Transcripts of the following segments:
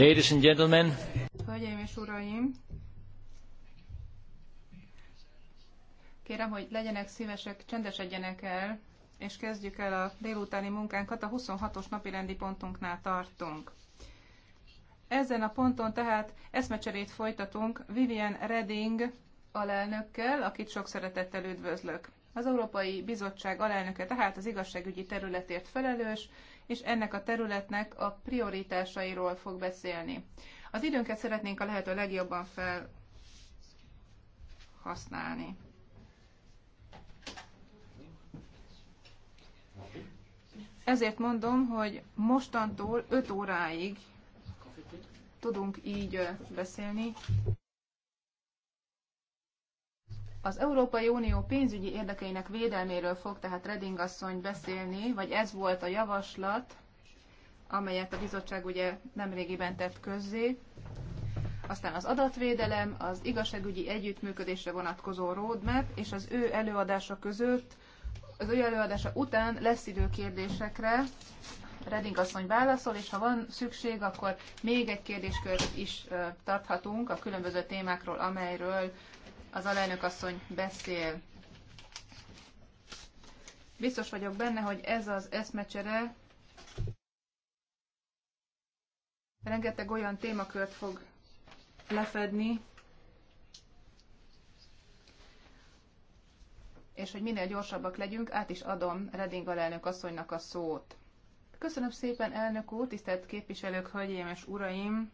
Ladies and gentlemen. Hölgyeim és uraim. Kérem, hogy legyenek szívesek, csendesedjenek el, és kezdjük el a délutáni munkánkat. A 26-os napi rendi pontunknál tartunk. Ezen a ponton tehát eszmecserét folytatunk Vivian Redding alelnökkel, akit sok szeretettel üdvözlök. Az Európai Bizottság alelnöke tehát az igazságügyi területért felelős, és ennek a területnek a prioritásairól fog beszélni. Az időnket szeretnénk a lehető legjobban felhasználni. Ezért mondom, hogy mostantól 5 óráig tudunk így beszélni. Az Európai Unió pénzügyi érdekeinek védelméről fog tehát Reding asszony beszélni, vagy ez volt a javaslat, amelyet a bizottság ugye nemrégiben tett közzé. Aztán az adatvédelem, az igazságügyi együttműködésre vonatkozó roadmap, és az ő előadása között, az ő előadása után lesz idő kérdésekre. Reding asszony válaszol, és ha van szükség, akkor még egy kérdéskört is tarthatunk a különböző témákról, amelyről az alelnök asszony beszél. Biztos vagyok benne, hogy ez az eszmecsere rengeteg olyan témakört fog lefedni, és hogy minél gyorsabbak legyünk, át is adom Reding alelnök asszonynak a szót. Köszönöm szépen, elnök úr, tisztelt képviselők, hölgyeim és uraim!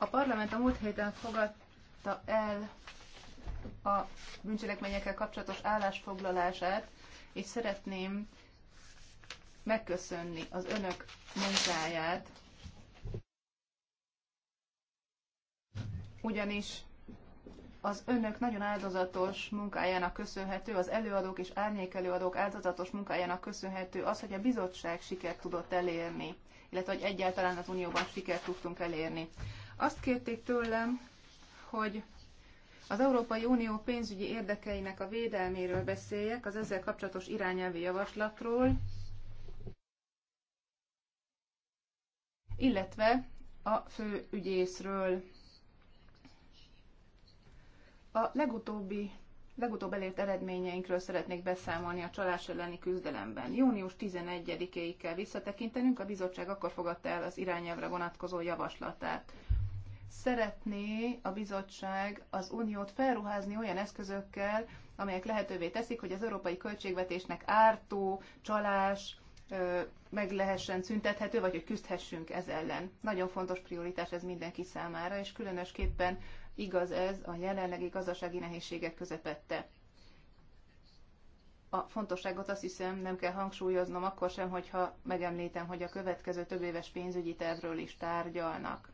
A parlament a múlt héten fogadta el a bűncselekményekkel kapcsolatos állásfoglalását, és szeretném megköszönni az önök munkáját, ugyanis az önök nagyon áldozatos munkájának köszönhető, az előadók és árnyékelőadók áldozatos munkájának köszönhető az, hogy a bizottság sikert tudott elérni, illetve hogy egyáltalán az Unióban sikert tudtunk elérni. Azt kérték tőlem, hogy az Európai Unió pénzügyi érdekeinek a védelméről beszéljek, az ezzel kapcsolatos irányelvi javaslatról, illetve a fő ügyészről. A legutóbbi legutóbb elért eredményeinkről szeretnék beszámolni a csalás elleni küzdelemben. Június 11-éig kell visszatekintenünk, a bizottság akkor fogadta el az irányelvre vonatkozó javaslatát szeretné a bizottság az uniót felruházni olyan eszközökkel, amelyek lehetővé teszik, hogy az európai költségvetésnek ártó, csalás, meg lehessen szüntethető, vagy hogy küzdhessünk ez ellen. Nagyon fontos prioritás ez mindenki számára, és különösképpen igaz ez a jelenlegi gazdasági nehézségek közepette. A fontosságot azt hiszem nem kell hangsúlyoznom akkor sem, hogyha megemlítem, hogy a következő több éves pénzügyi tervről is tárgyalnak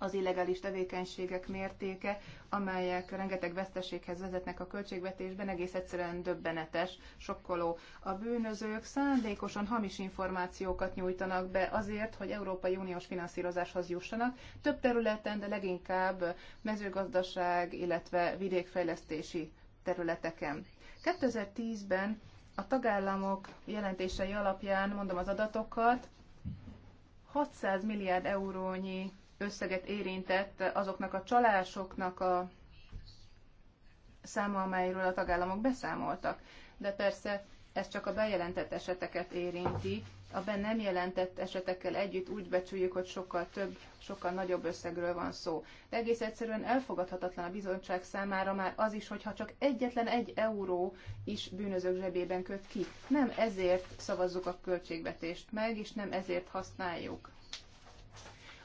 az illegális tevékenységek mértéke, amelyek rengeteg veszteséghez vezetnek a költségvetésben, egész egyszerűen döbbenetes, sokkoló. A bűnözők szándékosan hamis információkat nyújtanak be azért, hogy Európai Uniós finanszírozáshoz jussanak, több területen, de leginkább mezőgazdaság, illetve vidékfejlesztési területeken. 2010-ben a tagállamok jelentései alapján, mondom az adatokat, 600 milliárd eurónyi összeget érintett azoknak a csalásoknak a száma, amelyről a tagállamok beszámoltak. De persze ez csak a bejelentett eseteket érinti. A be nem jelentett esetekkel együtt úgy becsüljük, hogy sokkal több, sokkal nagyobb összegről van szó. De egész egyszerűen elfogadhatatlan a bizottság számára már az is, hogyha csak egyetlen egy euró is bűnözők zsebében köt ki. Nem ezért szavazzuk a költségvetést meg, és nem ezért használjuk.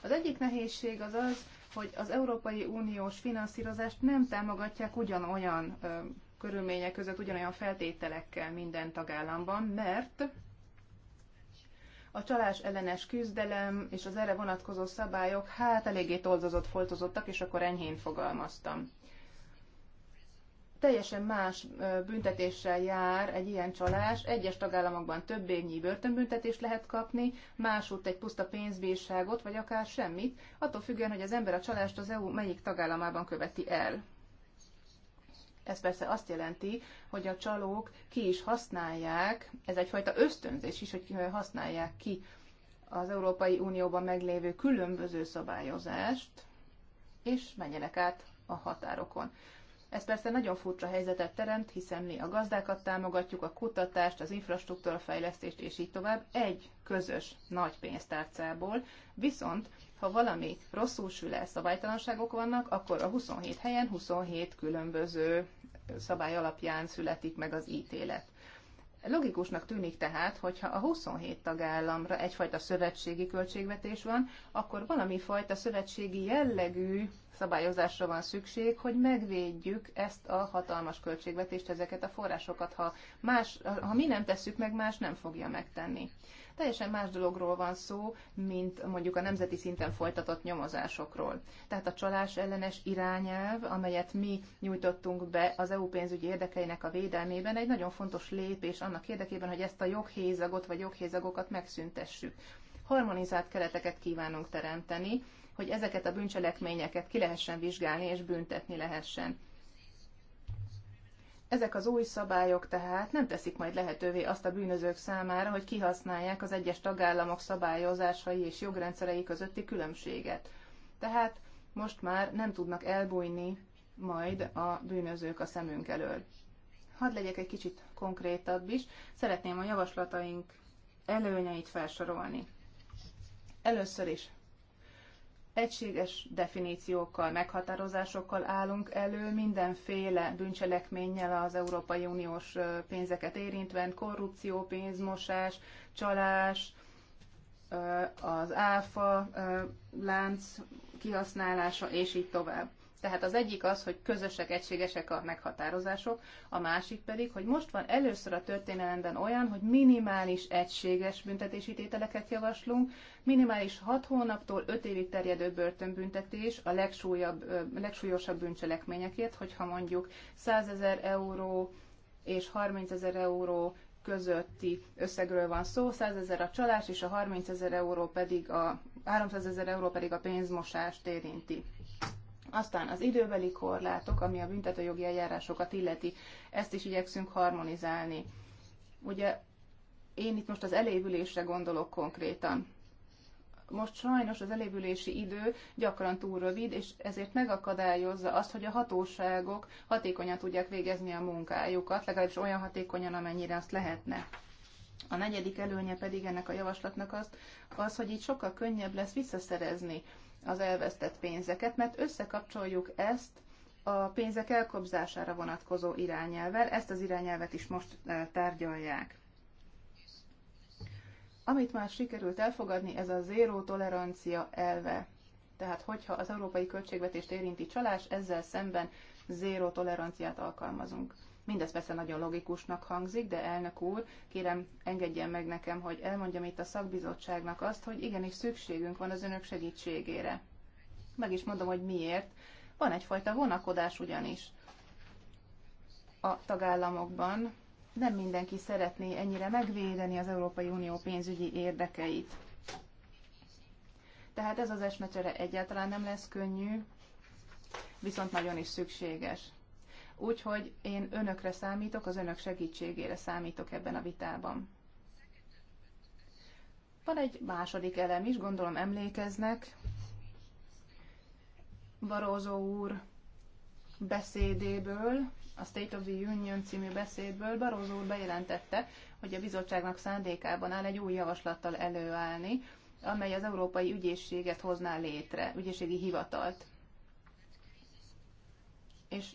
Az egyik nehézség az az, hogy az Európai Uniós finanszírozást nem támogatják ugyanolyan ö, körülmények között, ugyanolyan feltételekkel minden tagállamban, mert a csalás ellenes küzdelem és az erre vonatkozó szabályok hát eléggé toldozott, foltozottak, és akkor enyhén fogalmaztam teljesen más büntetéssel jár egy ilyen csalás. Egyes tagállamokban több évnyi börtönbüntetést lehet kapni, másútt egy puszta pénzbírságot, vagy akár semmit, attól függően, hogy az ember a csalást az EU melyik tagállamában követi el. Ez persze azt jelenti, hogy a csalók ki is használják, ez egyfajta ösztönzés is, hogy használják ki az Európai Unióban meglévő különböző szabályozást, és menjenek át a határokon. Ez persze nagyon furcsa helyzetet teremt, hiszen mi a gazdákat támogatjuk, a kutatást, az infrastruktúra fejlesztést és így tovább egy közös nagy pénztárcából, viszont ha valami rosszul sül el, szabálytalanságok vannak, akkor a 27 helyen 27 különböző szabály alapján születik meg az ítélet. Logikusnak tűnik tehát, hogyha a 27 tagállamra egyfajta szövetségi költségvetés van, akkor valami fajta szövetségi jellegű szabályozásra van szükség, hogy megvédjük ezt a hatalmas költségvetést, ezeket a forrásokat. Ha, más, ha mi nem tesszük meg, más nem fogja megtenni teljesen más dologról van szó, mint mondjuk a nemzeti szinten folytatott nyomozásokról. Tehát a csalás ellenes irányelv, amelyet mi nyújtottunk be az EU pénzügyi érdekeinek a védelmében, egy nagyon fontos lépés annak érdekében, hogy ezt a joghézagot vagy joghézagokat megszüntessük. Harmonizált kereteket kívánunk teremteni, hogy ezeket a bűncselekményeket ki lehessen vizsgálni és büntetni lehessen. Ezek az új szabályok tehát nem teszik majd lehetővé azt a bűnözők számára, hogy kihasználják az egyes tagállamok szabályozásai és jogrendszerei közötti különbséget. Tehát most már nem tudnak elbújni majd a bűnözők a szemünk elől. Hadd legyek egy kicsit konkrétabb is, szeretném a javaslataink előnyeit felsorolni. Először is egységes definíciókkal, meghatározásokkal állunk elő mindenféle bűncselekménnyel az Európai Uniós pénzeket érintve, korrupció, pénzmosás, csalás, az áfa lánc kihasználása, és így tovább. Tehát az egyik az, hogy közösek, egységesek a meghatározások, a másik pedig, hogy most van először a történelemben olyan, hogy minimális egységes büntetési tételeket javaslunk, minimális 6 hónaptól 5 évig terjedő börtönbüntetés a legsúlyosabb bűncselekményekért, hogyha mondjuk 100 ezer euró és 30 ezer euró közötti összegről van szó, 100 ezer a csalás és a 30 ezer euró pedig a 300 ezer euró pedig a pénzmosást érinti. Aztán az időbeli korlátok, ami a büntetőjogi eljárásokat illeti, ezt is igyekszünk harmonizálni. Ugye én itt most az elévülésre gondolok konkrétan. Most sajnos az elévülési idő gyakran túl rövid, és ezért megakadályozza azt, hogy a hatóságok hatékonyan tudják végezni a munkájukat, legalábbis olyan hatékonyan, amennyire azt lehetne. A negyedik előnye pedig ennek a javaslatnak az, az hogy így sokkal könnyebb lesz visszaszerezni az elvesztett pénzeket, mert összekapcsoljuk ezt a pénzek elkobzására vonatkozó irányelvel. Ezt az irányelvet is most e, tárgyalják. Amit már sikerült elfogadni, ez a zéró tolerancia elve. Tehát, hogyha az európai költségvetést érinti csalás, ezzel szemben zéró toleranciát alkalmazunk. Mindez persze nagyon logikusnak hangzik, de elnök úr, kérem engedjen meg nekem, hogy elmondjam itt a szakbizottságnak azt, hogy igenis szükségünk van az önök segítségére. Meg is mondom, hogy miért. Van egyfajta vonakodás ugyanis a tagállamokban. Nem mindenki szeretné ennyire megvédeni az Európai Unió pénzügyi érdekeit. Tehát ez az esmecsere egyáltalán nem lesz könnyű, viszont nagyon is szükséges. Úgyhogy én önökre számítok, az önök segítségére számítok ebben a vitában. Van egy második elem is, gondolom emlékeznek. Barózó úr beszédéből, a State of the Union című beszédből Barózó úr bejelentette, hogy a bizottságnak szándékában áll egy új javaslattal előállni, amely az Európai Ügyészséget hozná létre, ügyészségi hivatalt. És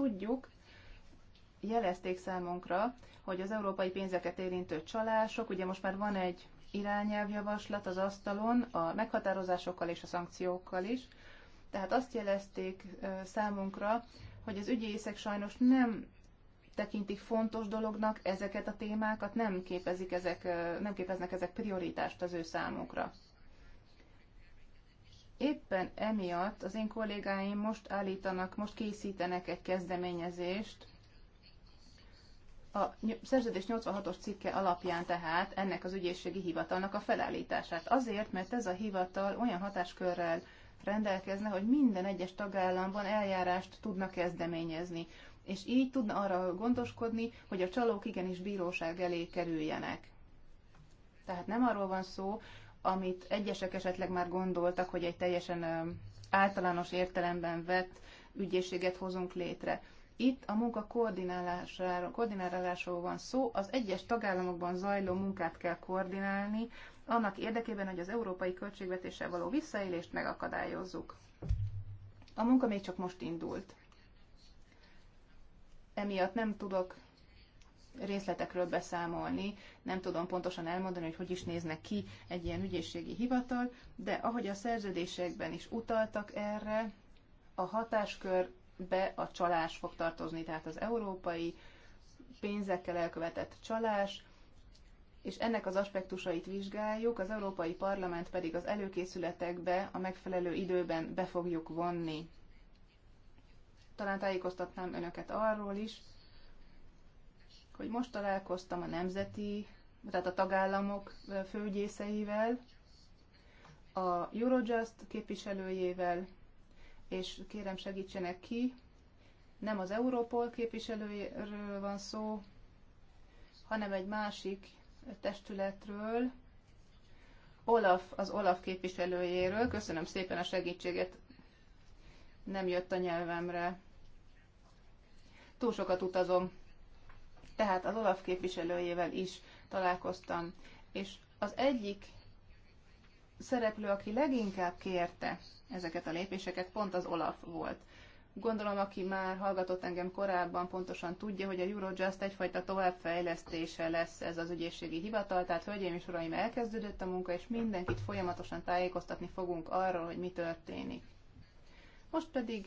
tudjuk, jelezték számunkra, hogy az európai pénzeket érintő csalások, ugye most már van egy irányelvjavaslat az asztalon a meghatározásokkal és a szankciókkal is, tehát azt jelezték számunkra, hogy az ügyészek sajnos nem tekintik fontos dolognak ezeket a témákat, nem, képezik ezek, nem képeznek ezek prioritást az ő számukra. Éppen emiatt az én kollégáim most állítanak, most készítenek egy kezdeményezést, a szerződés 86-os cikke alapján tehát ennek az ügyészségi hivatalnak a felállítását. Azért, mert ez a hivatal olyan hatáskörrel rendelkezne, hogy minden egyes tagállamban eljárást tudna kezdeményezni, és így tudna arra gondoskodni, hogy a csalók igenis bíróság elé kerüljenek. Tehát nem arról van szó, amit egyesek esetleg már gondoltak, hogy egy teljesen általános értelemben vett ügyészséget hozunk létre. Itt a munka koordinálásáról, koordinálásról van szó, az egyes tagállamokban zajló munkát kell koordinálni, annak érdekében, hogy az európai költségvetéssel való visszaélést megakadályozzuk. A munka még csak most indult. Emiatt nem tudok részletekről beszámolni, nem tudom pontosan elmondani, hogy hogy is néznek ki egy ilyen ügyészségi hivatal, de ahogy a szerződésekben is utaltak erre, a hatáskörbe a csalás fog tartozni, tehát az európai pénzekkel elkövetett csalás, és ennek az aspektusait vizsgáljuk, az Európai Parlament pedig az előkészületekbe a megfelelő időben be fogjuk vonni. Talán tájékoztatnám önöket arról is, hogy most találkoztam a nemzeti, tehát a tagállamok főgyészeivel, a Eurojust képviselőjével, és kérem segítsenek ki, nem az Europol képviselőjéről van szó, hanem egy másik testületről, Olaf, az Olaf képviselőjéről. Köszönöm szépen a segítséget, nem jött a nyelvemre. Túl sokat utazom. Tehát az Olaf képviselőjével is találkoztam, és az egyik szereplő, aki leginkább kérte ezeket a lépéseket, pont az Olaf volt. Gondolom, aki már hallgatott engem korábban, pontosan tudja, hogy a Eurojust egyfajta továbbfejlesztése lesz ez az ügyészségi hivatal, tehát hölgyeim és uraim, elkezdődött a munka, és mindenkit folyamatosan tájékoztatni fogunk arról, hogy mi történik. Most pedig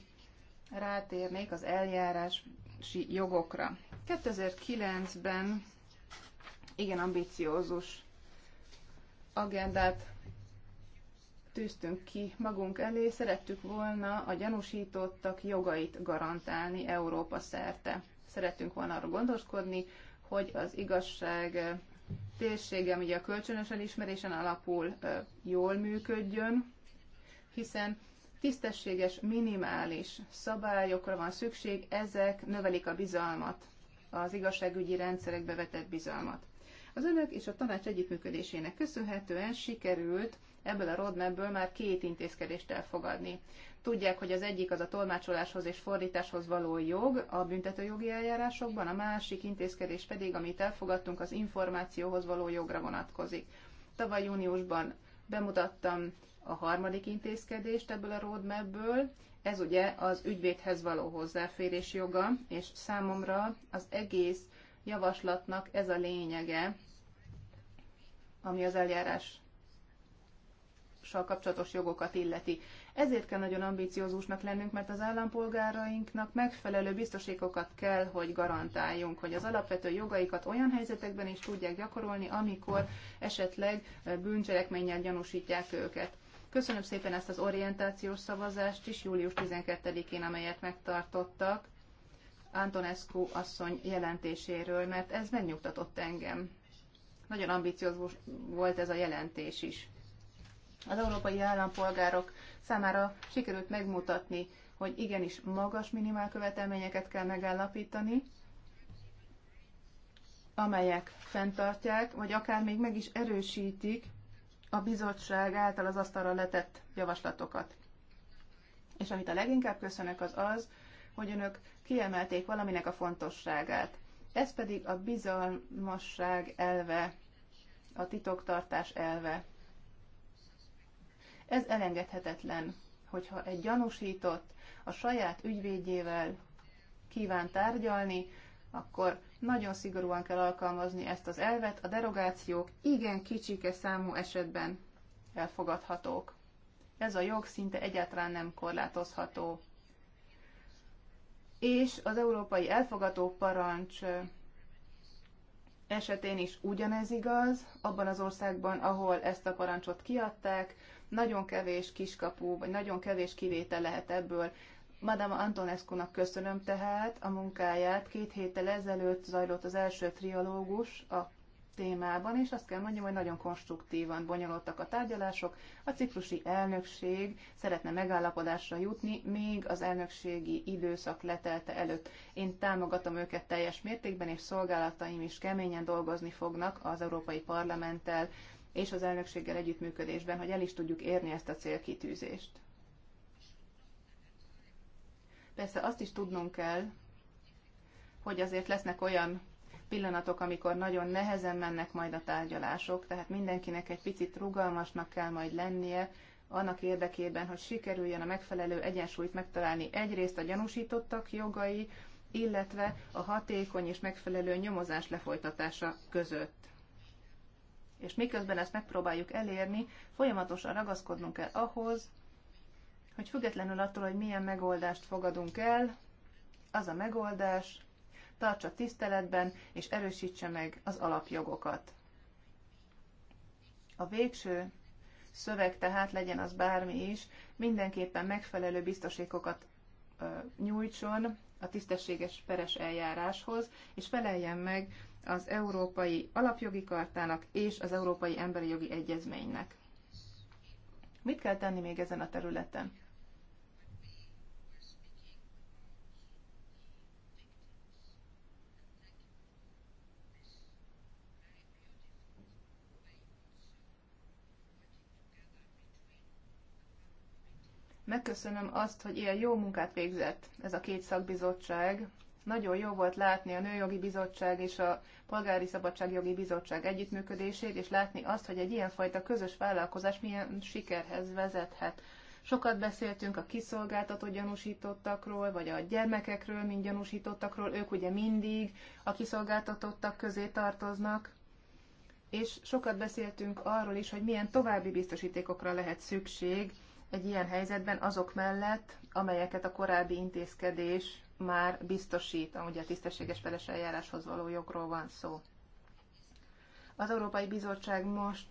rátérnék az eljárási jogokra. 2009-ben igen ambiciózus agendát tűztünk ki magunk elé, szerettük volna a gyanúsítottak jogait garantálni Európa szerte. Szerettünk volna arra gondoskodni, hogy az igazság térsége, ami a kölcsönös elismerésen alapul, jól működjön, hiszen tisztességes, minimális szabályokra van szükség, ezek növelik a bizalmat az igazságügyi rendszerekbe vetett bizalmat. Az önök és a tanács együttműködésének köszönhetően sikerült ebből a roadmapből már két intézkedést elfogadni. Tudják, hogy az egyik az a tolmácsoláshoz és fordításhoz való jog a büntetőjogi eljárásokban, a másik intézkedés pedig, amit elfogadtunk, az információhoz való jogra vonatkozik. Tavaly júniusban bemutattam a harmadik intézkedést ebből a roadmapből, ez ugye az ügyvédhez való hozzáférés joga, és számomra az egész javaslatnak ez a lényege, ami az eljárás kapcsolatos jogokat illeti. Ezért kell nagyon ambiciózusnak lennünk, mert az állampolgárainknak megfelelő biztosítékokat kell, hogy garantáljunk, hogy az alapvető jogaikat olyan helyzetekben is tudják gyakorolni, amikor esetleg bűncselekménnyel gyanúsítják őket. Köszönöm szépen ezt az orientációs szavazást is július 12-én, amelyet megtartottak Antonescu asszony jelentéséről, mert ez megnyugtatott engem. Nagyon ambiciózus volt ez a jelentés is. Az európai állampolgárok számára sikerült megmutatni, hogy igenis magas minimálkövetelményeket kell megállapítani, amelyek fenntartják, vagy akár még meg is erősítik a bizottság által az asztalra letett javaslatokat. És amit a leginkább köszönök, az az, hogy önök kiemelték valaminek a fontosságát. Ez pedig a bizalmasság elve, a titoktartás elve. Ez elengedhetetlen, hogyha egy gyanúsított a saját ügyvédjével kíván tárgyalni, akkor nagyon szigorúan kell alkalmazni ezt az elvet, a derogációk igen kicsike számú esetben elfogadhatók. Ez a jog szinte egyáltalán nem korlátozható. És az európai elfogadó parancs esetén is ugyanez igaz, abban az országban, ahol ezt a parancsot kiadták, nagyon kevés kiskapú, vagy nagyon kevés kivétel lehet ebből. Madame Antonescu-nak köszönöm tehát a munkáját. Két héttel ezelőtt zajlott az első trialógus a témában, és azt kell mondjam, hogy nagyon konstruktívan bonyolultak a tárgyalások. A ciprusi elnökség szeretne megállapodásra jutni, még az elnökségi időszak letelte előtt. Én támogatom őket teljes mértékben, és szolgálataim is keményen dolgozni fognak az Európai Parlamenttel és az elnökséggel együttműködésben, hogy el is tudjuk érni ezt a célkitűzést. Persze azt is tudnunk kell, hogy azért lesznek olyan pillanatok, amikor nagyon nehezen mennek majd a tárgyalások, tehát mindenkinek egy picit rugalmasnak kell majd lennie, annak érdekében, hogy sikerüljön a megfelelő egyensúlyt megtalálni egyrészt a gyanúsítottak jogai, illetve a hatékony és megfelelő nyomozás lefolytatása között. És miközben ezt megpróbáljuk elérni, folyamatosan ragaszkodnunk kell ahhoz, hogy függetlenül attól, hogy milyen megoldást fogadunk el, az a megoldás tartsa tiszteletben és erősítse meg az alapjogokat. A végső szöveg tehát legyen az bármi is, mindenképpen megfelelő biztosítékokat nyújtson a tisztességes peres eljáráshoz, és feleljen meg az Európai Alapjogi Kartának és az Európai Emberi Jogi Egyezménynek. Mit kell tenni még ezen a területen? Megköszönöm azt, hogy ilyen jó munkát végzett ez a két szakbizottság. Nagyon jó volt látni a Nőjogi Bizottság és a Polgári Szabadságjogi Bizottság együttműködését, és látni azt, hogy egy ilyenfajta közös vállalkozás milyen sikerhez vezethet. Sokat beszéltünk a kiszolgáltató gyanúsítottakról, vagy a gyermekekről, mint gyanúsítottakról. Ők ugye mindig a kiszolgáltatottak közé tartoznak. És sokat beszéltünk arról is, hogy milyen további biztosítékokra lehet szükség, egy ilyen helyzetben azok mellett, amelyeket a korábbi intézkedés már biztosít, ugye a tisztességes peres eljáráshoz való jogról van szó. Az Európai Bizottság most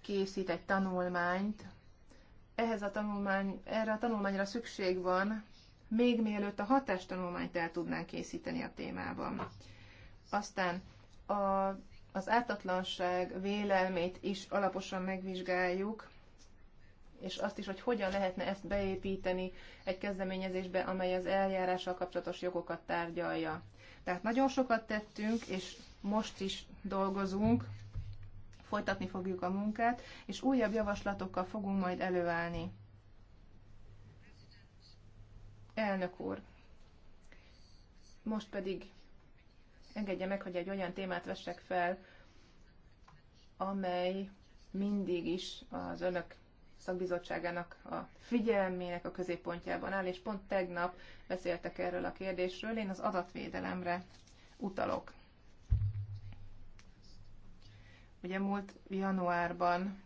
készít egy tanulmányt. Ehhez a tanulmány, erre a tanulmányra szükség van, még mielőtt a hatástanulmányt el tudnánk készíteni a témában. Aztán a, az ártatlanság vélelmét is alaposan megvizsgáljuk, és azt is, hogy hogyan lehetne ezt beépíteni egy kezdeményezésbe, amely az eljárással kapcsolatos jogokat tárgyalja. Tehát nagyon sokat tettünk, és most is dolgozunk, folytatni fogjuk a munkát, és újabb javaslatokkal fogunk majd előállni. Elnök úr, most pedig engedje meg, hogy egy olyan témát vessek fel, amely mindig is az önök szakbizottságának a figyelmének a középpontjában áll, és pont tegnap beszéltek erről a kérdésről. Én az adatvédelemre utalok. Ugye múlt januárban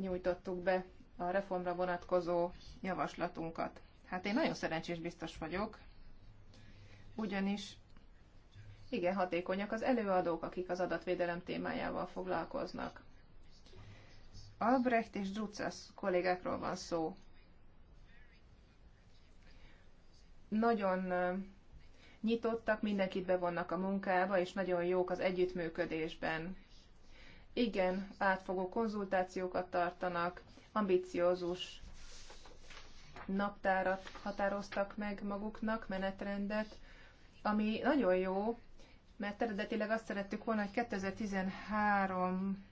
nyújtottuk be a reformra vonatkozó javaslatunkat. Hát én nagyon szerencsés biztos vagyok, ugyanis igen hatékonyak az előadók, akik az adatvédelem témájával foglalkoznak. Albrecht és Drucas kollégákról van szó. Nagyon nyitottak, mindenkit bevonnak a munkába, és nagyon jók az együttműködésben. Igen, átfogó konzultációkat tartanak, ambiciózus naptárat határoztak meg maguknak, menetrendet, ami nagyon jó, mert eredetileg azt szerettük volna, hogy 2013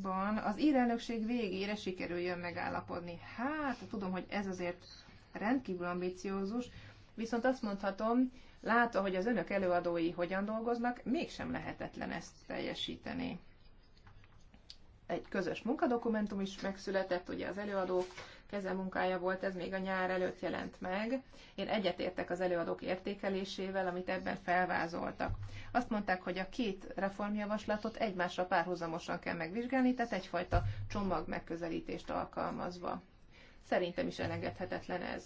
ban az ír elnökség végére sikerüljön megállapodni. Hát, tudom, hogy ez azért rendkívül ambiciózus, viszont azt mondhatom, látva, hogy az önök előadói hogyan dolgoznak, mégsem lehetetlen ezt teljesíteni. Egy közös munkadokumentum is megszületett, ugye az előadók kezemunkája volt, ez még a nyár előtt jelent meg. Én egyetértek az előadók értékelésével, amit ebben felvázoltak. Azt mondták, hogy a két reformjavaslatot egymásra párhuzamosan kell megvizsgálni, tehát egyfajta csomag megközelítést alkalmazva. Szerintem is elengedhetetlen ez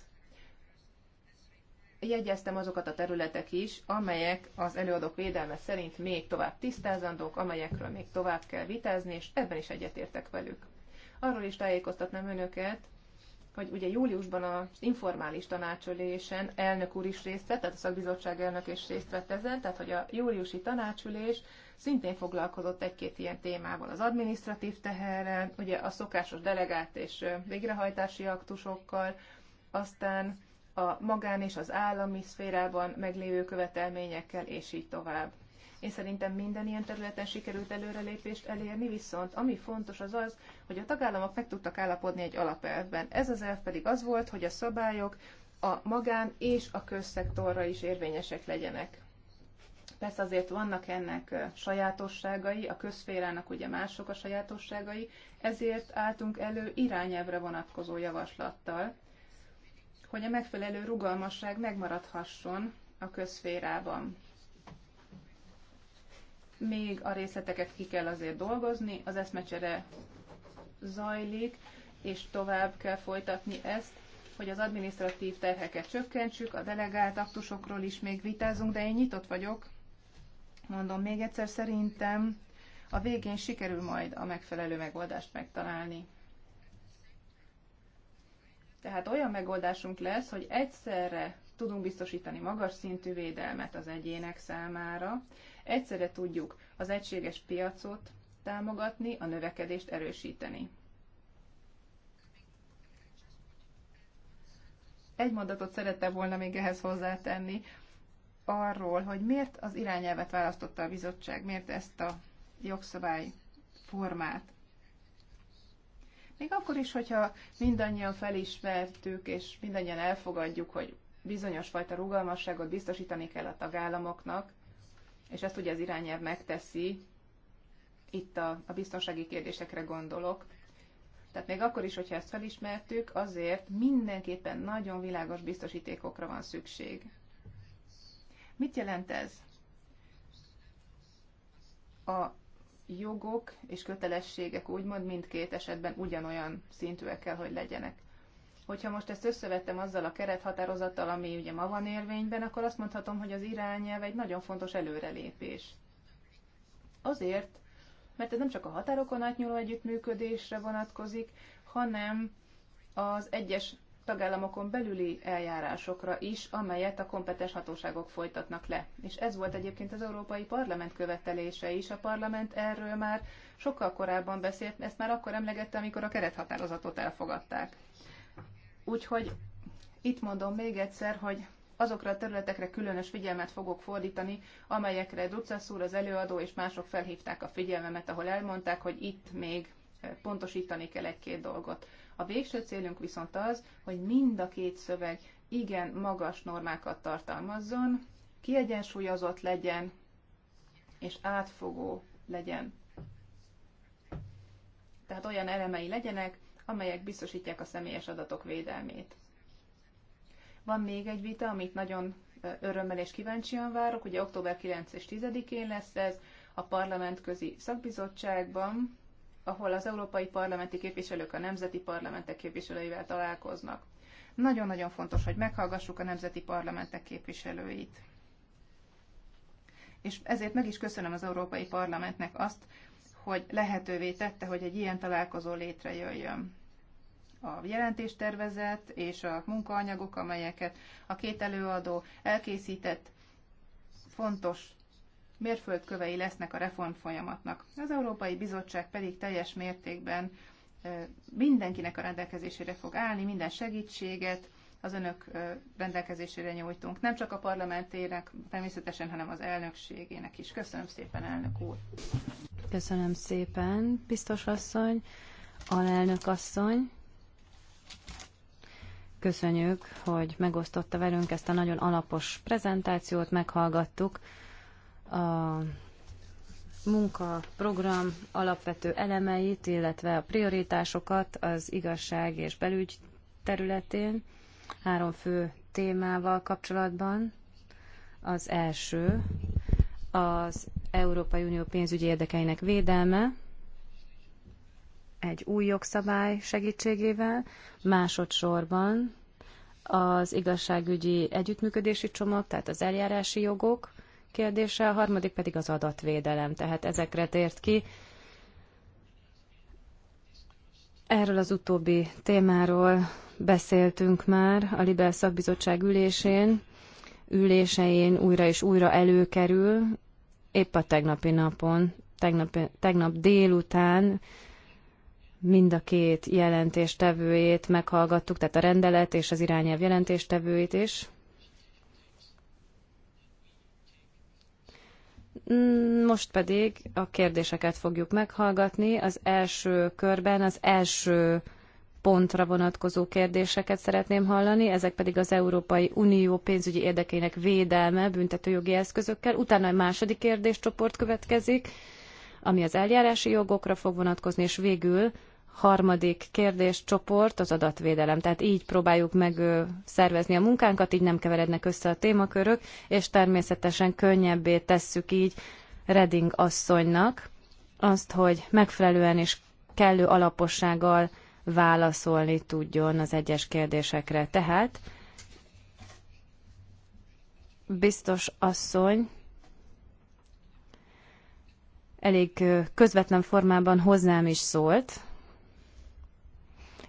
jegyeztem azokat a területek is, amelyek az előadók védelme szerint még tovább tisztázandók, amelyekről még tovább kell vitázni, és ebben is egyetértek velük. Arról is tájékoztatnám önöket, hogy ugye júliusban az informális tanácsülésen elnök úr is részt vett, tehát a szakbizottság elnök is részt vett ezen, tehát hogy a júliusi tanácsülés szintén foglalkozott egy-két ilyen témával, az administratív teherrel, ugye a szokásos delegált és végrehajtási aktusokkal, aztán a magán és az állami szférában meglévő követelményekkel, és így tovább. Én szerintem minden ilyen területen sikerült előrelépést elérni, viszont ami fontos az az, hogy a tagállamok meg tudtak állapodni egy alapelvben. Ez az elv pedig az volt, hogy a szabályok a magán és a közszektorra is érvényesek legyenek. Persze azért vannak ennek sajátosságai, a közférának ugye mások a sajátosságai, ezért álltunk elő irányelvre vonatkozó javaslattal, hogy a megfelelő rugalmasság megmaradhasson a közférában még a részleteket ki kell azért dolgozni, az eszmecsere zajlik, és tovább kell folytatni ezt, hogy az adminisztratív terheket csökkentsük, a delegált aktusokról is még vitázunk, de én nyitott vagyok. Mondom még egyszer, szerintem a végén sikerül majd a megfelelő megoldást megtalálni. Tehát olyan megoldásunk lesz, hogy egyszerre tudunk biztosítani magas szintű védelmet az egyének számára, egyszerre tudjuk az egységes piacot támogatni, a növekedést erősíteni. Egy mondatot szerettem volna még ehhez hozzátenni, arról, hogy miért az irányelvet választotta a bizottság, miért ezt a jogszabály formát. Még akkor is, hogyha mindannyian felismertük, és mindannyian elfogadjuk, hogy bizonyos fajta rugalmasságot biztosítani kell a tagállamoknak, és ezt ugye az irányelv megteszi, itt a, a biztonsági kérdésekre gondolok. Tehát még akkor is, hogyha ezt felismertük, azért mindenképpen nagyon világos biztosítékokra van szükség. Mit jelent ez? A jogok és kötelességek úgymond mindkét esetben ugyanolyan szintűek kell, hogy legyenek. Hogyha most ezt összevettem azzal a kerethatározattal, ami ugye ma van érvényben, akkor azt mondhatom, hogy az irányelv egy nagyon fontos előrelépés. Azért, mert ez nem csak a határokon átnyúló együttműködésre vonatkozik, hanem az egyes tagállamokon belüli eljárásokra is, amelyet a kompetens hatóságok folytatnak le. És ez volt egyébként az Európai Parlament követelése is. A parlament erről már sokkal korábban beszélt, ezt már akkor emlegette, amikor a kerethatározatot elfogadták. Úgyhogy itt mondom még egyszer, hogy azokra a területekre különös figyelmet fogok fordítani, amelyekre Drucász úr, az előadó és mások felhívták a figyelmemet, ahol elmondták, hogy itt még eh, pontosítani kell egy-két dolgot. A végső célunk viszont az, hogy mind a két szöveg igen magas normákat tartalmazzon, kiegyensúlyozott legyen, és átfogó legyen. Tehát olyan elemei legyenek, amelyek biztosítják a személyes adatok védelmét. Van még egy vita, amit nagyon örömmel és kíváncsian várok. Ugye október 9 és 10-én lesz ez a parlamentközi szakbizottságban, ahol az európai parlamenti képviselők a nemzeti parlamentek képviselőivel találkoznak. Nagyon-nagyon fontos, hogy meghallgassuk a nemzeti parlamentek képviselőit. És ezért meg is köszönöm az Európai Parlamentnek azt, hogy lehetővé tette, hogy egy ilyen találkozó létrejöjjön. A jelentéstervezet és a munkaanyagok, amelyeket a két előadó elkészített, fontos mérföldkövei lesznek a reform folyamatnak. Az Európai Bizottság pedig teljes mértékben mindenkinek a rendelkezésére fog állni, minden segítséget az önök rendelkezésére nyújtunk. Nem csak a parlamentének természetesen, hanem az elnökségének is. Köszönöm szépen, elnök úr! Köszönöm szépen, biztos asszony, alelnök asszony. Köszönjük, hogy megosztotta velünk ezt a nagyon alapos prezentációt, meghallgattuk a munkaprogram alapvető elemeit, illetve a prioritásokat az igazság és belügy területén, három fő témával kapcsolatban. Az első az Európai Unió pénzügyi érdekeinek védelme egy új jogszabály segítségével, másodszorban az igazságügyi együttműködési csomag, tehát az eljárási jogok kérdése, a harmadik pedig az adatvédelem, tehát ezekre tért ki. Erről az utóbbi témáról beszéltünk már a Libel Szakbizottság ülésén, ülésein újra és újra előkerül épp a tegnapi napon, tegnap, tegnap délután mind a két jelentéstevőjét meghallgattuk, tehát a rendelet és az irányelv jelentéstevőjét is. Most pedig a kérdéseket fogjuk meghallgatni. Az első körben az első pontra vonatkozó kérdéseket szeretném hallani, ezek pedig az Európai Unió pénzügyi érdekének védelme büntetőjogi eszközökkel. Utána a második kérdéscsoport következik, ami az eljárási jogokra fog vonatkozni, és végül harmadik kérdéscsoport az adatvédelem. Tehát így próbáljuk meg szervezni a munkánkat, így nem keverednek össze a témakörök, és természetesen könnyebbé tesszük így Reding asszonynak azt, hogy megfelelően és kellő alapossággal válaszolni tudjon az egyes kérdésekre. Tehát biztos asszony elég közvetlen formában hozzám is szólt,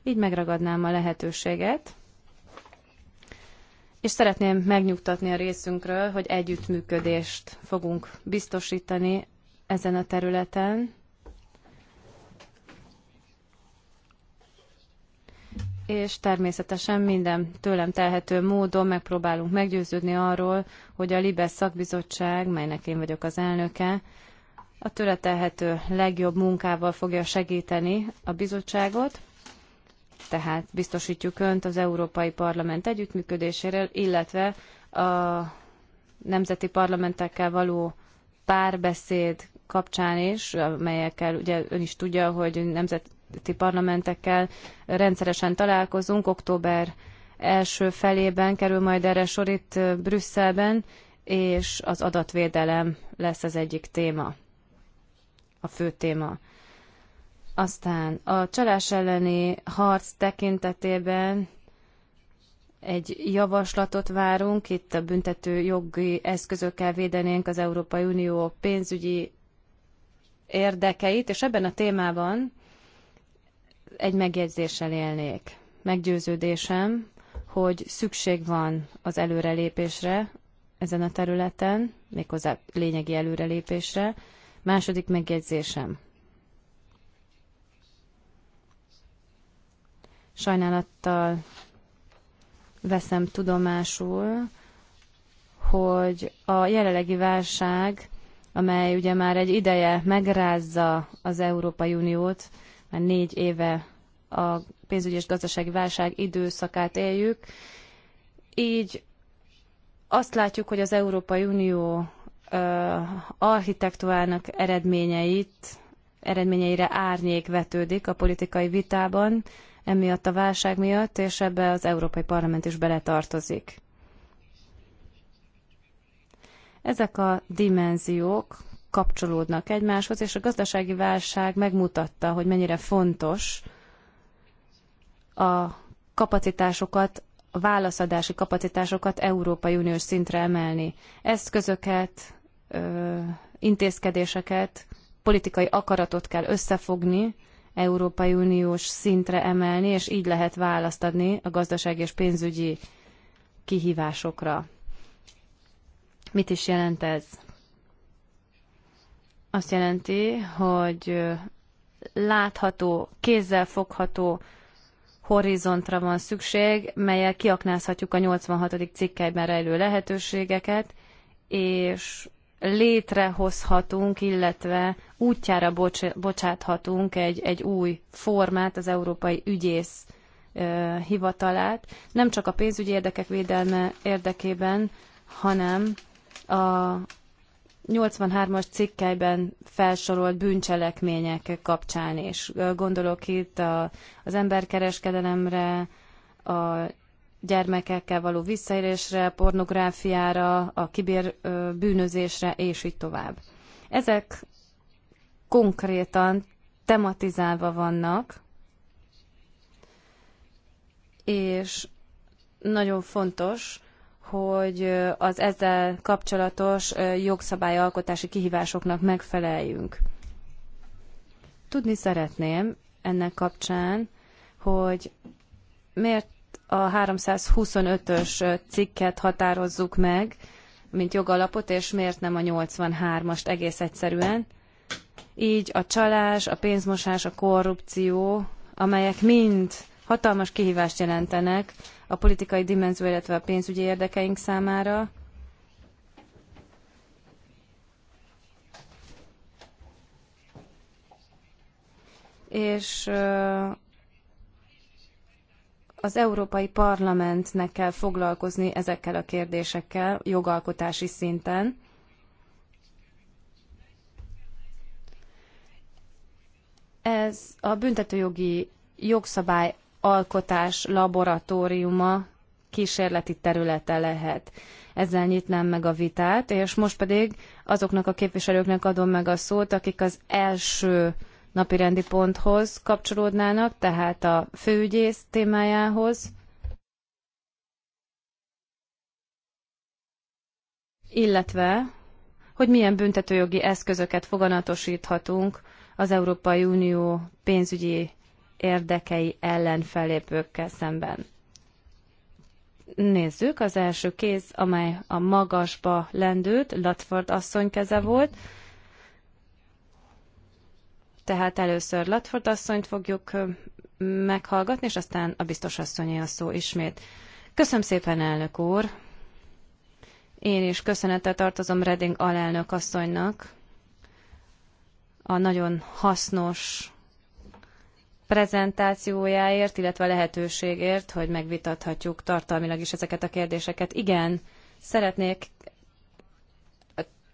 így megragadnám a lehetőséget. És szeretném megnyugtatni a részünkről, hogy együttműködést fogunk biztosítani ezen a területen, és természetesen minden tőlem telhető módon megpróbálunk meggyőződni arról, hogy a Libes szakbizottság, melynek én vagyok az elnöke, a tőle telhető legjobb munkával fogja segíteni a bizottságot, tehát biztosítjuk Önt az Európai Parlament együttműködéséről, illetve a nemzeti parlamentekkel való párbeszéd kapcsán is, amelyekkel ugye ön is tudja, hogy nemzet, nemzeti parlamentekkel rendszeresen találkozunk. Október első felében kerül majd erre sor itt Brüsszelben, és az adatvédelem lesz az egyik téma, a fő téma. Aztán a csalás elleni harc tekintetében egy javaslatot várunk, itt a büntető jogi eszközökkel védenénk az Európai Unió pénzügyi érdekeit, és ebben a témában egy megjegyzéssel élnék. Meggyőződésem, hogy szükség van az előrelépésre ezen a területen, méghozzá lényegi előrelépésre. Második megjegyzésem. Sajnálattal veszem tudomásul, hogy a jelenlegi válság, amely ugye már egy ideje megrázza az Európai Uniót, már négy éve a pénzügyi és gazdasági válság időszakát éljük. Így azt látjuk, hogy az Európai Unió architektúrának eredményeit, eredményeire árnyék vetődik a politikai vitában, emiatt a válság miatt, és ebbe az Európai Parlament is beletartozik. Ezek a dimenziók kapcsolódnak egymáshoz, és a gazdasági válság megmutatta, hogy mennyire fontos a kapacitásokat, a válaszadási kapacitásokat Európai Uniós szintre emelni. Eszközöket, intézkedéseket, politikai akaratot kell összefogni, Európai Uniós szintre emelni, és így lehet választ adni a gazdasági és pénzügyi kihívásokra. Mit is jelent ez? azt jelenti, hogy látható, kézzel fogható horizontra van szükség, melyel kiaknázhatjuk a 86. cikkelyben rejlő lehetőségeket, és létrehozhatunk, illetve útjára bocs- bocsáthatunk egy, egy új formát, az Európai Ügyész ö, Hivatalát, nem csak a pénzügyi érdekek védelme érdekében, hanem a 83-as cikkelyben felsorolt bűncselekmények kapcsán és Gondolok itt a, az emberkereskedelemre, a gyermekekkel való visszaérésre, pornográfiára, a kibérbűnözésre, és így tovább. Ezek konkrétan tematizálva vannak, és nagyon fontos, hogy az ezzel kapcsolatos jogszabályalkotási kihívásoknak megfeleljünk. Tudni szeretném ennek kapcsán, hogy miért a 325-ös cikket határozzuk meg, mint jogalapot, és miért nem a 83-ast egész egyszerűen. Így a csalás, a pénzmosás, a korrupció, amelyek mind hatalmas kihívást jelentenek a politikai dimenzió, illetve a pénzügyi érdekeink számára. És az Európai Parlamentnek kell foglalkozni ezekkel a kérdésekkel jogalkotási szinten. Ez a büntetőjogi jogszabály alkotás laboratóriuma kísérleti területe lehet. Ezzel nyitnám meg a vitát, és most pedig azoknak a képviselőknek adom meg a szót, akik az első napirendi ponthoz kapcsolódnának, tehát a főügyész témájához, illetve hogy milyen büntetőjogi eszközöket foganatosíthatunk az Európai Unió pénzügyi érdekei ellen fellépőkkel szemben. Nézzük, az első kéz, amely a magasba lendült, Latford asszony keze volt, tehát először Latford asszonyt fogjuk meghallgatni, és aztán a biztos asszonyé a szó ismét. Köszönöm szépen, elnök úr! Én is köszönettel tartozom Reding alelnök asszonynak a nagyon hasznos prezentációjáért, illetve a lehetőségért, hogy megvitathatjuk tartalmilag is ezeket a kérdéseket. Igen, szeretnék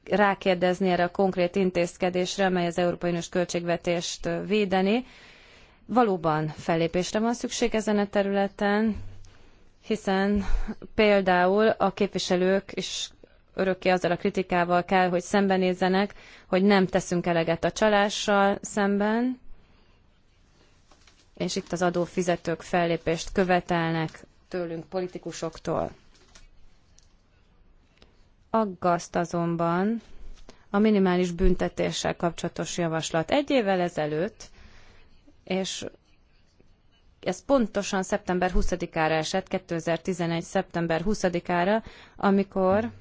rákérdezni erre a konkrét intézkedésre, amely az Európai Uniós költségvetést védeni. Valóban fellépésre van szükség ezen a területen, hiszen például a képviselők is örökké azzal a kritikával kell, hogy szembenézzenek, hogy nem teszünk eleget a csalással szemben, és itt az adófizetők fellépést követelnek tőlünk, politikusoktól. Aggaszt azonban a minimális büntetéssel kapcsolatos javaslat. Egy évvel ezelőtt, és ez pontosan szeptember 20-ára esett, 2011. szeptember 20-ára, amikor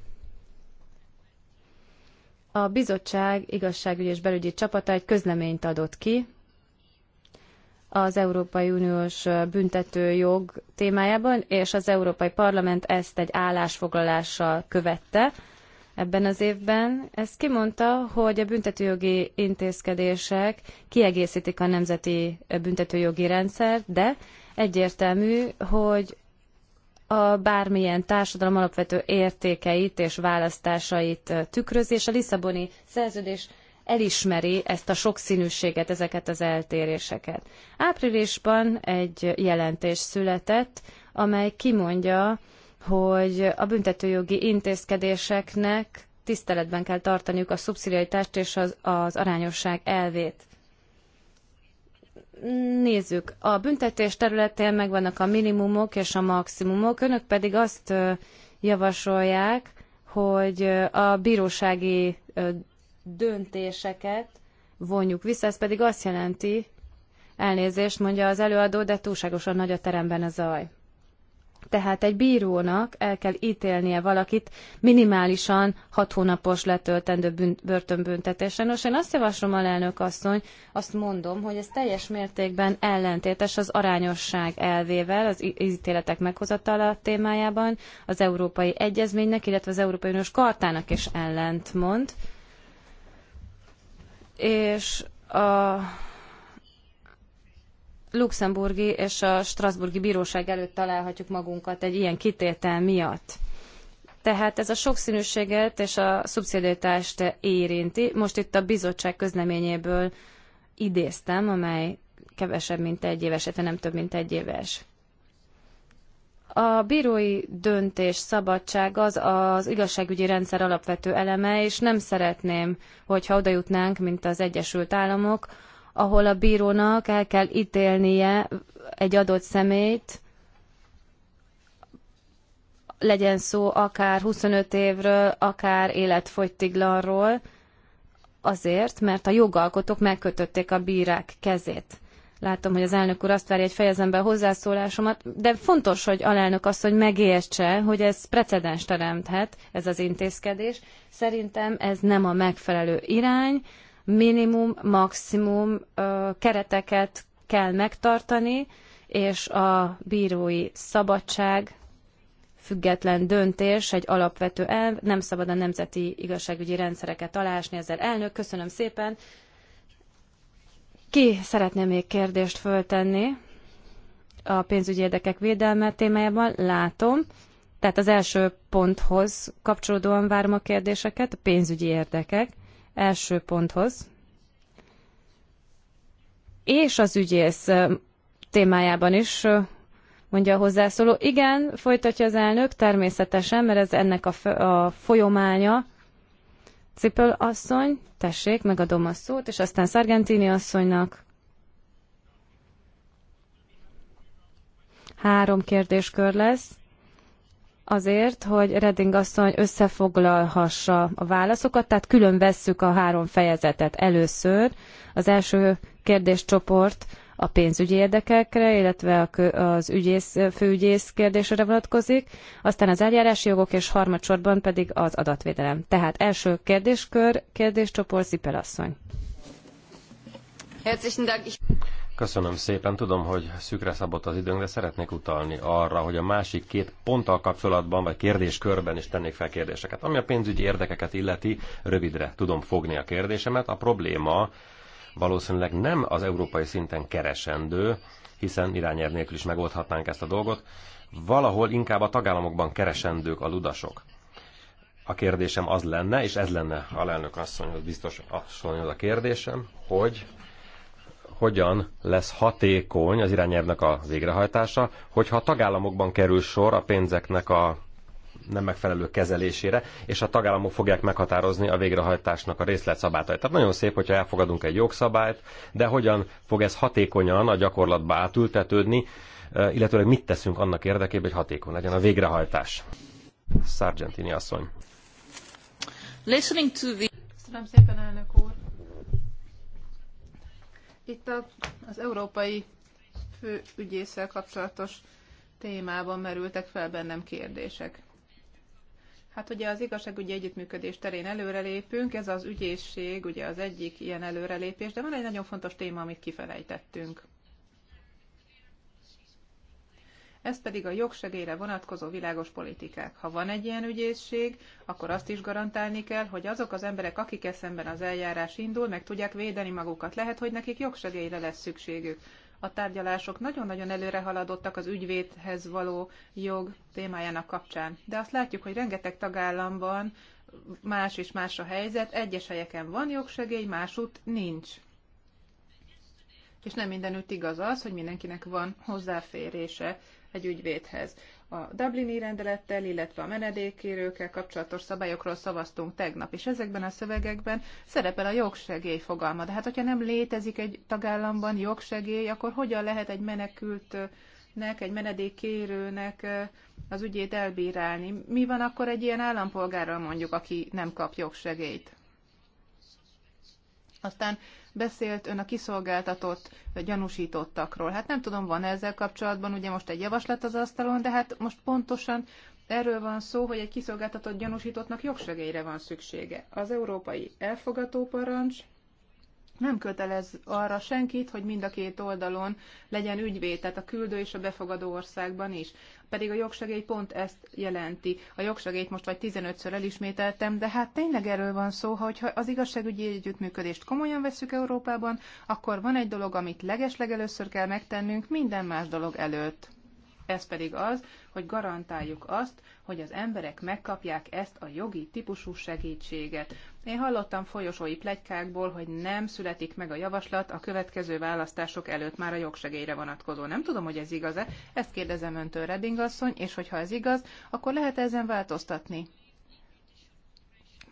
a bizottság igazságügyi és belügyi csapata egy közleményt adott ki, az Európai Uniós büntetőjog témájában, és az Európai Parlament ezt egy állásfoglalással követte ebben az évben. Ezt kimondta, hogy a büntetőjogi intézkedések kiegészítik a nemzeti büntetőjogi rendszert, de egyértelmű, hogy a bármilyen társadalom alapvető értékeit és választásait tükrözi, és a Lisszaboni szerződés elismeri ezt a sokszínűséget, ezeket az eltéréseket. Áprilisban egy jelentés született, amely kimondja, hogy a büntetőjogi intézkedéseknek tiszteletben kell tartaniuk a szubszidiaritást és az, az arányosság elvét. Nézzük, a büntetés területén megvannak a minimumok és a maximumok, önök pedig azt javasolják, hogy a bírósági döntéseket vonjuk vissza, ez pedig azt jelenti, elnézést mondja az előadó, de túlságosan nagy a teremben a zaj. Tehát egy bírónak el kell ítélnie valakit minimálisan hat hónapos letöltendő börtönbüntetésen. Nos, én azt javaslom, lelnök asszony, azt mondom, hogy ez teljes mértékben ellentétes az arányosság elvével, az ítéletek meghozatala témájában, az Európai Egyezménynek, illetve az Európai Uniós Kartának is ellentmond. mond és a luxemburgi és a strasburgi bíróság előtt találhatjuk magunkat egy ilyen kitétel miatt. Tehát ez a sokszínűséget és a szubszidiaritást érinti. Most itt a bizottság közleményéből idéztem, amely kevesebb, mint egy éves, illetve nem több, mint egy éves. A bírói döntés szabadság az az igazságügyi rendszer alapvető eleme, és nem szeretném, hogyha oda jutnánk, mint az Egyesült Államok, ahol a bírónak el kell ítélnie egy adott személyt, legyen szó akár 25 évről, akár életfogytiglanról, azért, mert a jogalkotók megkötötték a bírák kezét. Látom, hogy az elnök úr azt várja, hogy fejezem be a hozzászólásomat, de fontos, hogy alelnök azt, hogy megértse, hogy ez precedens teremthet, ez az intézkedés. Szerintem ez nem a megfelelő irány, minimum, maximum ö, kereteket kell megtartani, és a bírói szabadság, független döntés, egy alapvető elv, nem szabad a nemzeti igazságügyi rendszereket alásni ezzel. Elnök, köszönöm szépen, ki szeretne még kérdést föltenni a pénzügyi érdekek védelme témájában? Látom. Tehát az első ponthoz kapcsolódóan várom a kérdéseket, a pénzügyi érdekek első ponthoz. És az ügyész témájában is mondja a hozzászóló. Igen, folytatja az elnök, természetesen, mert ez ennek a, a folyománya, Cipel asszony, tessék, megadom a szót, és aztán Sargentini asszonynak. Három kérdéskör lesz azért, hogy Redding asszony összefoglalhassa a válaszokat, tehát külön vesszük a három fejezetet először. Az első kérdéscsoport a pénzügyi érdekekre, illetve az ügyész, főügyész kérdésére vonatkozik, aztán az eljárási jogok, és harmadsorban pedig az adatvédelem. Tehát első kérdéskör, kérdéscsoport, Zipel asszony. Köszönöm szépen. Tudom, hogy szükre szabott az időnk, de szeretnék utalni arra, hogy a másik két ponttal kapcsolatban, vagy kérdéskörben is tennék fel kérdéseket. Ami a pénzügyi érdekeket illeti, rövidre tudom fogni a kérdésemet. A probléma valószínűleg nem az európai szinten keresendő, hiszen irányelv nélkül is megoldhatnánk ezt a dolgot, valahol inkább a tagállamokban keresendők a ludasok. A kérdésem az lenne, és ez lenne a lelnök asszonyhoz biztos asszonyhoz a kérdésem, hogy hogyan lesz hatékony az irányelvnek a végrehajtása, hogyha a tagállamokban kerül sor a pénzeknek a nem megfelelő kezelésére, és a tagállamok fogják meghatározni a végrehajtásnak a részletszabályt. Tehát nagyon szép, hogyha elfogadunk egy jogszabályt, de hogyan fog ez hatékonyan a gyakorlatba átültetődni, eh, illetőleg mit teszünk annak érdekében, hogy hatékony legyen a végrehajtás. Sargentini asszony. Listening to the... Köszönöm szépen, elnök úr. Itt a, az európai főügyészsel kapcsolatos témában merültek fel bennem kérdések. Hát ugye az igazságügyi együttműködés terén előrelépünk, ez az ügyészség ugye az egyik ilyen előrelépés, de van egy nagyon fontos téma, amit kifelejtettünk. Ez pedig a jogsegélyre vonatkozó világos politikák. Ha van egy ilyen ügyészség, akkor azt is garantálni kell, hogy azok az emberek, akik eszemben az eljárás indul, meg tudják védeni magukat. Lehet, hogy nekik jogsegélyre lesz szükségük a tárgyalások nagyon-nagyon előre haladottak az ügyvédhez való jog témájának kapcsán. De azt látjuk, hogy rengeteg tagállamban más és más a helyzet, egyes helyeken van jogsegély, másút nincs. És nem mindenütt igaz az, hogy mindenkinek van hozzáférése egy ügyvédhez a Dublini rendelettel, illetve a menedékkérőkkel kapcsolatos szabályokról szavaztunk tegnap, és ezekben a szövegekben szerepel a jogsegély fogalma. De hát, hogyha nem létezik egy tagállamban jogsegély, akkor hogyan lehet egy menekültnek, egy menedékkérőnek az ügyét elbírálni? Mi van akkor egy ilyen állampolgárral mondjuk, aki nem kap jogsegélyt? Aztán beszélt ön a kiszolgáltatott gyanúsítottakról. Hát nem tudom, van -e ezzel kapcsolatban, ugye most egy javaslat az asztalon, de hát most pontosan Erről van szó, hogy egy kiszolgáltatott gyanúsítottnak jogsegélyre van szüksége. Az európai elfogató parancs nem kötelez arra senkit, hogy mind a két oldalon legyen ügyvéd, tehát a küldő és a befogadó országban is. Pedig a jogsegély pont ezt jelenti. A jogsegélyt most vagy 15-ször elismételtem, de hát tényleg erről van szó, ha az igazságügyi együttműködést komolyan veszük Európában, akkor van egy dolog, amit először kell megtennünk minden más dolog előtt ez pedig az, hogy garantáljuk azt, hogy az emberek megkapják ezt a jogi típusú segítséget. Én hallottam folyosói plegykákból, hogy nem születik meg a javaslat a következő választások előtt már a jogsegélyre vonatkozó. Nem tudom, hogy ez igaz-e, ezt kérdezem öntől, Redding asszony, és hogyha ez igaz, akkor lehet -e ezen változtatni?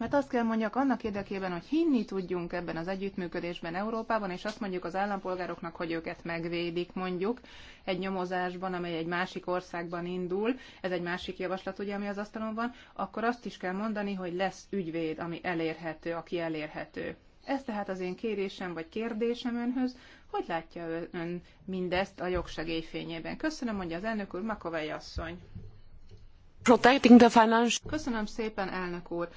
Mert azt kell mondjak annak érdekében, hogy hinni tudjunk ebben az együttműködésben Európában, és azt mondjuk az állampolgároknak, hogy őket megvédik mondjuk egy nyomozásban, amely egy másik országban indul, ez egy másik javaslat ugye, ami az asztalon van, akkor azt is kell mondani, hogy lesz ügyvéd, ami elérhető, aki elérhető. Ez tehát az én kérésem vagy kérdésem önhöz, hogy látja ön mindezt a jogsegély fényében. Köszönöm, mondja az elnök úr, Makovei asszony. Protecting the financial... Köszönöm szépen, elnök úr.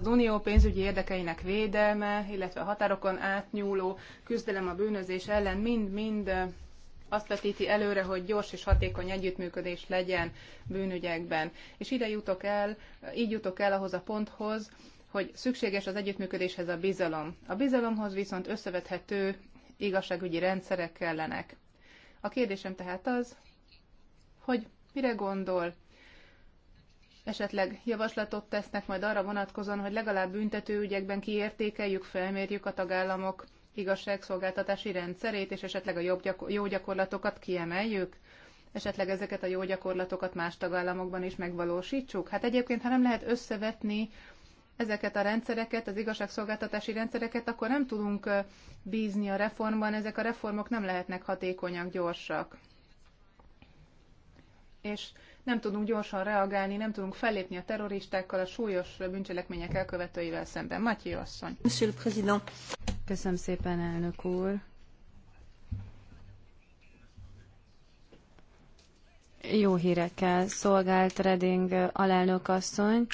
Az unió pénzügyi érdekeinek védelme, illetve a határokon átnyúló küzdelem a bűnözés ellen mind-mind azt vetíti előre, hogy gyors és hatékony együttműködés legyen bűnügyekben. És ide jutok el, így jutok el ahhoz a ponthoz, hogy szükséges az együttműködéshez a bizalom. A bizalomhoz viszont összevethető igazságügyi rendszerek kellenek. A kérdésem tehát az, hogy mire gondol esetleg javaslatot tesznek majd arra vonatkozóan, hogy legalább büntetőügyekben kiértékeljük, felmérjük a tagállamok igazságszolgáltatási rendszerét, és esetleg a jobb gyakor- jó gyakorlatokat kiemeljük? Esetleg ezeket a jó gyakorlatokat más tagállamokban is megvalósítsuk? Hát egyébként, ha nem lehet összevetni ezeket a rendszereket, az igazságszolgáltatási rendszereket, akkor nem tudunk bízni a reformban, ezek a reformok nem lehetnek hatékonyak, gyorsak. És nem tudunk gyorsan reagálni, nem tudunk fellépni a terroristákkal, a súlyos bűncselekmények elkövetőivel szemben. Matyi asszony. Monsieur le Président. Köszönöm szépen, elnök úr. Jó hírekkel szolgált Reding alelnök asszony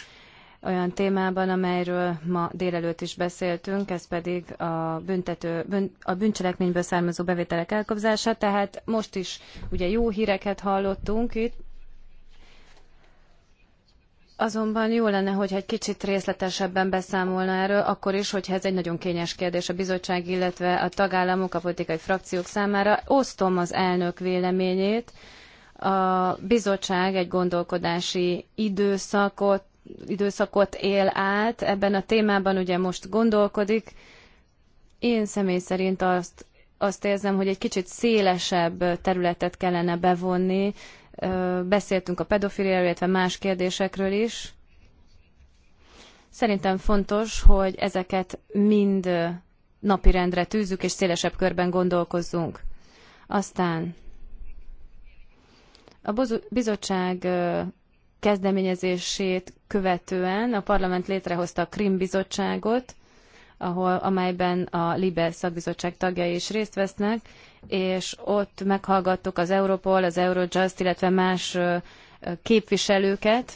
olyan témában, amelyről ma délelőtt is beszéltünk, ez pedig a, büntető, bűn, a bűncselekményből származó bevételek elkobzása. Tehát most is ugye jó híreket hallottunk itt, Azonban jó lenne, hogyha egy kicsit részletesebben beszámolna erről, akkor is, hogyha ez egy nagyon kényes kérdés a bizottság, illetve a tagállamok, a politikai frakciók számára. Osztom az elnök véleményét. A bizottság egy gondolkodási időszakot, időszakot él át. Ebben a témában ugye most gondolkodik. Én személy szerint azt azt érzem, hogy egy kicsit szélesebb területet kellene bevonni, beszéltünk a pedofiliáról, illetve más kérdésekről is. Szerintem fontos, hogy ezeket mind napirendre tűzzük, és szélesebb körben gondolkozzunk. Aztán a bizottság kezdeményezését követően a parlament létrehozta a Krim bizottságot, ahol, amelyben a LIBE szakbizottság tagjai is részt vesznek, és ott meghallgattuk az Europol, az Eurojust, illetve más képviselőket,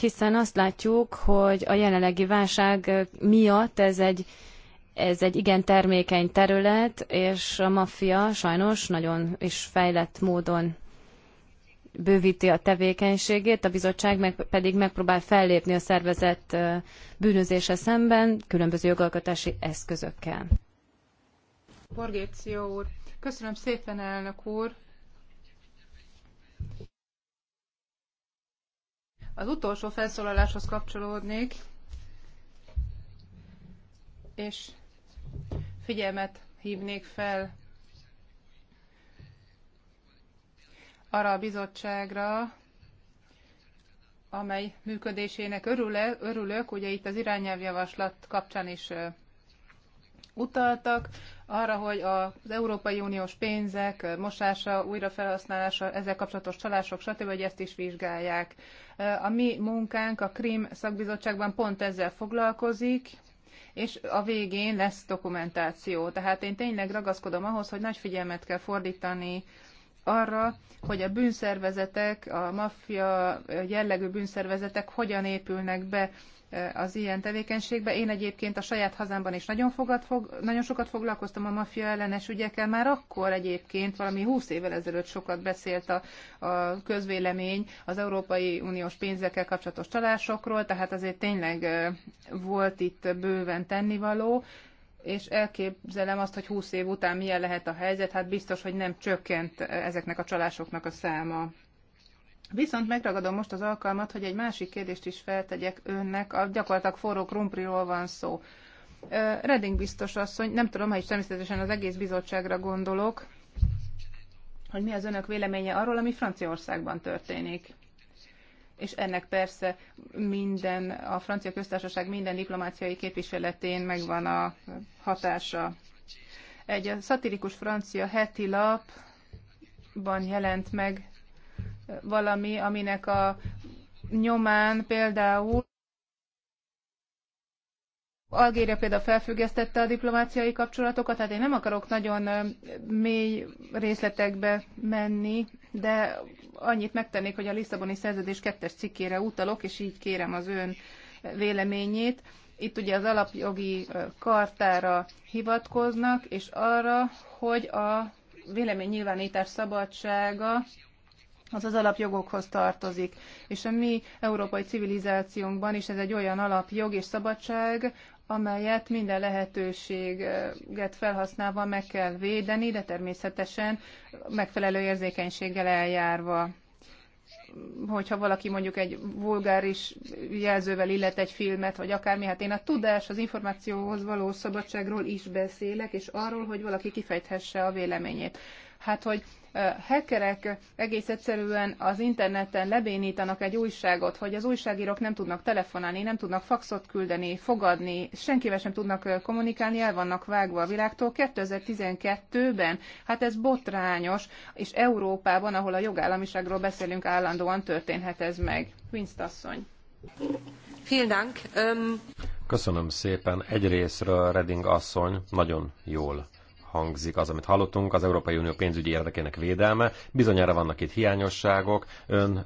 hiszen azt látjuk, hogy a jelenlegi válság miatt ez egy, ez egy igen termékeny terület, és a maffia sajnos nagyon is fejlett módon bővíti a tevékenységét, a bizottság meg, pedig megpróbál fellépni a szervezet bűnözése szemben különböző jogalkotási eszközökkel. Borgéció úr, köszönöm szépen, elnök úr. Az utolsó felszólaláshoz kapcsolódnék, és figyelmet hívnék fel arra a bizottságra, amely működésének örüle, örülök, ugye itt az irányelvjavaslat kapcsán is utaltak, arra, hogy az Európai Uniós pénzek mosása, újrafelhasználása, ezzel kapcsolatos csalások, stb. hogy ezt is vizsgálják. A mi munkánk a Krim szakbizottságban pont ezzel foglalkozik, és a végén lesz dokumentáció. Tehát én tényleg ragaszkodom ahhoz, hogy nagy figyelmet kell fordítani arra, hogy a bűnszervezetek, a maffia jellegű bűnszervezetek hogyan épülnek be e, az ilyen tevékenységbe. Én egyébként a saját hazámban is nagyon, fogad, fog, nagyon sokat foglalkoztam a maffia ellenes ügyekkel, már akkor egyébként valami 20 évvel ezelőtt sokat beszélt a, a közvélemény az Európai Uniós pénzekkel kapcsolatos csalásokról, tehát azért tényleg e, volt itt bőven tennivaló, és elképzelem azt, hogy 20 év után milyen lehet a helyzet, hát biztos, hogy nem csökkent ezeknek a csalásoknak a száma. Viszont megragadom most az alkalmat, hogy egy másik kérdést is feltegyek önnek, a gyakorlatilag forró krumpliról van szó. Redding biztos asszony, nem tudom, ha is természetesen az egész bizottságra gondolok, hogy mi az önök véleménye arról, ami Franciaországban történik és ennek persze minden, a francia köztársaság minden diplomáciai képviseletén megvan a hatása. Egy a szatirikus francia heti lapban jelent meg valami, aminek a nyomán például Algéria például felfüggesztette a diplomáciai kapcsolatokat, tehát én nem akarok nagyon mély részletekbe menni, de annyit megtennék, hogy a Lisszaboni szerződés kettes cikkére utalok, és így kérem az ön véleményét. Itt ugye az alapjogi kartára hivatkoznak, és arra, hogy a véleménynyilvánítás szabadsága az az alapjogokhoz tartozik. És a mi európai civilizációnkban is ez egy olyan alapjog és szabadság, amelyet minden lehetőséget felhasználva meg kell védeni, de természetesen megfelelő érzékenységgel eljárva. Hogyha valaki mondjuk egy vulgáris jelzővel illet egy filmet, vagy akármi, hát én a tudás, az információhoz való szabadságról is beszélek, és arról, hogy valaki kifejthesse a véleményét. Hát, hogy hackerek egész egyszerűen az interneten lebénítanak egy újságot, hogy az újságírók nem tudnak telefonálni, nem tudnak faxot küldeni, fogadni, senkivel sem tudnak kommunikálni, el vannak vágva a világtól. 2012-ben, hát ez botrányos, és Európában, ahol a jogállamiságról beszélünk, állandóan történhet ez meg. asszony. Vielen ähm, Köszönöm szépen. Egyrésztről Reding asszony nagyon jól hangzik az, amit hallottunk, az Európai Unió pénzügyi érdekének védelme. Bizonyára vannak itt hiányosságok. Ön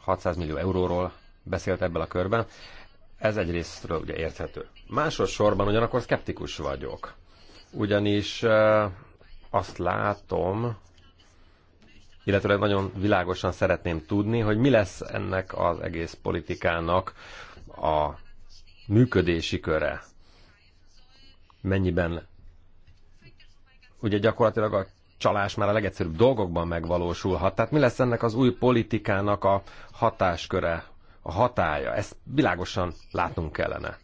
600 millió euróról beszélt ebből a körben. Ez egyrésztről ugye érthető. Másodszorban ugyanakkor szkeptikus vagyok. Ugyanis azt látom, illetőleg nagyon világosan szeretném tudni, hogy mi lesz ennek az egész politikának a működési köre. Mennyiben ugye gyakorlatilag a csalás már a legegyszerűbb dolgokban megvalósulhat. Tehát mi lesz ennek az új politikának a hatásköre, a hatája? Ezt világosan látnunk kellene.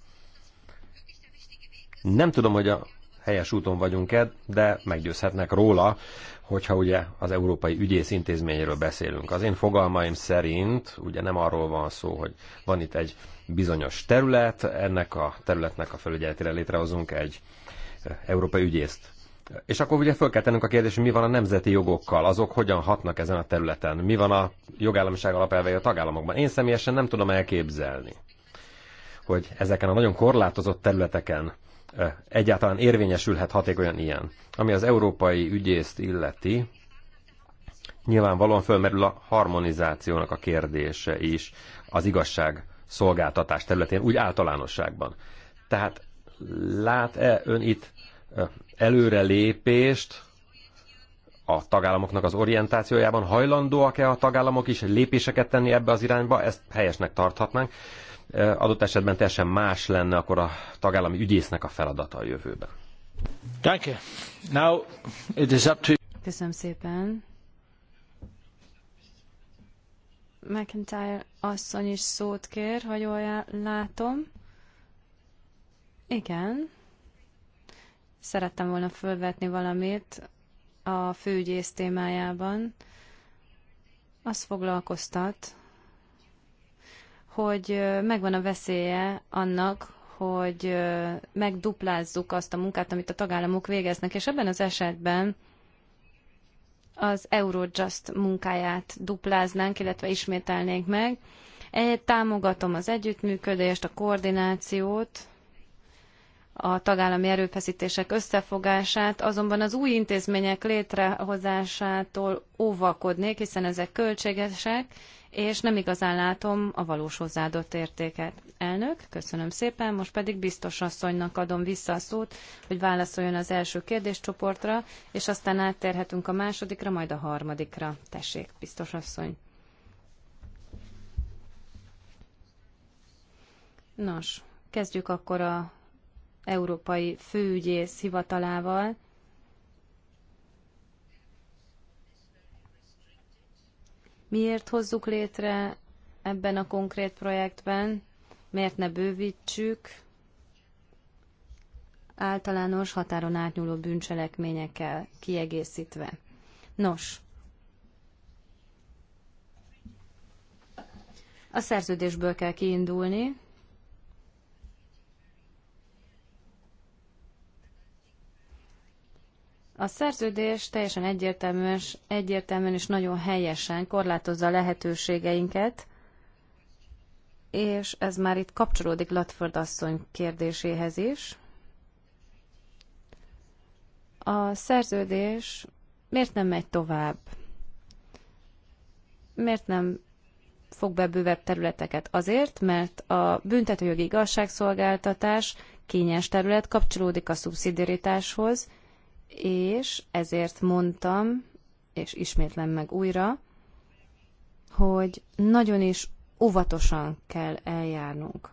Nem tudom, hogy a helyes úton vagyunk-e, de meggyőzhetnek róla, hogyha ugye az Európai Ügyész Intézményéről beszélünk. Az én fogalmaim szerint ugye nem arról van szó, hogy van itt egy bizonyos terület, ennek a területnek a felügyeletére létrehozunk egy eh, Európai Ügyészt. És akkor ugye föl kell tennünk a kérdés, hogy mi van a nemzeti jogokkal, azok hogyan hatnak ezen a területen, mi van a jogállamiság alapelvei a tagállamokban. Én személyesen nem tudom elképzelni, hogy ezeken a nagyon korlátozott területeken egyáltalán érvényesülhet hatékonyan ilyen. Ami az európai ügyészt illeti, nyilvánvalóan fölmerül a harmonizációnak a kérdése is az igazság szolgáltatás területén, úgy általánosságban. Tehát lát-e ön itt előrelépést a tagállamoknak az orientációjában. Hajlandóak-e a tagállamok is lépéseket tenni ebbe az irányba? Ezt helyesnek tarthatnánk. Adott esetben teljesen más lenne akkor a tagállami ügyésznek a feladata a jövőben. Now it is up to... Köszönöm szépen. McIntyre asszony is szót kér, ha jól látom. Igen szerettem volna fölvetni valamit a főügyész témájában. Azt foglalkoztat, hogy megvan a veszélye annak, hogy megduplázzuk azt a munkát, amit a tagállamok végeznek, és ebben az esetben az Eurojust munkáját dupláznánk, illetve ismételnénk meg. támogatom az együttműködést, a koordinációt, a tagállami erőfeszítések összefogását, azonban az új intézmények létrehozásától óvakodnék, hiszen ezek költségesek, és nem igazán látom a valós hozzáadott értéket. Elnök, köszönöm szépen, most pedig biztos asszonynak adom vissza a szót, hogy válaszoljon az első kérdéscsoportra, és aztán áttérhetünk a másodikra, majd a harmadikra. Tessék, biztos asszony. Nos, kezdjük akkor a Európai Főügyész Hivatalával. Miért hozzuk létre ebben a konkrét projektben? Miért ne bővítsük általános határon átnyúló bűncselekményekkel kiegészítve? Nos, a szerződésből kell kiindulni, A szerződés teljesen egyértelműen, egyértelműen és nagyon helyesen korlátozza a lehetőségeinket, és ez már itt kapcsolódik Latford asszony kérdéséhez is. A szerződés miért nem megy tovább? Miért nem fog be bővebb területeket? Azért, mert a büntetőjogi igazságszolgáltatás kényes terület kapcsolódik a szubszidiaritáshoz, és ezért mondtam, és ismétlem meg újra, hogy nagyon is óvatosan kell eljárnunk.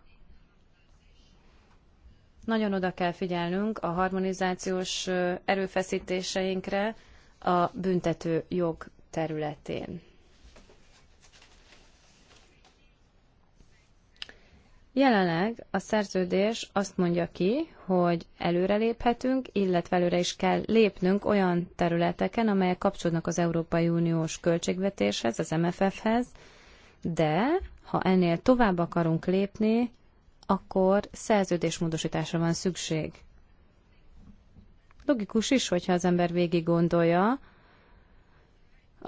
Nagyon oda kell figyelnünk a harmonizációs erőfeszítéseinkre a büntető jog területén. Jelenleg a szerződés azt mondja ki, hogy előreléphetünk, illetve előre is kell lépnünk olyan területeken, amelyek kapcsolódnak az Európai Uniós költségvetéshez, az MFF-hez, de ha ennél tovább akarunk lépni, akkor szerződésmódosításra van szükség. Logikus is, hogyha az ember végig gondolja,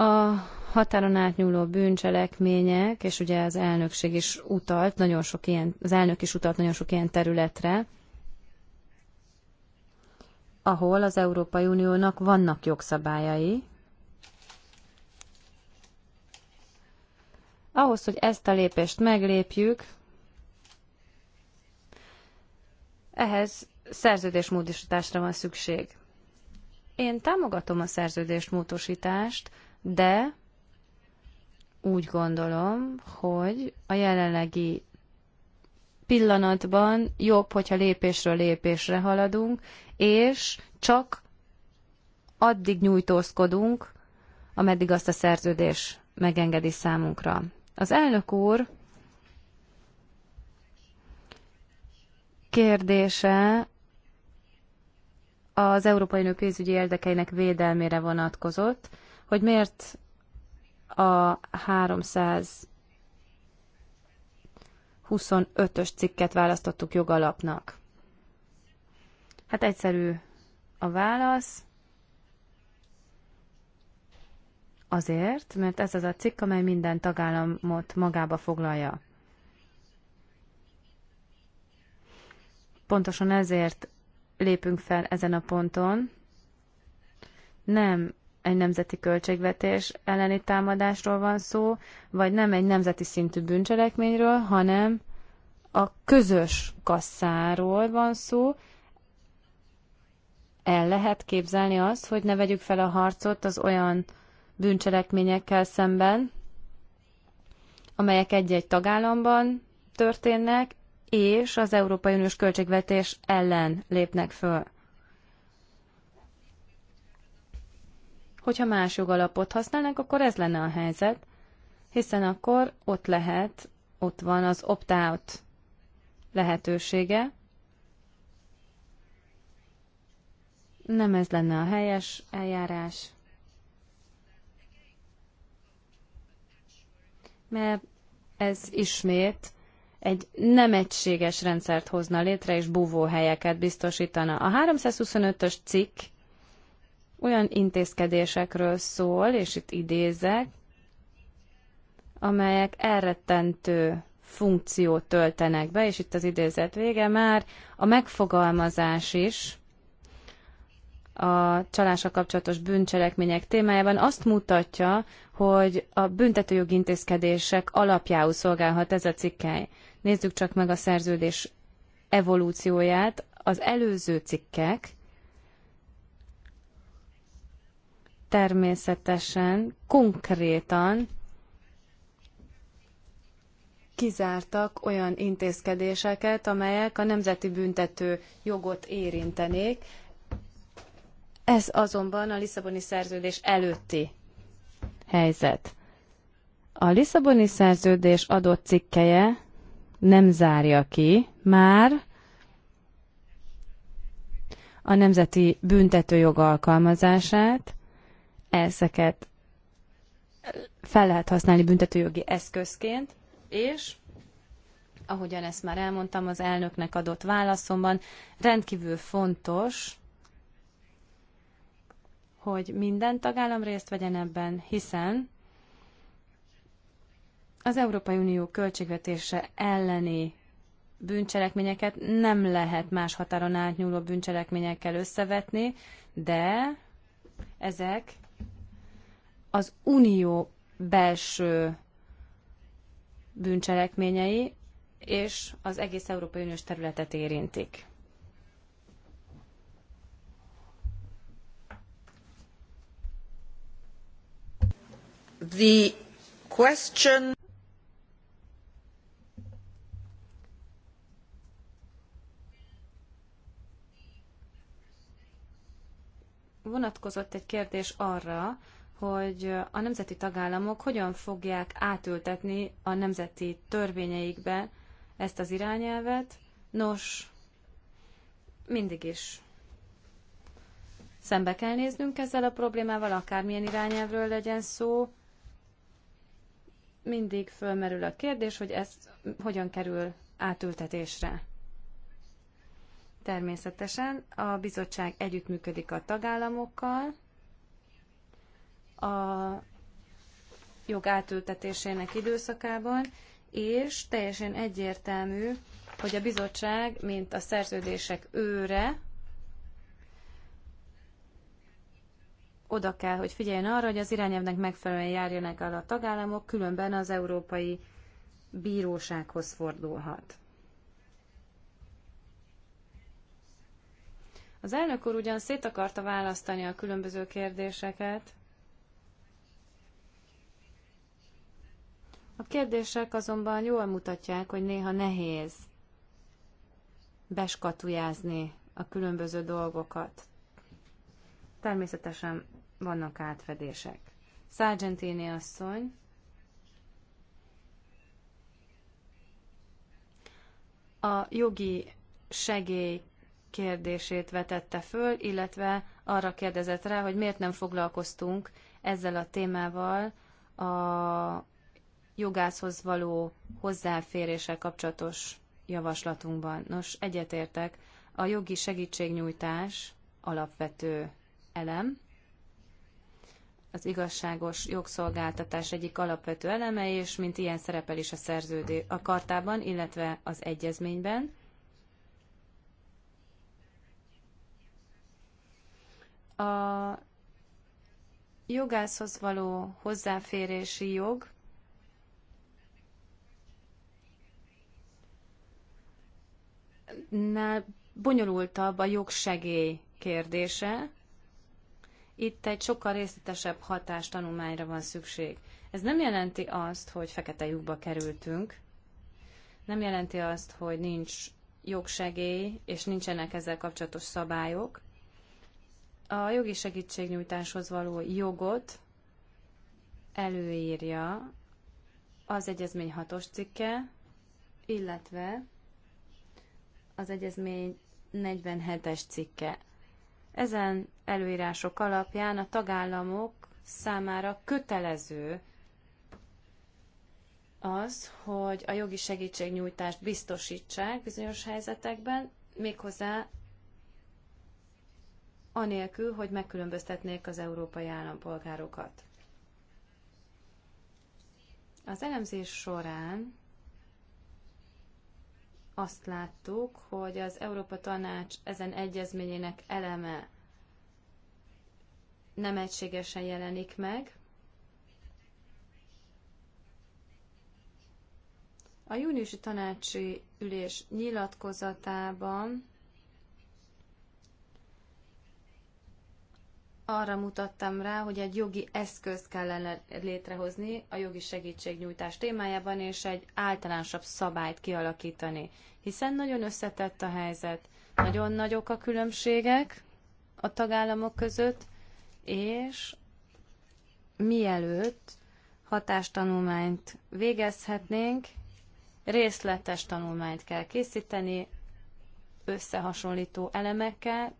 a határon átnyúló bűncselekmények, és ugye az elnökség is utalt nagyon sok ilyen, az elnök is utalt nagyon sok ilyen területre, ahol az Európai Uniónak vannak jogszabályai, ahhoz, hogy ezt a lépést meglépjük, ehhez szerződésmódosításra van szükség. Én támogatom a szerződésmódosítást, módosítást, de úgy gondolom, hogy a jelenlegi pillanatban jobb, hogyha lépésről lépésre haladunk, és csak addig nyújtózkodunk, ameddig azt a szerződés megengedi számunkra. Az elnök úr kérdése az Európai Nő pénzügyi érdekeinek védelmére vonatkozott hogy miért a 325-ös cikket választottuk jogalapnak. Hát egyszerű a válasz. Azért, mert ez az a cikk, amely minden tagállamot magába foglalja. Pontosan ezért lépünk fel ezen a ponton. Nem egy nemzeti költségvetés elleni támadásról van szó, vagy nem egy nemzeti szintű bűncselekményről, hanem a közös kasszáról van szó. El lehet képzelni azt, hogy ne vegyük fel a harcot az olyan bűncselekményekkel szemben, amelyek egy-egy tagállamban történnek, és az Európai Uniós költségvetés ellen lépnek föl. Hogyha más jogalapot használnánk, akkor ez lenne a helyzet, hiszen akkor ott lehet, ott van az opt-out lehetősége. Nem ez lenne a helyes eljárás. Mert ez ismét egy nem egységes rendszert hozna létre, és búvóhelyeket biztosítana. A 325-ös cikk olyan intézkedésekről szól, és itt idézek, amelyek elrettentő funkciót töltenek be, és itt az idézet vége már a megfogalmazás is a csalással kapcsolatos bűncselekmények témájában azt mutatja, hogy a büntetőjogi intézkedések alapjául szolgálhat ez a cikkely. Nézzük csak meg a szerződés evolúcióját. Az előző cikkek természetesen konkrétan kizártak olyan intézkedéseket, amelyek a nemzeti büntető jogot érintenék. Ez azonban a Lisszaboni szerződés előtti helyzet. A Lisszaboni szerződés adott cikkeje nem zárja ki már a nemzeti büntetőjog alkalmazását, ezeket fel lehet használni büntetőjogi eszközként, és ahogyan ezt már elmondtam az elnöknek adott válaszomban, rendkívül fontos, hogy minden tagállam részt vegyen ebben, hiszen az Európai Unió költségvetése elleni bűncselekményeket nem lehet más határon átnyúló bűncselekményekkel összevetni, de ezek az unió belső bűncselekményei és az egész Európai Uniós területet érintik. The question vonatkozott egy kérdés arra, hogy a nemzeti tagállamok hogyan fogják átültetni a nemzeti törvényeikbe ezt az irányelvet. Nos, mindig is szembe kell néznünk ezzel a problémával, akármilyen irányelvről legyen szó. Mindig fölmerül a kérdés, hogy ez hogyan kerül átültetésre. Természetesen a bizottság együttműködik a tagállamokkal, a jog átültetésének időszakában, és teljesen egyértelmű, hogy a bizottság, mint a szerződések őre, oda kell, hogy figyeljen arra, hogy az irányelvnek megfelelően járjanak el a tagállamok, különben az Európai Bírósághoz fordulhat. Az elnök úr ugyan szét akarta választani a különböző kérdéseket, A kérdések azonban jól mutatják, hogy néha nehéz beskatujázni a különböző dolgokat. Természetesen vannak átfedések. Sargentini asszony a jogi segély kérdését vetette föl, illetve arra kérdezett rá, hogy miért nem foglalkoztunk ezzel a témával a jogászhoz való hozzáféréssel kapcsolatos javaslatunkban. Nos, egyetértek, a jogi segítségnyújtás alapvető elem, az igazságos jogszolgáltatás egyik alapvető eleme, és mint ilyen szerepel is a szerződő a kartában, illetve az egyezményben. A jogászhoz való hozzáférési jog nál bonyolultabb a jogsegély kérdése. Itt egy sokkal részletesebb hatástanulmányra van szükség. Ez nem jelenti azt, hogy fekete lyukba kerültünk, nem jelenti azt, hogy nincs jogsegély, és nincsenek ezzel kapcsolatos szabályok. A jogi segítségnyújtáshoz való jogot előírja az egyezmény hatos cikke, illetve az egyezmény 47-es cikke. Ezen előírások alapján a tagállamok számára kötelező az, hogy a jogi segítségnyújtást biztosítsák bizonyos helyzetekben, méghozzá anélkül, hogy megkülönböztetnék az európai állampolgárokat. Az elemzés során azt láttuk, hogy az Európa Tanács ezen egyezményének eleme nem egységesen jelenik meg. A júniusi tanácsi ülés nyilatkozatában arra mutattam rá, hogy egy jogi eszközt kellene létrehozni a jogi segítségnyújtás témájában, és egy általánosabb szabályt kialakítani. Hiszen nagyon összetett a helyzet, nagyon nagyok a különbségek a tagállamok között, és mielőtt hatástanulmányt végezhetnénk, részletes tanulmányt kell készíteni, összehasonlító elemekkel,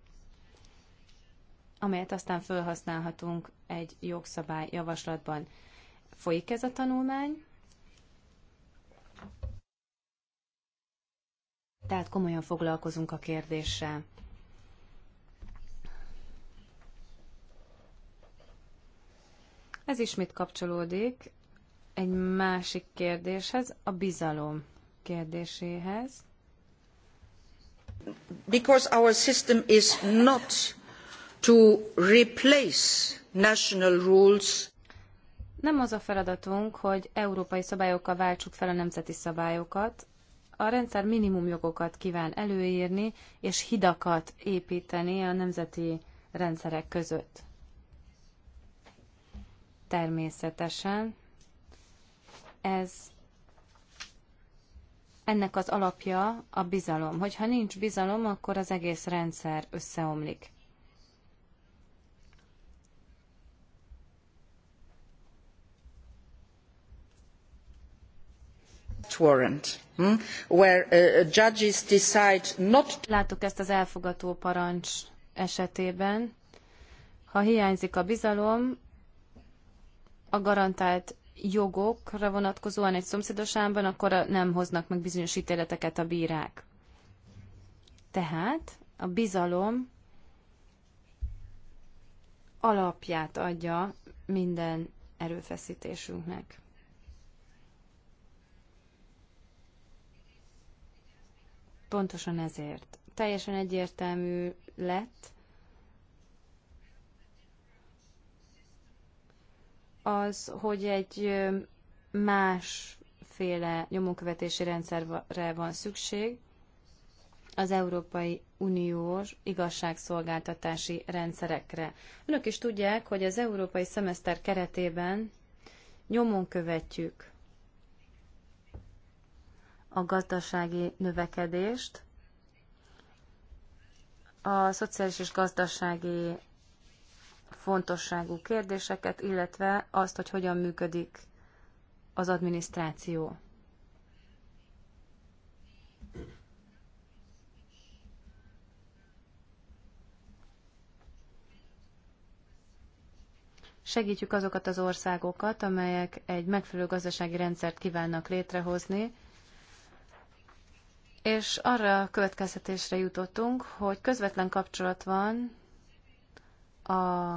amelyet aztán felhasználhatunk egy jogszabály javaslatban. Folyik ez a tanulmány? Tehát komolyan foglalkozunk a kérdéssel. Ez ismét kapcsolódik egy másik kérdéshez, a bizalom kérdéséhez. Because our system is not to replace national rules nem az a feladatunk, hogy európai szabályokkal váltsuk fel a nemzeti szabályokat. A rendszer minimumjogokat kíván előírni, és hidakat építeni a nemzeti rendszerek között. Természetesen ez ennek az alapja a bizalom. Hogyha nincs bizalom, akkor az egész rendszer összeomlik. arrest warrant hmm? where uh, uh, judges decide not Láttuk ezt az elfogató parancs esetében. Ha hiányzik a bizalom, a garantált jogokra vonatkozóan egy szomszédos államban, akkor nem hoznak meg bizonyos ítéleteket a bírák. Tehát a bizalom alapját adja minden erőfeszítésünknek. Pontosan ezért. Teljesen egyértelmű lett az, hogy egy másféle nyomonkövetési rendszerre van szükség, az Európai Uniós igazságszolgáltatási rendszerekre. Önök is tudják, hogy az Európai Szemeszter keretében nyomon követjük a gazdasági növekedést, a szociális és gazdasági fontosságú kérdéseket, illetve azt, hogy hogyan működik az adminisztráció. Segítjük azokat az országokat, amelyek egy megfelelő gazdasági rendszert kívánnak létrehozni, és arra a következtetésre jutottunk, hogy közvetlen kapcsolat van a,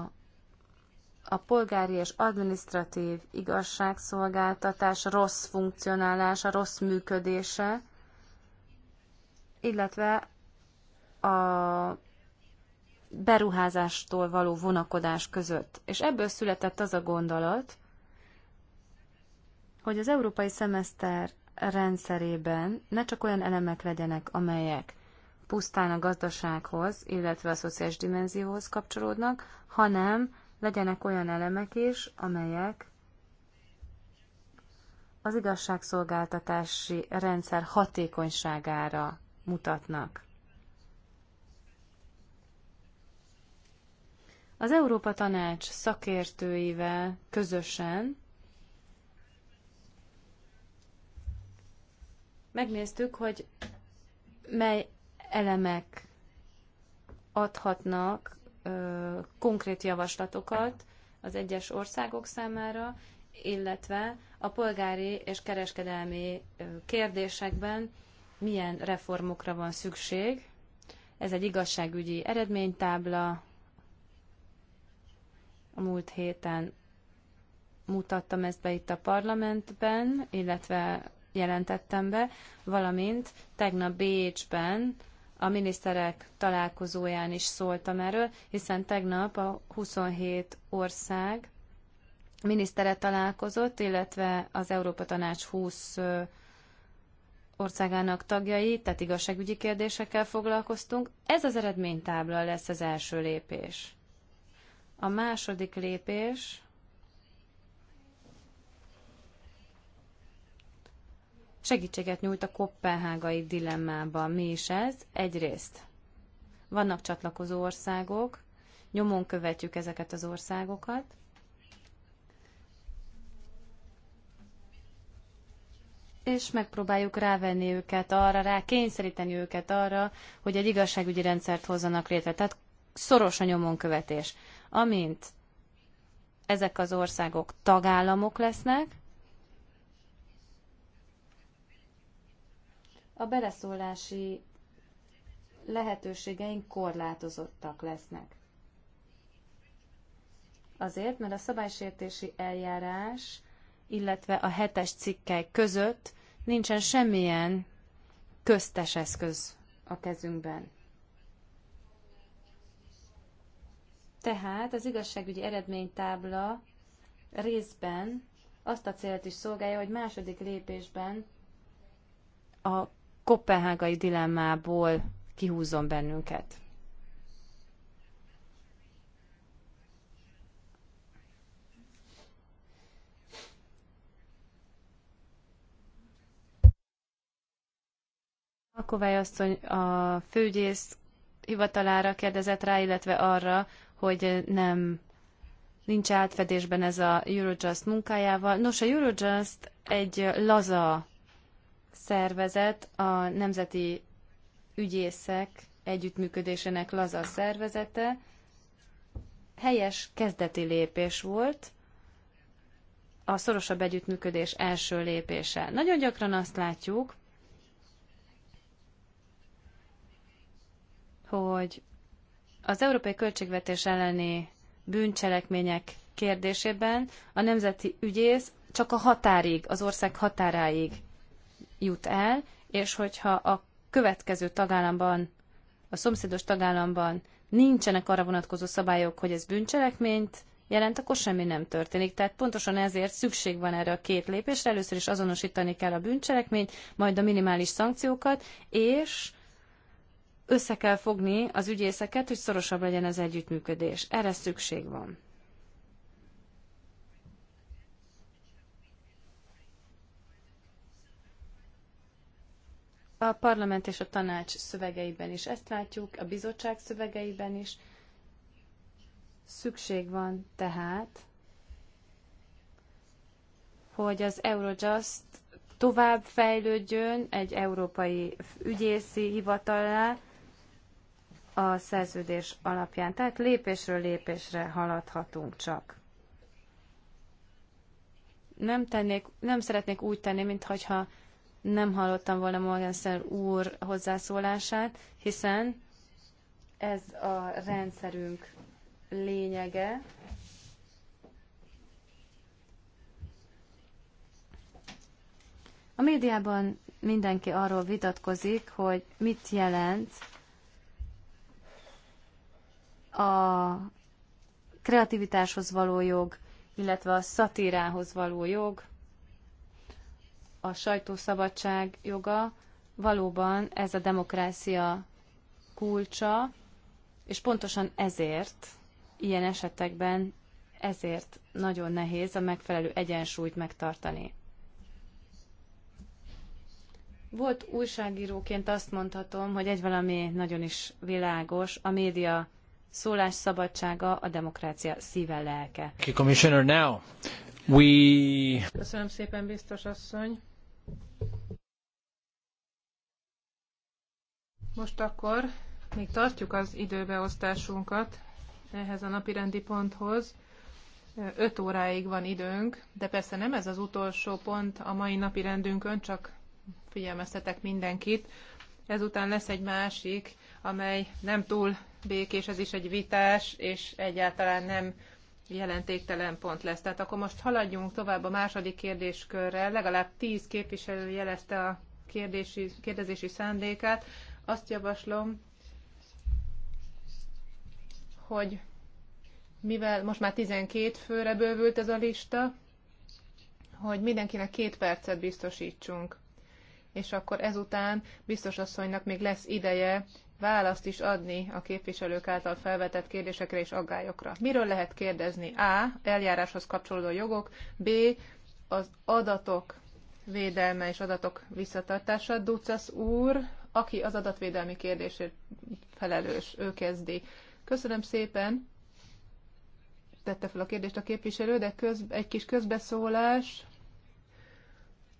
a polgári és administratív igazságszolgáltatás rossz funkcionálása, rossz működése, illetve a beruházástól való vonakodás között. És ebből született az a gondolat, hogy az európai szemeszter rendszerében ne csak olyan elemek legyenek, amelyek pusztán a gazdasághoz, illetve a szociális dimenzióhoz kapcsolódnak, hanem legyenek olyan elemek is, amelyek az igazságszolgáltatási rendszer hatékonyságára mutatnak. Az Európa Tanács szakértőivel közösen megnéztük, hogy mely elemek adhatnak ö, konkrét javaslatokat az egyes országok számára, illetve a polgári és kereskedelmi kérdésekben milyen reformokra van szükség. Ez egy igazságügyi eredménytábla. A múlt héten mutattam ezt be itt a parlamentben, illetve jelentettem be, valamint tegnap Bécsben a miniszterek találkozóján is szóltam erről, hiszen tegnap a 27 ország minisztere találkozott, illetve az Európa Tanács 20 országának tagjai, tehát igazságügyi kérdésekkel foglalkoztunk. Ez az eredménytábla lesz az első lépés. A második lépés segítséget nyújt a kopenhágai dilemmában. Mi is ez? Egyrészt vannak csatlakozó országok, nyomon követjük ezeket az országokat, és megpróbáljuk rávenni őket arra, rá kényszeríteni őket arra, hogy egy igazságügyi rendszert hozzanak létre. Tehát szoros a nyomon követés. Amint ezek az országok tagállamok lesznek, a beleszólási lehetőségeink korlátozottak lesznek. Azért, mert a szabálysértési eljárás, illetve a hetes cikkely között nincsen semmilyen köztes eszköz a kezünkben. Tehát az igazságügyi eredménytábla részben azt a célt is szolgálja, hogy második lépésben a kopenhágai dilemmából kihúzzon bennünket. Alkovály asszony a főgyész hivatalára kérdezett rá, illetve arra, hogy nem nincs átfedésben ez a Eurojust munkájával. Nos, a Eurojust egy laza szervezet a Nemzeti Ügyészek Együttműködésének laza szervezete helyes kezdeti lépés volt, a szorosabb együttműködés első lépése. Nagyon gyakran azt látjuk, hogy az európai költségvetés elleni bűncselekmények kérdésében a nemzeti ügyész csak a határig, az ország határáig jut el, és hogyha a következő tagállamban, a szomszédos tagállamban nincsenek arra vonatkozó szabályok, hogy ez bűncselekményt jelent, akkor semmi nem történik. Tehát pontosan ezért szükség van erre a két lépésre. Először is azonosítani kell a bűncselekményt, majd a minimális szankciókat, és össze kell fogni az ügyészeket, hogy szorosabb legyen az együttműködés. Erre szükség van. A parlament és a tanács szövegeiben is ezt látjuk, a bizottság szövegeiben is. Szükség van tehát, hogy az Eurojust tovább fejlődjön egy európai ügyészi hivatallá a szerződés alapján. Tehát lépésről lépésre haladhatunk csak. Nem, tennék, nem szeretnék úgy tenni, mintha nem hallottam volna Morgenstern úr hozzászólását, hiszen ez a rendszerünk lényege. A médiában mindenki arról vitatkozik, hogy mit jelent a kreativitáshoz való jog, illetve a szatírához való jog, a sajtószabadság joga, valóban ez a demokrácia kulcsa, és pontosan ezért, ilyen esetekben ezért nagyon nehéz a megfelelő egyensúlyt megtartani. Volt újságíróként azt mondhatom, hogy egy valami nagyon is világos, a média szólás szabadsága a demokrácia szíve lelke. Commissioner, now we... Köszönöm szépen, biztos asszony. Most akkor még tartjuk az időbeosztásunkat ehhez a napirendi ponthoz. 5 óráig van időnk, de persze nem ez az utolsó pont a mai napi rendünkön, csak figyelmeztetek mindenkit. Ezután lesz egy másik, amely nem túl békés, ez is egy vitás, és egyáltalán nem jelentéktelen pont lesz. Tehát akkor most haladjunk tovább a második kérdéskörrel. Legalább tíz képviselő jelezte a kérdési, kérdezési szándékát. Azt javaslom, hogy mivel most már 12 főre bővült ez a lista, hogy mindenkinek két percet biztosítsunk. És akkor ezután biztos asszonynak még lesz ideje választ is adni a képviselők által felvetett kérdésekre és aggályokra. Miről lehet kérdezni? A. Eljáráshoz kapcsolódó jogok. B. Az adatok védelme és adatok visszatartása. Ducasz úr, aki az adatvédelmi kérdésért felelős, ő kezdi. Köszönöm szépen, tette fel a kérdést a képviselő, de köz, egy kis közbeszólás,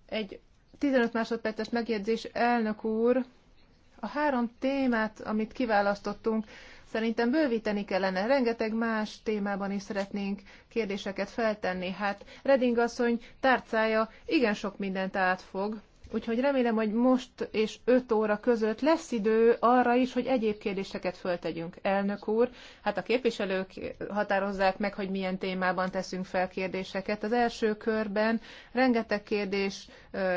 egy 15 másodperces megjegyzés, elnök úr, a három témát, amit kiválasztottunk, szerintem bővíteni kellene. Rengeteg más témában is szeretnénk kérdéseket feltenni. Hát Reding asszony tárcája igen sok mindent átfog, Úgyhogy remélem, hogy most és 5 óra között lesz idő arra is, hogy egyéb kérdéseket föltegyünk. Elnök úr, hát a képviselők határozzák meg, hogy milyen témában teszünk fel kérdéseket. Az első körben rengeteg kérdés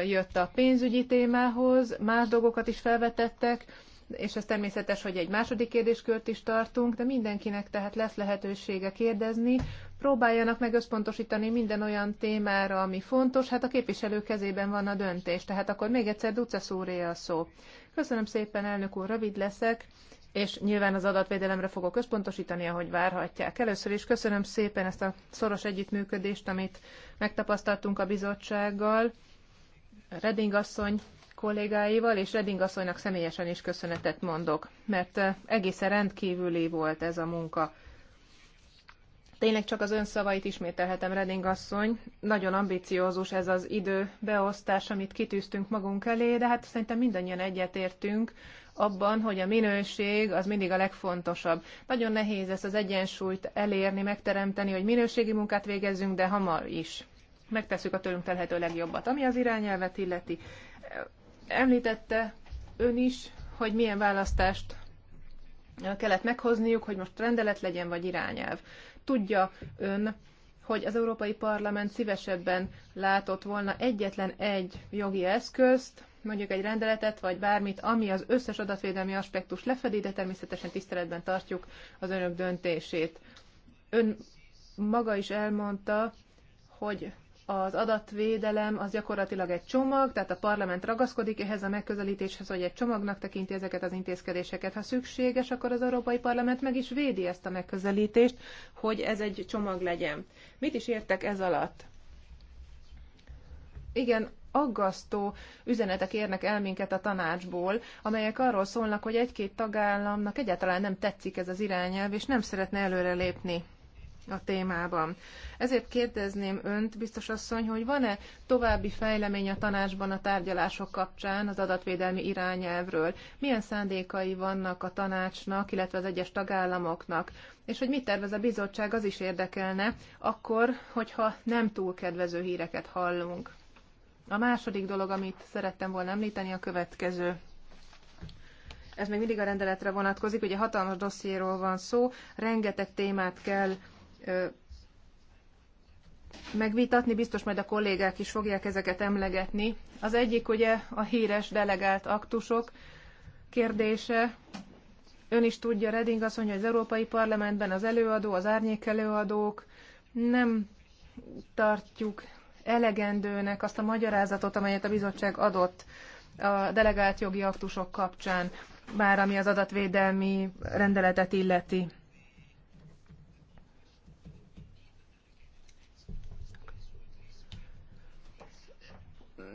jött a pénzügyi témához, más dolgokat is felvetettek, és ez természetes, hogy egy második kérdéskört is tartunk, de mindenkinek tehát lesz lehetősége kérdezni. Próbáljanak meg összpontosítani minden olyan témára, ami fontos, hát a képviselő kezében van a döntés. Tehát akkor még egyszer Duce Szóré a szó. Köszönöm szépen, elnök úr, rövid leszek és nyilván az adatvédelemre fogok összpontosítani, ahogy várhatják. Először is köszönöm szépen ezt a szoros együttműködést, amit megtapasztaltunk a bizottsággal. Reding asszony kollégáival, és Reding asszonynak személyesen is köszönetet mondok, mert eh, egészen rendkívüli volt ez a munka. Tényleg csak az ön szavait ismételhetem, Reding asszony. Nagyon ambiciózus ez az idő beosztás, amit kitűztünk magunk elé, de hát szerintem mindannyian egyetértünk abban, hogy a minőség az mindig a legfontosabb. Nagyon nehéz ezt az egyensúlyt elérni, megteremteni, hogy minőségi munkát végezzünk, de hamar is. Megtesszük a tőlünk telhető legjobbat. Ami az irányelvet illeti, Említette ön is, hogy milyen választást kellett meghozniuk, hogy most rendelet legyen, vagy irányelv. Tudja ön, hogy az Európai Parlament szívesebben látott volna egyetlen egy jogi eszközt, mondjuk egy rendeletet, vagy bármit, ami az összes adatvédelmi aspektus lefedi, de természetesen tiszteletben tartjuk az önök döntését. Ön maga is elmondta, hogy az adatvédelem az gyakorlatilag egy csomag, tehát a parlament ragaszkodik ehhez a megközelítéshez, hogy egy csomagnak tekinti ezeket az intézkedéseket. Ha szükséges, akkor az Európai Parlament meg is védi ezt a megközelítést, hogy ez egy csomag legyen. Mit is értek ez alatt? Igen, aggasztó üzenetek érnek el minket a tanácsból, amelyek arról szólnak, hogy egy-két tagállamnak egyáltalán nem tetszik ez az irányelv, és nem szeretne előrelépni a témában. Ezért kérdezném önt, biztos asszony, hogy van-e további fejlemény a tanácsban a tárgyalások kapcsán az adatvédelmi irányelvről? Milyen szándékai vannak a tanácsnak, illetve az egyes tagállamoknak? És hogy mit tervez a bizottság, az is érdekelne, akkor, hogyha nem túl kedvező híreket hallunk. A második dolog, amit szerettem volna említeni, a következő ez még mindig a rendeletre vonatkozik, ugye hatalmas dossziéról van szó, rengeteg témát kell megvitatni, biztos majd a kollégák is fogják ezeket emlegetni. Az egyik ugye a híres delegált aktusok kérdése. Ön is tudja, Reding asszony, hogy az Európai Parlamentben az előadó, az árnyék előadók nem tartjuk elegendőnek azt a magyarázatot, amelyet a bizottság adott a delegált jogi aktusok kapcsán, bár ami az adatvédelmi rendeletet illeti.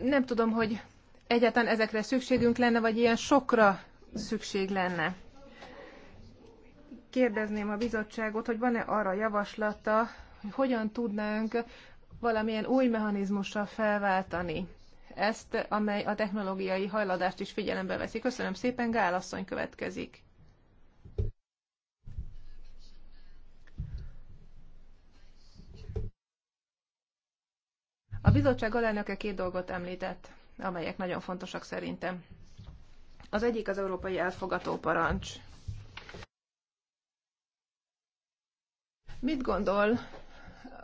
nem tudom, hogy egyáltalán ezekre szükségünk lenne, vagy ilyen sokra szükség lenne. Kérdezném a bizottságot, hogy van-e arra javaslata, hogy hogyan tudnánk valamilyen új mechanizmussal felváltani ezt, amely a technológiai hajladást is figyelembe veszi. Köszönöm szépen, Gál asszony következik. A bizottság alelnöke két dolgot említett, amelyek nagyon fontosak szerintem. Az egyik az európai elfogató parancs. Mit gondol,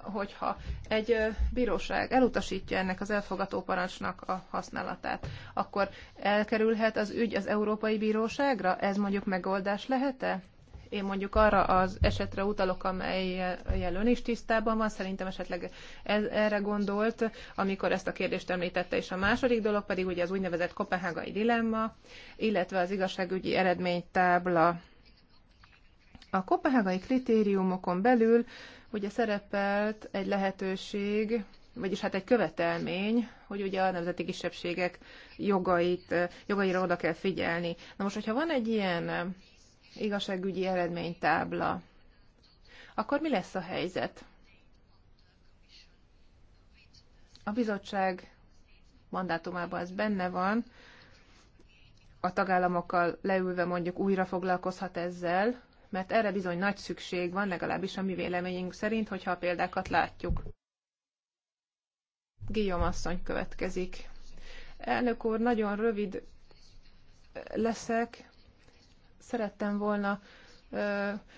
hogyha egy bíróság elutasítja ennek az elfogató parancsnak a használatát, akkor elkerülhet az ügy az Európai Bíróságra? Ez mondjuk megoldás lehet-e? én mondjuk arra az esetre utalok, amelyel ön is tisztában van, szerintem esetleg ez, erre gondolt, amikor ezt a kérdést említette, és a második dolog pedig ugye az úgynevezett kopenhágai dilemma, illetve az igazságügyi eredménytábla. A kopenhágai kritériumokon belül ugye szerepelt egy lehetőség, vagyis hát egy követelmény, hogy ugye a nemzeti kisebbségek jogait, jogaira oda kell figyelni. Na most, hogyha van egy ilyen igazságügyi eredménytábla, akkor mi lesz a helyzet? A bizottság mandátumában ez benne van, a tagállamokkal leülve mondjuk újra foglalkozhat ezzel, mert erre bizony nagy szükség van, legalábbis a mi véleményünk szerint, hogyha a példákat látjuk. Guillaume asszony következik. Elnök úr, nagyon rövid leszek, szerettem volna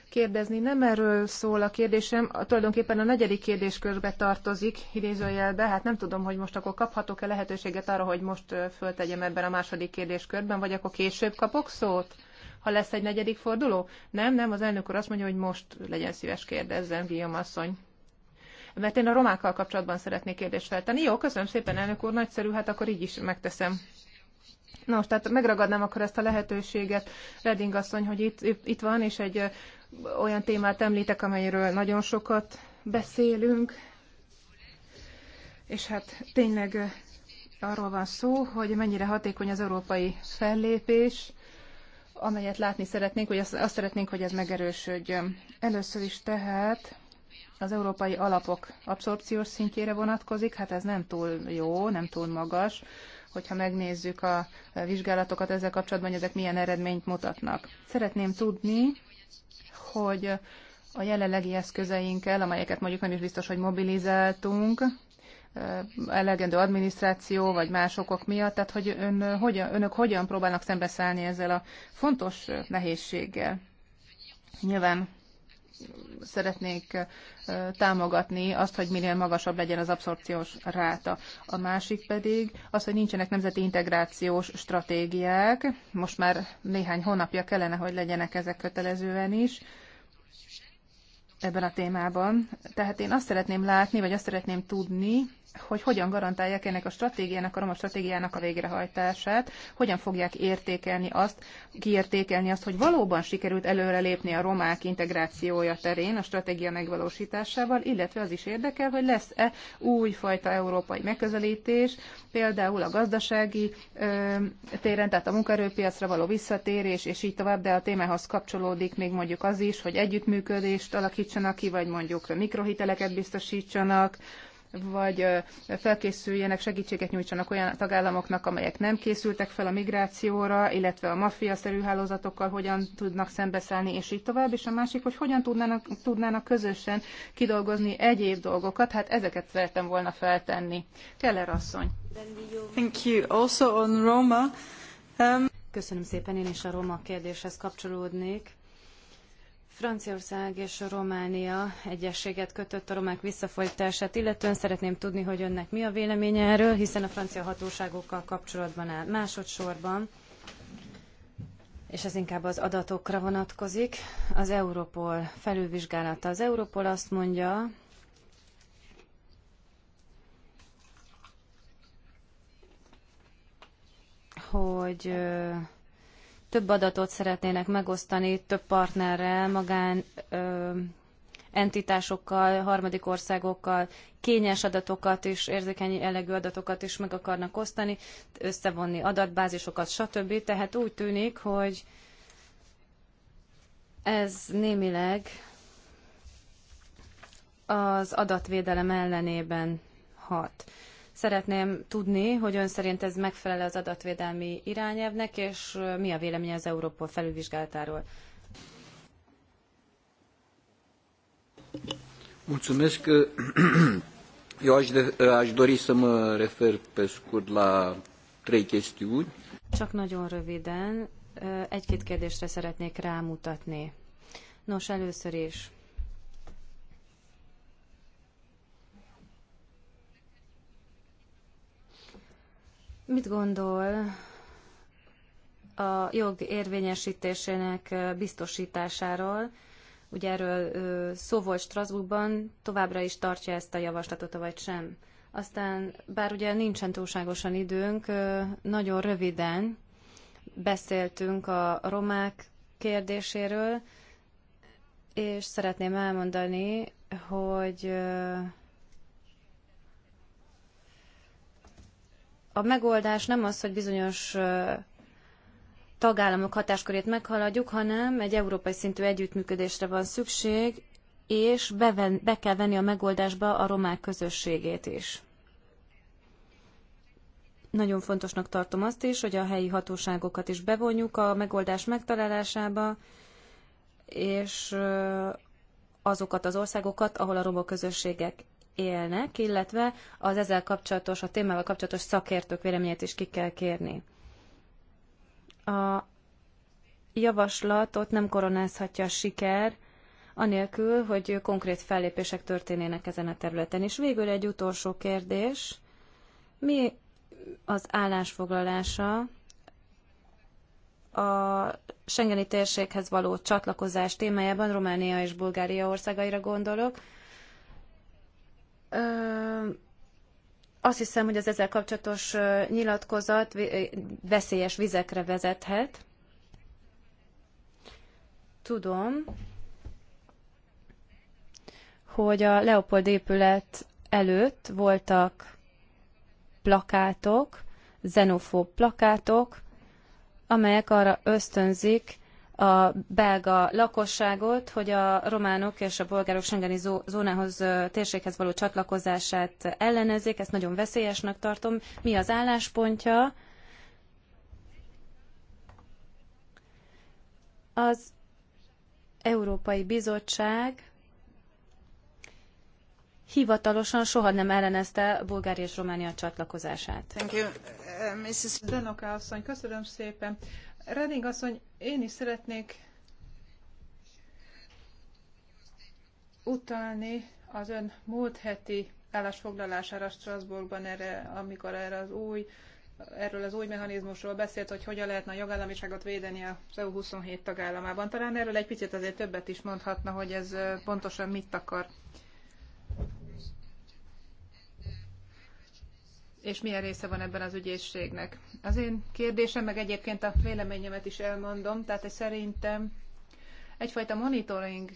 kérdezni. Nem erről szól a kérdésem, a, tulajdonképpen a negyedik kérdéskörbe tartozik, idézőjelbe, hát nem tudom, hogy most akkor kaphatok-e lehetőséget arra, hogy most föltegyem ebben a második kérdéskörben, vagy akkor később kapok szót, ha lesz egy negyedik forduló? Nem, nem, az elnök úr azt mondja, hogy most legyen szíves kérdezzen, Guillaume asszony. Mert én a romákkal kapcsolatban szeretnék kérdést feltenni. Jó, köszönöm szépen, elnök úr, nagyszerű, hát akkor így is megteszem. Nos, tehát megragadnám akkor ezt a lehetőséget, Reding asszony, hogy itt, itt van, és egy olyan témát említek, amelyről nagyon sokat beszélünk, és hát tényleg arról van szó, hogy mennyire hatékony az európai fellépés, amelyet látni szeretnénk, hogy azt, azt szeretnénk, hogy ez megerősödjön. Először is tehát az európai alapok abszorpciós szintjére vonatkozik, hát ez nem túl jó, nem túl magas hogyha megnézzük a vizsgálatokat ezzel kapcsolatban, hogy ezek milyen eredményt mutatnak. Szeretném tudni, hogy a jelenlegi eszközeinkkel, amelyeket mondjuk nem is biztos, hogy mobilizáltunk, eh, elegendő adminisztráció vagy más okok miatt, tehát hogy ön, hogyan, önök hogyan próbálnak szembeszállni ezzel a fontos nehézséggel. Nyilván szeretnék támogatni azt, hogy minél magasabb legyen az abszorpciós ráta. A másik pedig az, hogy nincsenek nemzeti integrációs stratégiák. Most már néhány hónapja kellene, hogy legyenek ezek kötelezően is ebben a témában. Tehát én azt szeretném látni, vagy azt szeretném tudni, hogy hogyan garantálják ennek a stratégiának, a roma stratégiának a végrehajtását, hogyan fogják értékelni azt, kiértékelni azt, hogy valóban sikerült előrelépni a romák integrációja terén a stratégia megvalósításával, illetve az is érdekel, hogy lesz-e újfajta európai megközelítés, például a gazdasági ö, téren, tehát a munkaerőpiacra való visszatérés, és így tovább, de a témához kapcsolódik még mondjuk az is, hogy együttműködést alakítsanak ki, vagy mondjuk mikrohiteleket biztosítsanak, vagy felkészüljenek, segítséget nyújtsanak olyan tagállamoknak, amelyek nem készültek fel a migrációra, illetve a maffiaszerű hálózatokkal hogyan tudnak szembeszállni, és így tovább. És a másik, hogy hogyan tudnának, tudnának közösen kidolgozni egyéb dolgokat, hát ezeket szerettem volna feltenni. Keller asszony. Thank you. Also on Roma. Um... Köszönöm szépen, én is a Roma kérdéshez kapcsolódnék. Franciaország és Románia egyességet kötött a romák visszafolytását, illetően szeretném tudni, hogy önnek mi a véleménye erről, hiszen a francia hatóságokkal kapcsolatban áll másodszorban, és ez inkább az adatokra vonatkozik. Az Europol felülvizsgálata. Az Europol azt mondja, hogy több adatot szeretnének megosztani több partnerrel, magán ö, entitásokkal, harmadik országokkal, kényes adatokat és érzékeny jellegű adatokat is meg akarnak osztani, összevonni adatbázisokat, stb. Tehát úgy tűnik, hogy ez némileg az adatvédelem ellenében hat. Szeretném tudni, hogy ön szerint ez megfelel az adatvédelmi irányelvnek, és mi a véleménye az Európol felülvizsgálatáról. Mulțumesc. Eu aș, de, aș dori să mă refer pe scurt la trei chestiuni. Csak nagyon röviden, egy-két kérdésre szeretnék rámutatni. Nos, először is Mit gondol a jog érvényesítésének biztosításáról? Ugye erről szó volt Strasbourgban, továbbra is tartja ezt a javaslatot, vagy sem? Aztán, bár ugye nincsen túlságosan időnk, nagyon röviden beszéltünk a romák kérdéséről, és szeretném elmondani, hogy a megoldás nem az, hogy bizonyos tagállamok hatáskörét meghaladjuk, hanem egy európai szintű együttműködésre van szükség, és beven, be kell venni a megoldásba a romák közösségét is. Nagyon fontosnak tartom azt is, hogy a helyi hatóságokat is bevonjuk a megoldás megtalálásába, és azokat az országokat, ahol a roma közösségek élnek, illetve az ezzel kapcsolatos, a témával kapcsolatos szakértők véleményét is ki kell kérni. A javaslatot nem koronázhatja a siker, anélkül, hogy konkrét fellépések történének ezen a területen. És végül egy utolsó kérdés. Mi az állásfoglalása a Schengeni térséghez való csatlakozás témájában Románia és Bulgária országaira gondolok, azt hiszem, hogy az ezzel kapcsolatos nyilatkozat veszélyes vizekre vezethet. Tudom, hogy a Leopold épület előtt voltak plakátok, xenofób plakátok, amelyek arra ösztönzik a belga lakosságot, hogy a románok és a bolgárok Schengeni zónához, térséghez való csatlakozását ellenezzék, ezt nagyon veszélyesnek tartom. Mi az álláspontja? Az Európai Bizottság hivatalosan soha nem ellenezte Bulgária és Románia csatlakozását. Thank you, uh, Mrs. Danoka köszönöm szépen. Reding asszony, én is szeretnék utalni az ön múlt heti állásfoglalására Strasbourgban erre, amikor erre az új, erről az új mechanizmusról beszélt, hogy hogyan lehetne a jogállamiságot védeni a EU 27 tagállamában. Talán erről egy picit azért többet is mondhatna, hogy ez pontosan mit akar. és milyen része van ebben az ügyészségnek. Az én kérdésem, meg egyébként a véleményemet is elmondom, tehát szerintem egyfajta monitoring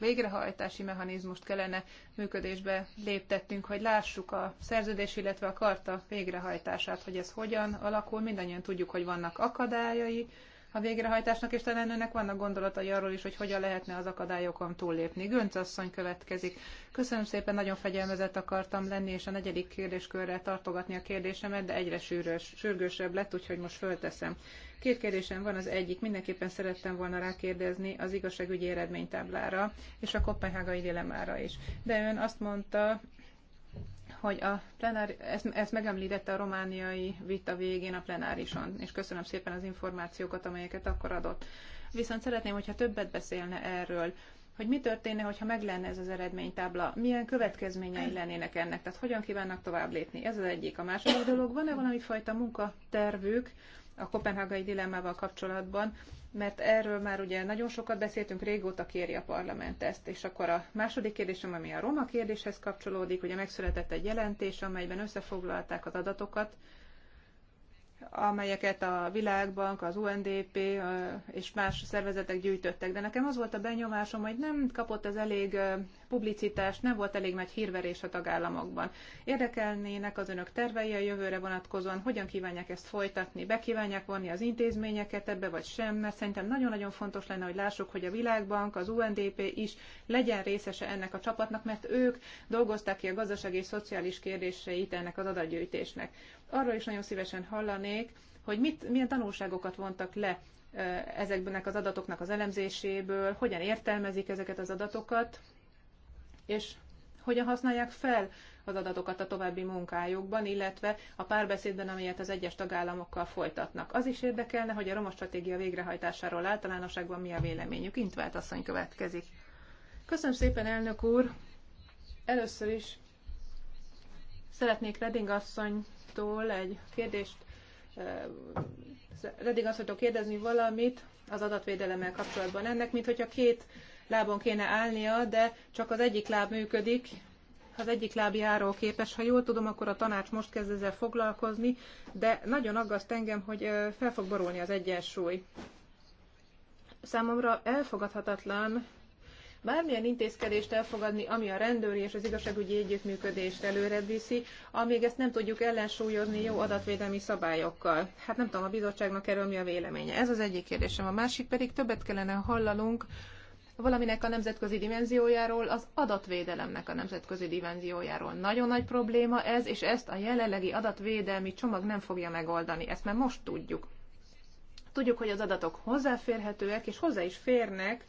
végrehajtási mechanizmust kellene működésbe léptettünk, hogy lássuk a szerződés, illetve a karta végrehajtását, hogy ez hogyan alakul. Mindannyian tudjuk, hogy vannak akadályai, a végrehajtásnak, és talán önnek vannak gondolatai arról is, hogy hogyan lehetne az akadályokon túllépni. Gönc asszony következik. Köszönöm szépen, nagyon fegyelmezett akartam lenni, és a negyedik kérdéskörre tartogatni a kérdésemet, de egyre sűrös, sürgősebb lett, úgyhogy most fölteszem. Két kérdésem van, az egyik mindenképpen szerettem volna rákérdezni az igazságügyi eredménytáblára és a kopenhágai dilemára is. De ön azt mondta, hogy a plenár, ezt, ezt megemlítette a romániai vita végén a plenárison, és köszönöm szépen az információkat, amelyeket akkor adott. Viszont szeretném, hogyha többet beszélne erről, hogy mi történne, hogyha meg lenne ez az eredménytábla, milyen következményei lennének ennek, tehát hogyan kívánnak tovább lépni. Ez az egyik. A második dolog, van-e valami fajta munkatervük, a kopenhágai dilemmával kapcsolatban, mert erről már ugye nagyon sokat beszéltünk, régóta kéri a parlament ezt. És akkor a második kérdésem, ami a roma kérdéshez kapcsolódik, ugye megszületett egy jelentés, amelyben összefoglalták az adatokat, amelyeket a Világbank, az UNDP és más szervezetek gyűjtöttek. De nekem az volt a benyomásom, hogy nem kapott ez elég publicitás, nem volt elég nagy hírverés a tagállamokban. Érdekelnének az önök tervei a jövőre vonatkozóan, hogyan kívánják ezt folytatni, bekívánják vonni az intézményeket ebbe, vagy sem, mert szerintem nagyon-nagyon fontos lenne, hogy lássuk, hogy a Világbank, az UNDP is legyen részese ennek a csapatnak, mert ők dolgozták ki a gazdasági és szociális kérdéseit ennek az adatgyűjtésnek. Arról is nagyon szívesen hallanék, hogy mit, milyen tanulságokat vontak le eh, ezekben az adatoknak az elemzéséből, hogyan értelmezik ezeket az adatokat, és hogyan használják fel az adatokat a további munkájukban, illetve a párbeszédben, amelyet az egyes tagállamokkal folytatnak. Az is érdekelne, hogy a roma stratégia végrehajtásáról általánosságban mi a véleményük. Intvált asszony következik. Köszönöm szépen, elnök úr! Először is szeretnék Reding asszonytól egy kérdést, eh, Reding asszonytól kérdezni valamit az adatvédelemmel kapcsolatban. Ennek, mint hogyha két lábon kéne állnia, de csak az egyik láb működik, az egyik lábjáról képes. Ha jól tudom, akkor a tanács most kezd ezzel foglalkozni, de nagyon aggaszt engem, hogy fel fog borulni az egyensúly. Számomra elfogadhatatlan bármilyen intézkedést elfogadni, ami a rendőri és az igazságügyi együttműködést előre viszi, amíg ezt nem tudjuk ellensúlyozni jó adatvédelmi szabályokkal. Hát nem tudom, a bizottságnak erről mi a véleménye. Ez az egyik kérdésem. A másik pedig többet kellene hallanunk valaminek a nemzetközi dimenziójáról, az adatvédelemnek a nemzetközi dimenziójáról. Nagyon nagy probléma ez, és ezt a jelenlegi adatvédelmi csomag nem fogja megoldani. Ezt már most tudjuk. Tudjuk, hogy az adatok hozzáférhetőek, és hozzá is férnek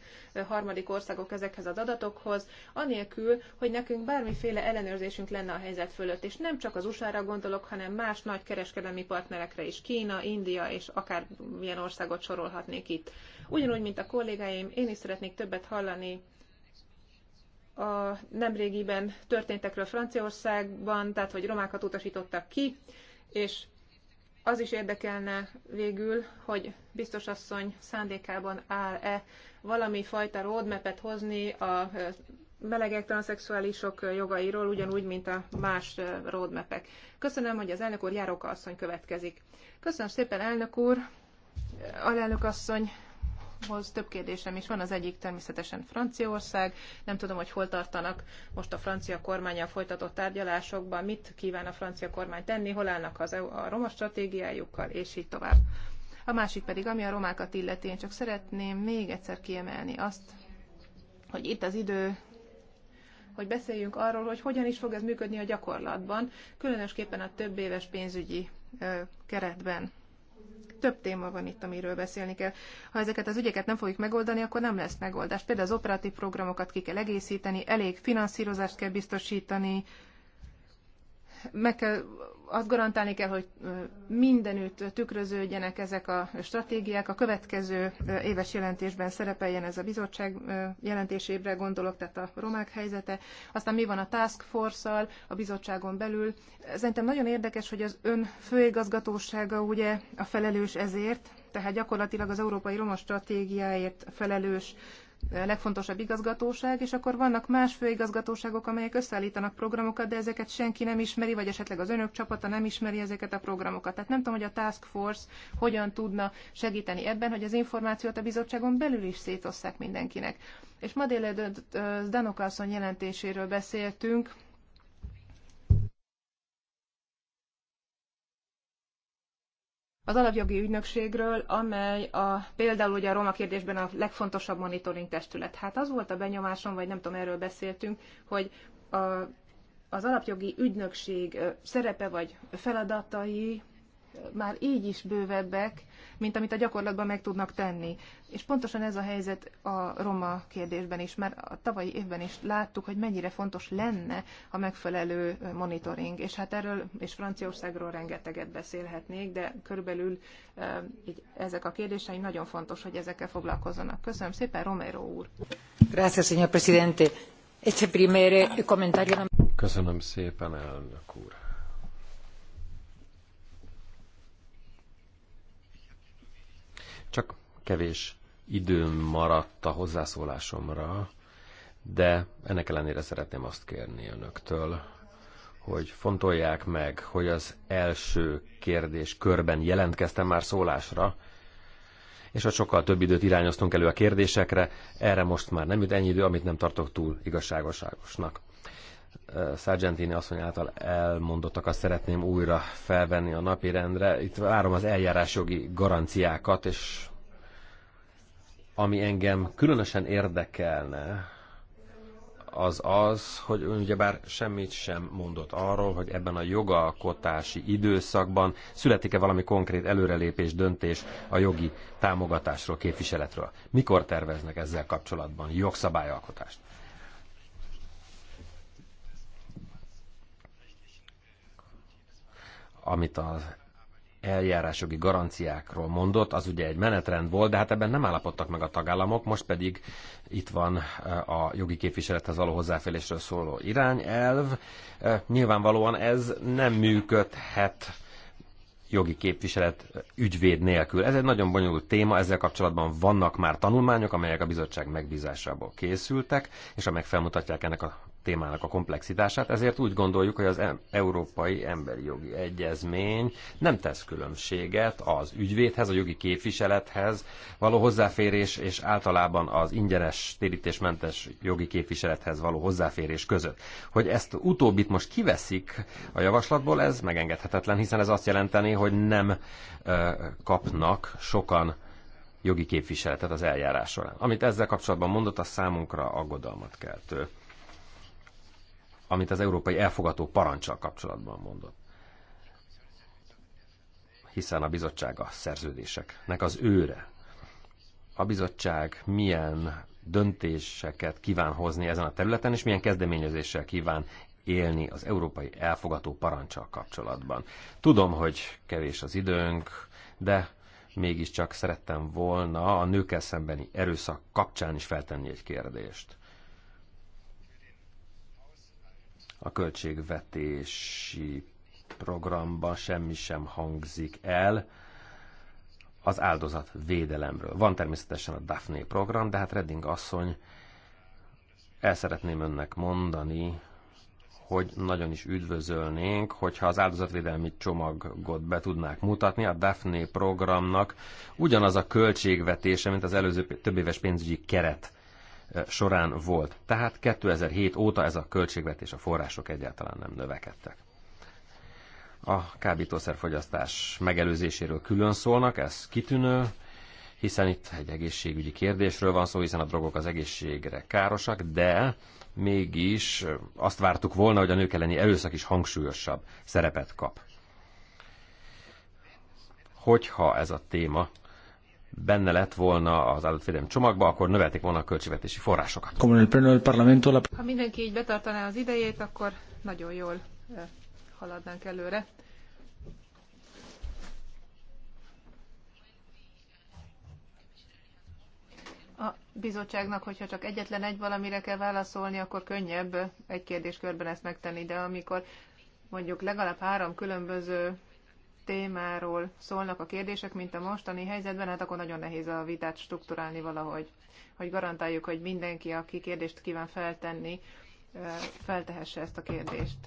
harmadik országok ezekhez az adatokhoz, anélkül, hogy nekünk bármiféle ellenőrzésünk lenne a helyzet fölött. És nem csak az USA-ra gondolok, hanem más nagy kereskedelmi partnerekre is, Kína, India és akár milyen országot sorolhatnék itt. Ugyanúgy, mint a kollégáim, én is szeretnék többet hallani a nemrégiben történtekről Franciaországban, tehát hogy romákat utasítottak ki, és az is érdekelne végül, hogy biztos asszony szándékában áll-e valami fajta roadmap hozni a melegek, transzexuálisok jogairól, ugyanúgy, mint a más roadmapek. Köszönöm, hogy az elnök úr Járóka asszony következik. Köszönöm szépen, elnök úr, alelnök asszony, Hoz több kérdésem is van, az egyik természetesen Franciaország. Nem tudom, hogy hol tartanak most a francia a folytatott tárgyalásokban, mit kíván a francia kormány tenni, hol állnak az, a roma stratégiájukkal, és így tovább. A másik pedig, ami a romákat illeti, én csak szeretném még egyszer kiemelni azt, hogy itt az idő hogy beszéljünk arról, hogy hogyan is fog ez működni a gyakorlatban, különösképpen a több éves pénzügyi keretben több téma van itt, amiről beszélni kell. Ha ezeket az ügyeket nem fogjuk megoldani, akkor nem lesz megoldás. Például az operatív programokat ki kell egészíteni, elég finanszírozást kell biztosítani, meg kell, azt garantálni kell, hogy mindenütt tükröződjenek ezek a stratégiák. A következő éves jelentésben szerepeljen ez a bizottság jelentésébre gondolok, tehát a romák helyzete. Aztán mi van a task force a bizottságon belül. Szerintem nagyon érdekes, hogy az ön főigazgatósága ugye a felelős ezért, tehát gyakorlatilag az Európai Roma Stratégiáért felelős legfontosabb igazgatóság, és akkor vannak más főigazgatóságok, amelyek összeállítanak programokat, de ezeket senki nem ismeri, vagy esetleg az önök csapata nem ismeri ezeket a programokat. Tehát nem tudom, hogy a Task Force hogyan tudna segíteni ebben, hogy az információt a bizottságon belül is szétosszák mindenkinek. És ma délelőtt Danok jelentéséről beszéltünk, az alapjogi ügynökségről, amely a, például ugye a roma kérdésben a legfontosabb monitoring testület. Hát az volt a benyomásom, vagy nem tudom, erről beszéltünk, hogy a, az alapjogi ügynökség szerepe vagy feladatai már így is bővebbek, mint amit a gyakorlatban meg tudnak tenni. És pontosan ez a helyzet a roma kérdésben is. Már a tavalyi évben is láttuk, hogy mennyire fontos lenne a megfelelő monitoring. És hát erről és Franciaországról rengeteget beszélhetnék, de körülbelül így, ezek a kérdései nagyon fontos, hogy ezekkel foglalkozzanak. Köszönöm szépen, Romero úr. Gracias, señor presidente. Este primer eh, comentario... Köszönöm szépen, elnök úr Csak kevés időm maradt a hozzászólásomra, de ennek ellenére szeretném azt kérni önöktől, hogy fontolják meg, hogy az első kérdés körben jelentkeztem már szólásra, és ha sokkal több időt irányoztunk elő a kérdésekre, erre most már nem jut ennyi idő, amit nem tartok túl igazságoságosnak. Sargentini asszony által elmondottakat szeretném újra felvenni a napirendre. Itt várom az eljárásjogi garanciákat, és ami engem különösen érdekelne, az az, hogy ön ugyebár semmit sem mondott arról, hogy ebben a jogalkotási időszakban születik-e valami konkrét előrelépés, döntés a jogi támogatásról, képviseletről. Mikor terveznek ezzel kapcsolatban jogszabályalkotást? amit az eljárásjogi garanciákról mondott, az ugye egy menetrend volt, de hát ebben nem állapodtak meg a tagállamok, most pedig itt van eh, a jogi képviselethez való hozzáférésről szóló irányelv. Eh, nyilvánvalóan ez nem működhet jogi képviselet ügyvéd nélkül. Ez egy nagyon bonyolult téma, ezzel kapcsolatban vannak már tanulmányok, amelyek a bizottság megbízásából készültek, és amelyek felmutatják ennek a témának a komplexitását, ezért úgy gondoljuk, hogy az Európai Emberi Jogi Egyezmény nem tesz különbséget az ügyvédhez, a jogi képviselethez való hozzáférés, és általában az ingyenes, térítésmentes jogi képviselethez való hozzáférés között. Hogy ezt utóbbit most kiveszik a javaslatból, ez megengedhetetlen, hiszen ez azt jelenteni, hogy nem kapnak sokan jogi képviseletet az eljárás során. Amit ezzel kapcsolatban mondott, a számunkra aggodalmat keltő amit az európai elfogató parancsal kapcsolatban mondott. Hiszen a bizottság a szerződéseknek az őre. A bizottság milyen döntéseket kíván hozni ezen a területen, és milyen kezdeményezéssel kíván élni az európai elfogató parancsal kapcsolatban. Tudom, hogy kevés az időnk, de mégiscsak szerettem volna a nőkkel szembeni erőszak kapcsán is feltenni egy kérdést. a költségvetési programban semmi sem hangzik el az áldozat védelemről. Van természetesen a Daphne program, de hát Redding asszony, el szeretném önnek mondani, hogy nagyon is üdvözölnénk, hogyha az áldozatvédelmi csomagot be tudnák mutatni. A Daphne programnak ugyanaz a költségvetése, mint az előző több éves pénzügyi keret során volt. Tehát 2007 óta ez a költségvetés, a források egyáltalán nem növekedtek. A kábítószerfogyasztás megelőzéséről külön szólnak, ez kitűnő, hiszen itt egy egészségügyi kérdésről van szó, hiszen a drogok az egészségre károsak, de mégis azt vártuk volna, hogy a nők elleni erőszak is hangsúlyosabb szerepet kap. Hogyha ez a téma benne lett volna az állatvédelmi csomagba, akkor növelték volna a költségvetési forrásokat. Ha mindenki így betartaná az idejét, akkor nagyon jól haladnánk előre. A bizottságnak, hogyha csak egyetlen egy valamire kell válaszolni, akkor könnyebb egy kérdéskörben ezt megtenni, de amikor mondjuk legalább három különböző témáról szólnak a kérdések, mint a mostani helyzetben, hát akkor nagyon nehéz a vitát strukturálni valahogy, hogy garantáljuk, hogy mindenki, aki kérdést kíván feltenni, feltehesse ezt a kérdést.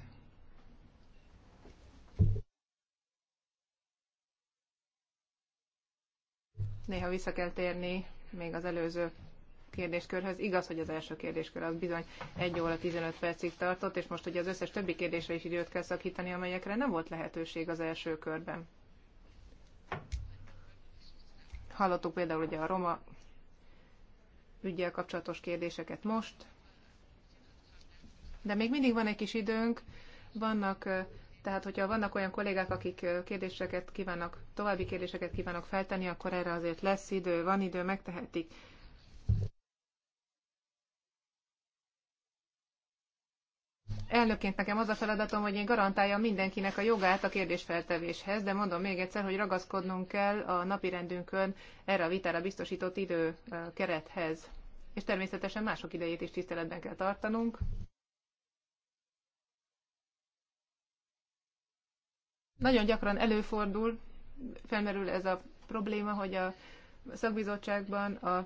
Néha vissza kell térni még az előző kérdéskörhöz. Igaz, hogy az első kérdéskör az bizony 1 óra 15 percig tartott, és most hogy az összes többi kérdésre is időt kell szakítani, amelyekre nem volt lehetőség az első körben. Hallottuk például ugye a roma ügyel kapcsolatos kérdéseket most, de még mindig van egy kis időnk, vannak tehát, hogyha vannak olyan kollégák, akik kérdéseket kívánnak, további kérdéseket kívánok feltenni, akkor erre azért lesz idő, van idő, megtehetik. elnökként nekem az a feladatom, hogy én garantáljam mindenkinek a jogát a kérdésfeltevéshez, de mondom még egyszer, hogy ragaszkodnunk kell a napirendünkön erre a vitára biztosított idő kerethez. És természetesen mások idejét is tiszteletben kell tartanunk. Nagyon gyakran előfordul, felmerül ez a probléma, hogy a szakbizottságban a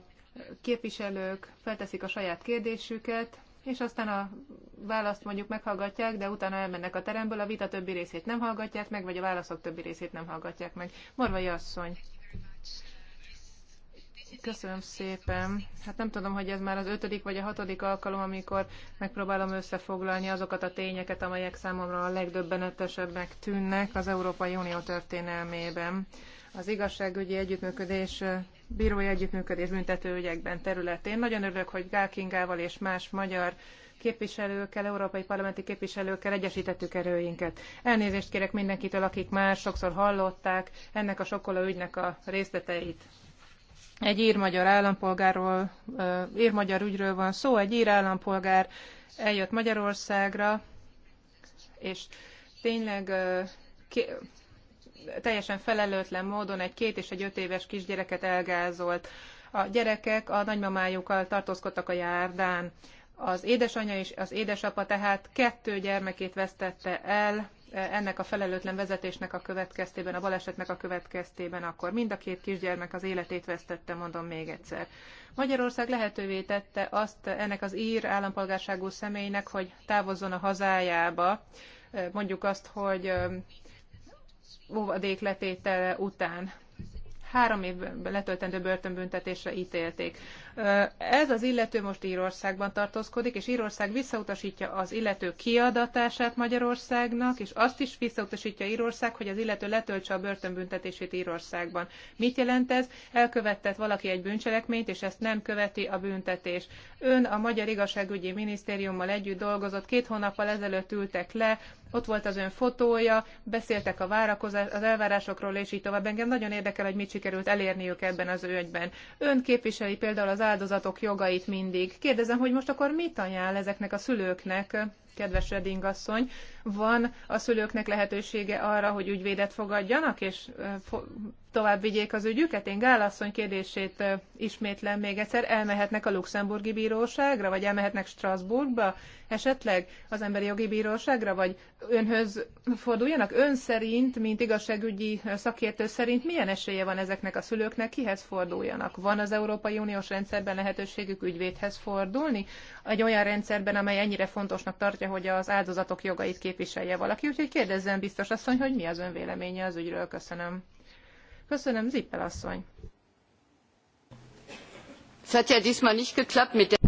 képviselők felteszik a saját kérdésüket, és aztán a választ mondjuk meghallgatják, de utána elmennek a teremből, a vita többi részét nem hallgatják meg, vagy a válaszok többi részét nem hallgatják meg. Morvai asszony. Köszönöm szépen. Hát nem tudom, hogy ez már az ötödik vagy a hatodik alkalom, amikor megpróbálom összefoglalni azokat a tényeket, amelyek számomra a legdöbbenetesebbnek tűnnek az Európai Unió történelmében az igazságügyi együttműködés, bírói együttműködés ügyekben területén. Nagyon örülök, hogy Gál és más magyar képviselőkkel, európai parlamenti képviselőkkel egyesítettük erőinket. Elnézést kérek mindenkitől, akik már sokszor hallották ennek a sokkoló ügynek a részleteit. Egy ír-magyar állampolgárról, Magyar ügyről van szó, egy ír állampolgár eljött Magyarországra, és tényleg teljesen felelőtlen módon egy két és egy öt éves kisgyereket elgázolt. A gyerekek a nagymamájukkal tartózkodtak a járdán. Az édesanyja és az édesapa tehát kettő gyermekét vesztette el e, ennek a felelőtlen vezetésnek a következtében, a balesetnek a következtében, akkor mind a két kisgyermek az életét vesztette, mondom még egyszer. Magyarország lehetővé tette azt ennek az ír állampolgárságú személynek, hogy távozzon a hazájába, e, mondjuk azt, hogy óvadékletétele után három év letöltendő börtönbüntetésre ítélték. Ez az illető most Írországban tartózkodik, és Írország visszautasítja az illető kiadatását Magyarországnak, és azt is visszautasítja Írország, hogy az illető letöltse a börtönbüntetését Írországban. Mit jelent ez? Elkövetett valaki egy bűncselekményt, és ezt nem követi a büntetés. Ön a Magyar Igazságügyi Minisztériummal együtt dolgozott, két hónappal ezelőtt ültek le, ott volt az ön fotója, beszéltek a várakozás, az elvárásokról, és így tovább. Engem nagyon érdekel, hogy mit sikerült elérniük ebben az ügyben. Ön képviseli például az áldozatok jogait mindig. Kérdezem, hogy most akkor mit ajánl ezeknek a szülőknek, kedves Reding asszony, van a szülőknek lehetősége arra, hogy ügyvédet fogadjanak, és tovább vigyék az ügyüket? Én Gálasszony kérdését ismétlem még egyszer. Elmehetnek a luxemburgi bíróságra, vagy elmehetnek Strasbourgba esetleg az emberi jogi bíróságra, vagy önhöz forduljanak? Ön szerint, mint igazságügyi szakértő szerint milyen esélye van ezeknek a szülőknek, kihez forduljanak? Van az Európai Uniós rendszerben lehetőségük ügyvédhez fordulni? Egy olyan rendszerben, amely ennyire fontosnak tartja, hogy az áldozatok jogait képviselje valaki. Úgyhogy kérdezzen biztos asszony, hogy mi az ön véleménye az ügyről. Köszönöm. Köszönöm, Zippel asszony! Es hat ja diesmal nicht geklappt mit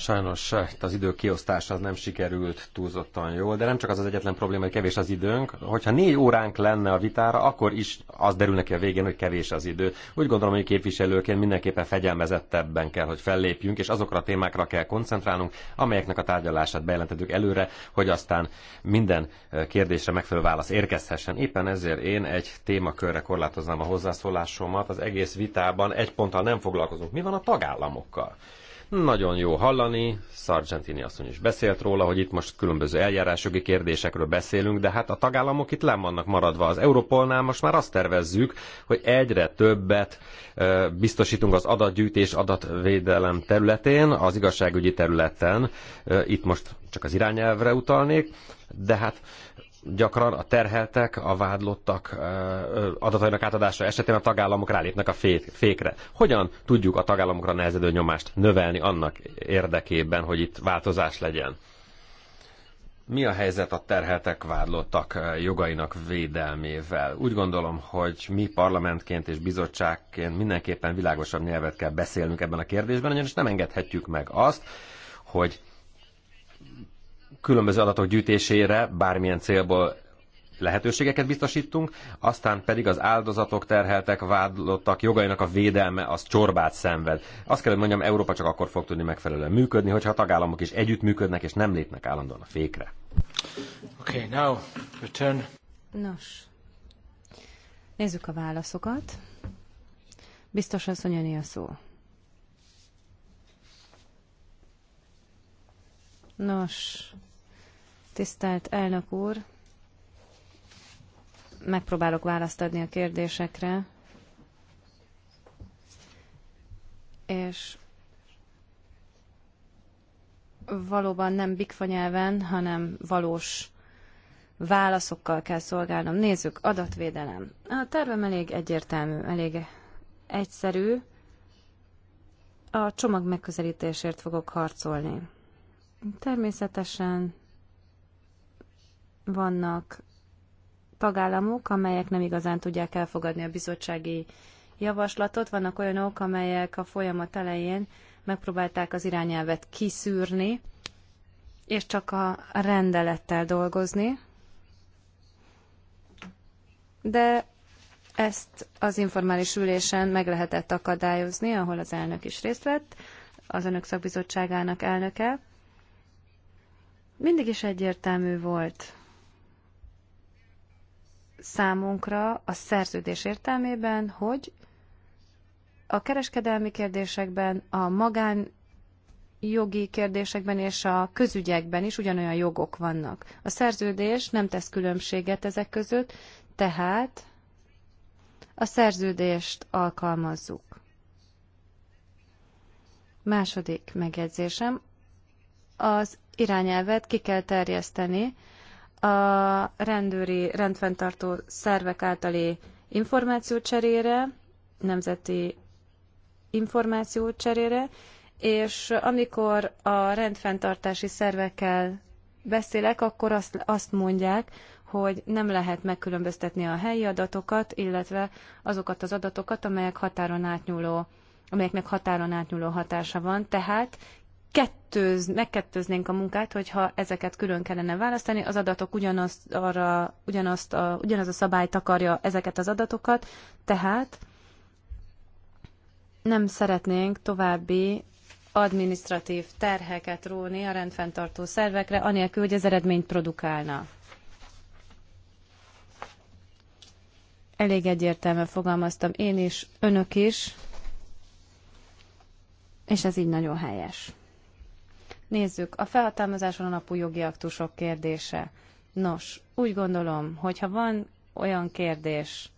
Sajnos eh, az idő kiosztása az nem sikerült túlzottan jól, de nem csak az az egyetlen probléma, hogy kevés az időnk. Hogyha négy óránk lenne a vitára, akkor is az derül neki a végén, hogy kevés az idő. Úgy gondolom, hogy képviselőként mindenképpen fegyelmezettebben kell, hogy fellépjünk, és azokra a témákra kell koncentrálnunk, amelyeknek a tárgyalását bejelentettük előre, hogy aztán minden eh, kérdésre megfelelő válasz érkezhessen. Éppen ezért én egy témakörre korlátoznám a hozzászólásomat. Az egész vitában egy ponttal nem foglalkozunk. Mi van a tagállamokkal? Nagyon jó hallani, Sargentini asszony is beszélt róla, hogy itt most különböző eljárásjogi kérdésekről beszélünk, de hát a tagállamok itt nem vannak maradva. Az Európolnál, most már azt tervezzük, hogy egyre többet biztosítunk az adatgyűjtés, adatvédelem területén, az igazságügyi területen. Itt most csak az irányelvre utalnék, de hát gyakran a terheltek, a vádlottak adatainak átadása esetén a tagállamok rálépnek a fékre. Hogyan tudjuk a tagállamokra nehezedő nyomást növelni annak érdekében, hogy itt változás legyen? Mi a helyzet a terheltek vádlottak jogainak védelmével? Úgy gondolom, hogy mi parlamentként és bizottságként mindenképpen világosabb nyelvet kell beszélnünk ebben a kérdésben, ugyanis nem engedhetjük meg azt, hogy különböző adatok gyűjtésére bármilyen célból lehetőségeket biztosítunk, aztán pedig az áldozatok, terheltek, vádlottak jogainak a védelme az csorbát szenved. Azt kell, hogy mondjam, Európa csak akkor fog tudni megfelelően működni, hogyha a tagállamok is együttműködnek és nem lépnek állandóan a fékre. Okay, now return. Nos, nézzük a válaszokat. Biztos az, hogy a szó. Nos, tisztelt elnök úr! Megpróbálok választ adni a kérdésekre, és valóban nem bigfa nyelven, hanem valós válaszokkal kell szolgálnom. Nézzük, adatvédelem. A tervem elég egyértelmű, elég egyszerű. A csomag megközelítésért fogok harcolni. Természetesen vannak tagállamok, amelyek nem igazán tudják elfogadni a bizottsági javaslatot, vannak olyanok, amelyek a folyamat elején megpróbálták az irányelvet kiszűrni, és csak a rendelettel dolgozni. De ezt az informális ülésen meg lehetett akadályozni, ahol az elnök is részt vett, az önök szakbizottságának elnöke. Mindig is egyértelmű volt számunkra a szerződés értelmében, hogy a kereskedelmi kérdésekben, a magán jogi kérdésekben és a közügyekben is ugyanolyan jogok vannak. A szerződés nem tesz különbséget ezek között, tehát a szerződést alkalmazzuk. Második megjegyzésem, az irányelvet ki kell terjeszteni a rendőri rendfenntartó szervek általi információcserére, nemzeti információcserére, és amikor a rendfenntartási szervekkel beszélek, akkor azt, azt mondják, hogy nem lehet megkülönböztetni a helyi adatokat, illetve azokat az adatokat, amelyek határon átnyúló amelyeknek határon átnyúló hatása van, tehát kettőz, megkettőznénk a munkát, hogyha ezeket külön kellene választani. Az adatok ugyanazt, arra, ugyanazt a, ugyanaz a szabály takarja ezeket az adatokat, tehát nem szeretnénk további administratív terheket róni a rendfenntartó szervekre, anélkül, hogy ez eredményt produkálna. Elég egyértelműen fogalmaztam én is, önök is, és ez így nagyon helyes. Nézzük, a felhatalmazáson alapú jogi aktusok kérdése. Nos, úgy gondolom, hogyha van olyan kérdés,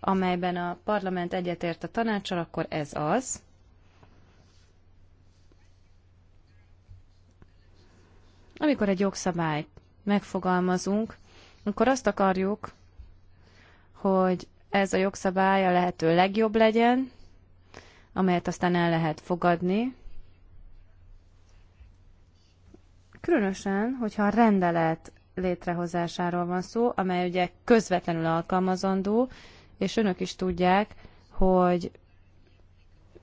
amelyben a parlament egyetért a tanácsal, akkor ez az. Amikor egy jogszabályt megfogalmazunk, akkor azt akarjuk, hogy ez a jogszabály a lehető legjobb legyen, amelyet aztán el lehet fogadni, Különösen, hogyha a rendelet létrehozásáról van szó, amely ugye közvetlenül alkalmazandó, és önök is tudják, hogy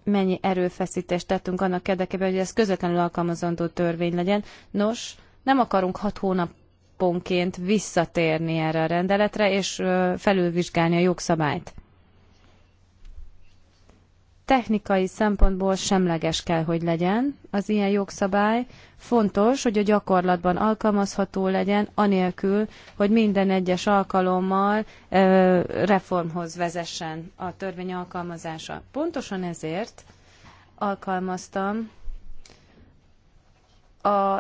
mennyi erőfeszítést tettünk annak érdekében, hogy ez közvetlenül alkalmazandó törvény legyen. Nos, nem akarunk hat hónaponként visszatérni erre a rendeletre, és felülvizsgálni a jogszabályt technikai szempontból semleges kell, hogy legyen az ilyen jogszabály. Fontos, hogy a gyakorlatban alkalmazható legyen, anélkül, hogy minden egyes alkalommal reformhoz vezessen a törvény alkalmazása. Pontosan ezért alkalmaztam a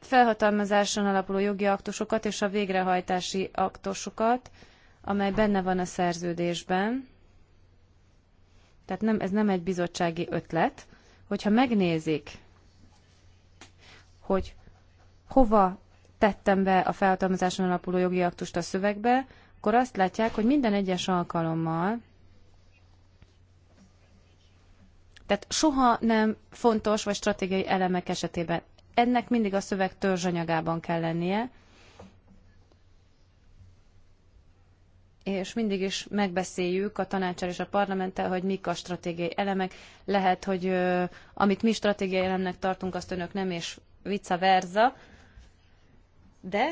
felhatalmazáson alapuló jogi aktusokat és a végrehajtási aktusokat, amely benne van a szerződésben, tehát nem, ez nem egy bizottsági ötlet. Hogyha megnézik, hogy hova tettem be a felhatalmazáson alapuló jogi aktust a szövegbe, akkor azt látják, hogy minden egyes alkalommal, tehát soha nem fontos vagy stratégiai elemek esetében. Ennek mindig a szöveg törzsanyagában kell lennie, és mindig is megbeszéljük a tanácsal és a parlamenttel, hogy mik a stratégiai elemek. Lehet, hogy ö, amit mi stratégiai elemnek tartunk, azt önök nem, és vice versa. De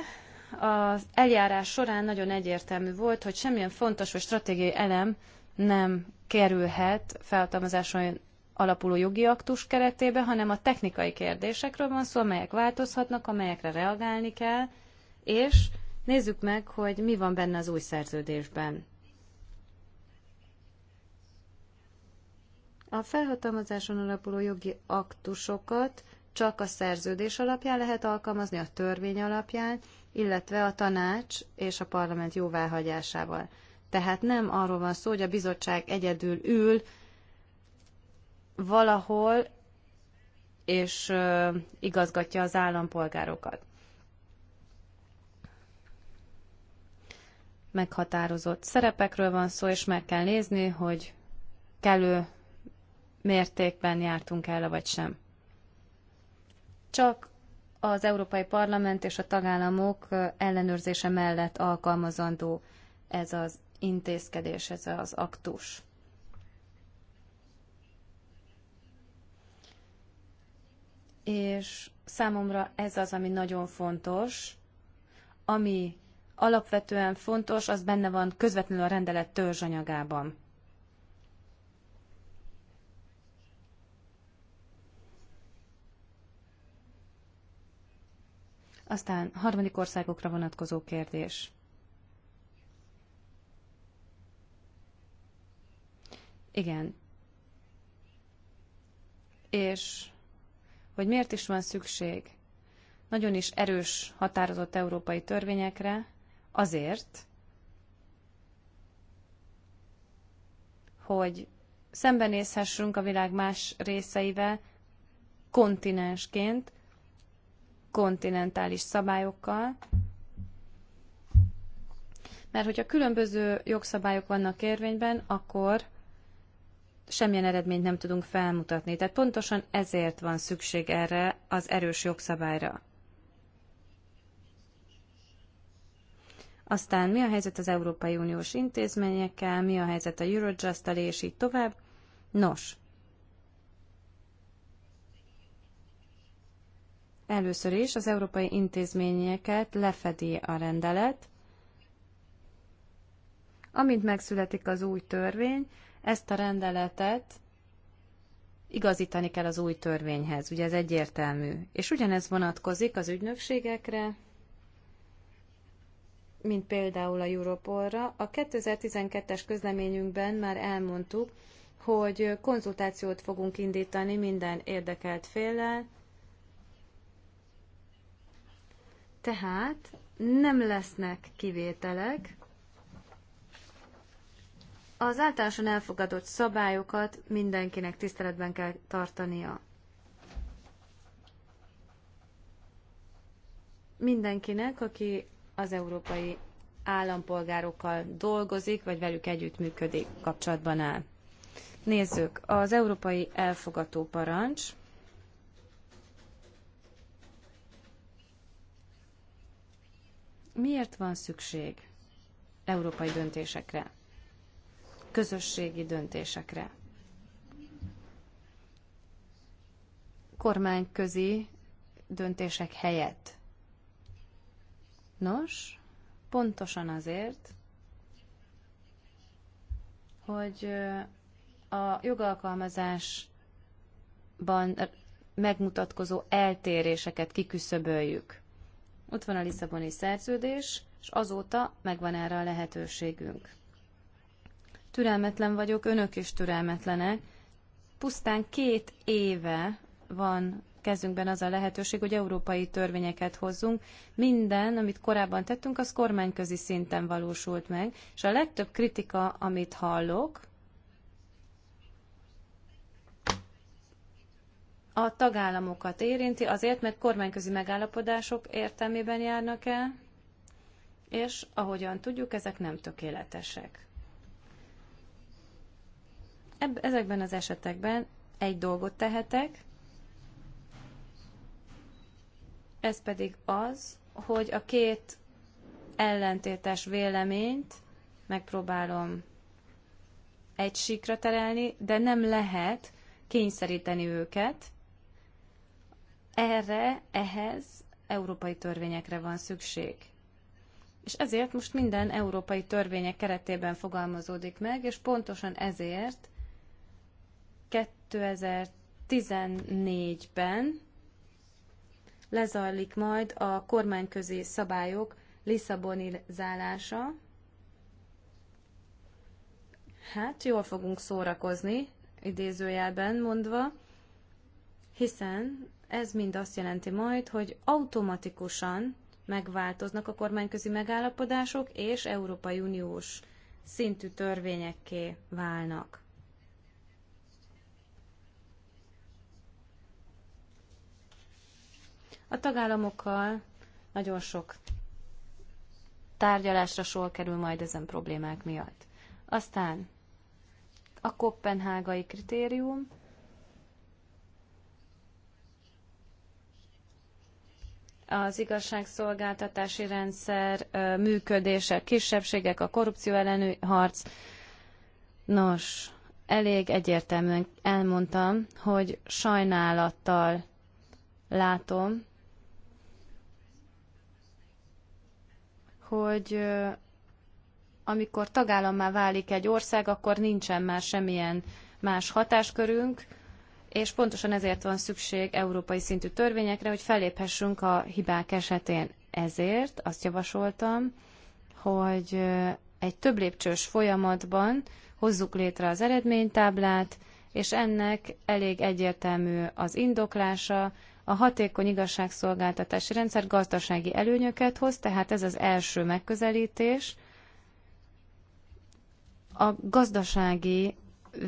az eljárás során nagyon egyértelmű volt, hogy semmilyen fontos vagy stratégiai elem nem kerülhet feltalmazáson alapuló jogi aktus keretébe, hanem a technikai kérdésekről van szó, amelyek változhatnak, amelyekre reagálni kell, és Nézzük meg, hogy mi van benne az új szerződésben. A felhatalmazáson alapuló jogi aktusokat csak a szerződés alapján lehet alkalmazni, a törvény alapján, illetve a tanács és a parlament jóváhagyásával. Tehát nem arról van szó, hogy a bizottság egyedül ül valahol, és igazgatja az állampolgárokat. meghatározott szerepekről van szó, és meg kell nézni, hogy kellő mértékben jártunk el, vagy sem. Csak az Európai Parlament és a tagállamok ellenőrzése mellett alkalmazandó ez az intézkedés, ez az aktus. És számomra ez az, ami nagyon fontos, ami alapvetően fontos, az benne van közvetlenül a rendelet törzsanyagában. Aztán harmadik országokra vonatkozó kérdés. Igen. És hogy miért is van szükség nagyon is erős, határozott európai törvényekre, azért, hogy szembenézhessünk a világ más részeivel kontinensként, kontinentális szabályokkal, mert hogyha különböző jogszabályok vannak érvényben, akkor semmilyen eredményt nem tudunk felmutatni. Tehát pontosan ezért van szükség erre az erős jogszabályra. Aztán mi a helyzet az Európai Uniós intézményekkel, mi a helyzet a eurojust és így tovább. Nos, először is az európai intézményeket lefedi a rendelet, amint megszületik az új törvény, ezt a rendeletet igazítani kell az új törvényhez, ugye ez egyértelmű. És ugyanez vonatkozik az ügynökségekre, mint például a Europolra. A 2012-es közleményünkben már elmondtuk, hogy konzultációt fogunk indítani minden érdekelt féllel, tehát nem lesznek kivételek. Az általánosan elfogadott szabályokat mindenkinek tiszteletben kell tartania. Mindenkinek, aki az európai állampolgárokkal dolgozik, vagy velük együttműködik, kapcsolatban áll. Nézzük, az európai elfogató parancs. Miért van szükség európai döntésekre, közösségi döntésekre? Kormányközi döntések helyett Nos, pontosan azért, hogy a jogalkalmazásban megmutatkozó eltéréseket kiküszöböljük. Ott van a Lisszaboni szerződés, és azóta megvan erre a lehetőségünk. Türelmetlen vagyok, önök is türelmetlenek. Pusztán két éve van kezünkben az a lehetőség, hogy európai törvényeket hozzunk. Minden, amit korábban tettünk, az kormányközi szinten valósult meg, és a legtöbb kritika, amit hallok, a tagállamokat érinti, azért, mert kormányközi megállapodások értelmében járnak el, és ahogyan tudjuk, ezek nem tökéletesek. ezekben az esetekben egy dolgot tehetek, ez pedig az, hogy a két ellentétes véleményt megpróbálom egy síkra terelni, de nem lehet kényszeríteni őket. Erre, ehhez európai törvényekre van szükség. És ezért most minden európai törvények keretében fogalmazódik meg, és pontosan ezért 2014-ben lezajlik majd a kormányközi szabályok liszabonizálása. Hát, jól fogunk szórakozni, idézőjelben mondva, hiszen ez mind azt jelenti majd, hogy automatikusan megváltoznak a kormányközi megállapodások, és Európai Uniós szintű törvényekké válnak. A tagállamokkal nagyon sok tárgyalásra sor kerül majd ezen problémák miatt. Aztán a kopenhágai kritérium, az igazságszolgáltatási rendszer működése, kisebbségek, a korrupció ellenő harc. Nos, elég egyértelműen elmondtam, hogy sajnálattal látom, hogy amikor tagállammá válik egy ország, akkor nincsen már semmilyen más hatáskörünk, és pontosan ezért van szükség európai szintű törvényekre, hogy feléphessünk a hibák esetén. Ezért azt javasoltam, hogy egy több lépcsős folyamatban hozzuk létre az eredménytáblát, és ennek elég egyértelmű az indoklása, a hatékony igazságszolgáltatási rendszer gazdasági előnyöket hoz, tehát ez az első megközelítés. A gazdasági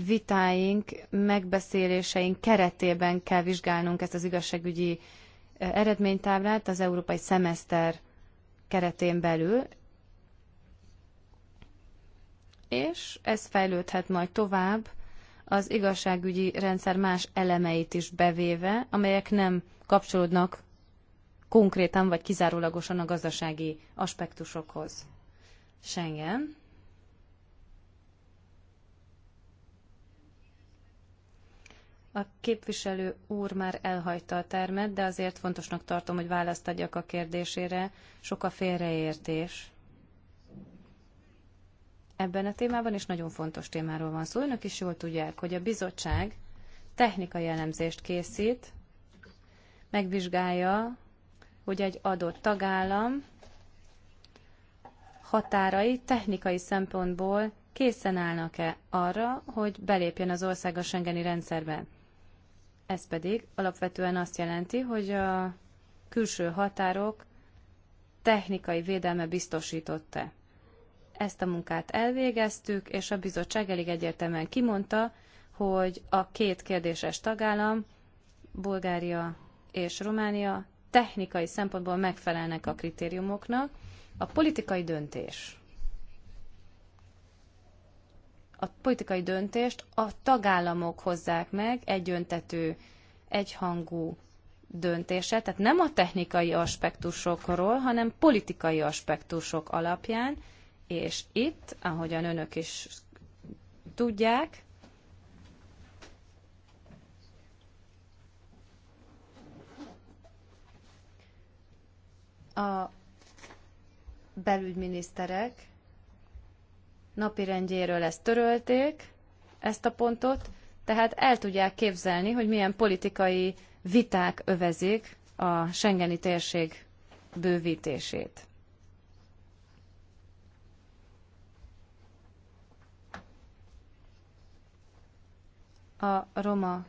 vitáink, megbeszéléseink keretében kell vizsgálnunk ezt az igazságügyi e, eredménytáblát az európai szemeszter keretén belül, és ez fejlődhet majd tovább az igazságügyi rendszer más elemeit is bevéve, amelyek nem kapcsolódnak konkrétan vagy kizárólagosan a gazdasági aspektusokhoz. Schengen. A képviselő úr már elhagyta a termet, de azért fontosnak tartom, hogy választ adjak a kérdésére. Sok a félreértés ebben a témában, és nagyon fontos témáról van szó. Önök is jól tudják, hogy a bizottság technikai elemzést készít, megvizsgálja, hogy egy adott tagállam határai technikai szempontból készen állnak-e arra, hogy belépjen az ország a Schengeni rendszerbe. Ez pedig alapvetően azt jelenti, hogy a külső határok technikai védelme biztosította. Ezt a munkát elvégeztük, és a bizottság elég egyértelműen kimondta, hogy a két kérdéses tagállam, Bulgária és Románia technikai szempontból megfelelnek a kritériumoknak. A politikai döntés. A politikai döntést a tagállamok hozzák meg egyöntető, egyhangú döntése, tehát nem a technikai aspektusokról, hanem politikai aspektusok alapján, és itt, ahogyan önök is tudják, a belügyminiszterek napirendjéről ezt törölték, ezt a pontot, tehát el tudják képzelni, hogy milyen politikai viták övezik a Schengeni térség bővítését. A roma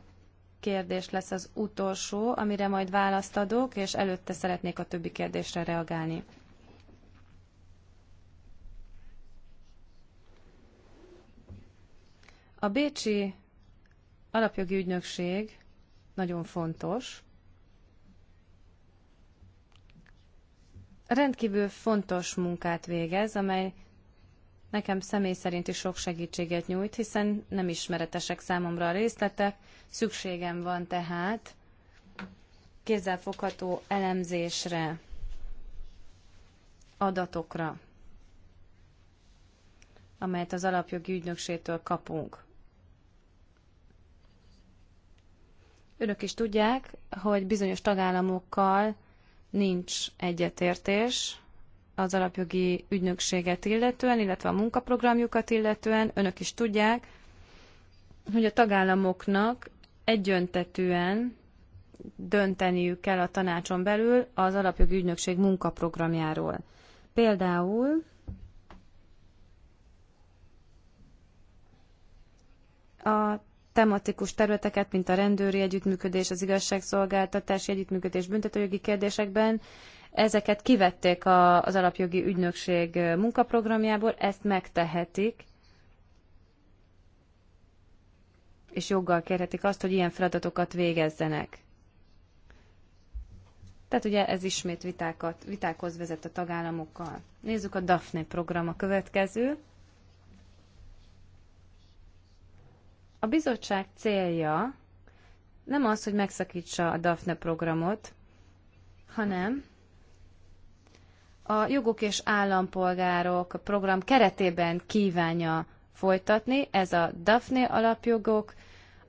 kérdés lesz az utolsó, amire majd választ adok, és előtte szeretnék a többi kérdésre reagálni. A Bécsi alapjogi ügynökség nagyon fontos. Rendkívül fontos munkát végez, amely nekem személy szerint is sok segítséget nyújt, hiszen nem ismeretesek számomra a részletek, szükségem van tehát kézzelfogható elemzésre, adatokra, amelyet az alapjogi ügynökségtől kapunk. Önök is tudják, hogy bizonyos tagállamokkal nincs egyetértés, az alapjogi ügynökséget illetően, illetve a munkaprogramjukat illetően. Önök is tudják, hogy a tagállamoknak egyöntetűen dönteniük kell a tanácson belül az alapjogi ügynökség munkaprogramjáról. Például a tematikus területeket, mint a rendőri együttműködés, az igazságszolgáltatási együttműködés büntetőjogi kérdésekben Ezeket kivették a, az alapjogi ügynökség munkaprogramjából, ezt megtehetik, és joggal kérhetik azt, hogy ilyen feladatokat végezzenek. Tehát ugye ez ismét vitákat, vitákhoz vezet a tagállamokkal. Nézzük a DAFNE program a következő. A bizottság célja nem az, hogy megszakítsa a DAFNE programot, hanem a jogok és állampolgárok program keretében kívánja folytatni. Ez a DAFNE alapjogok,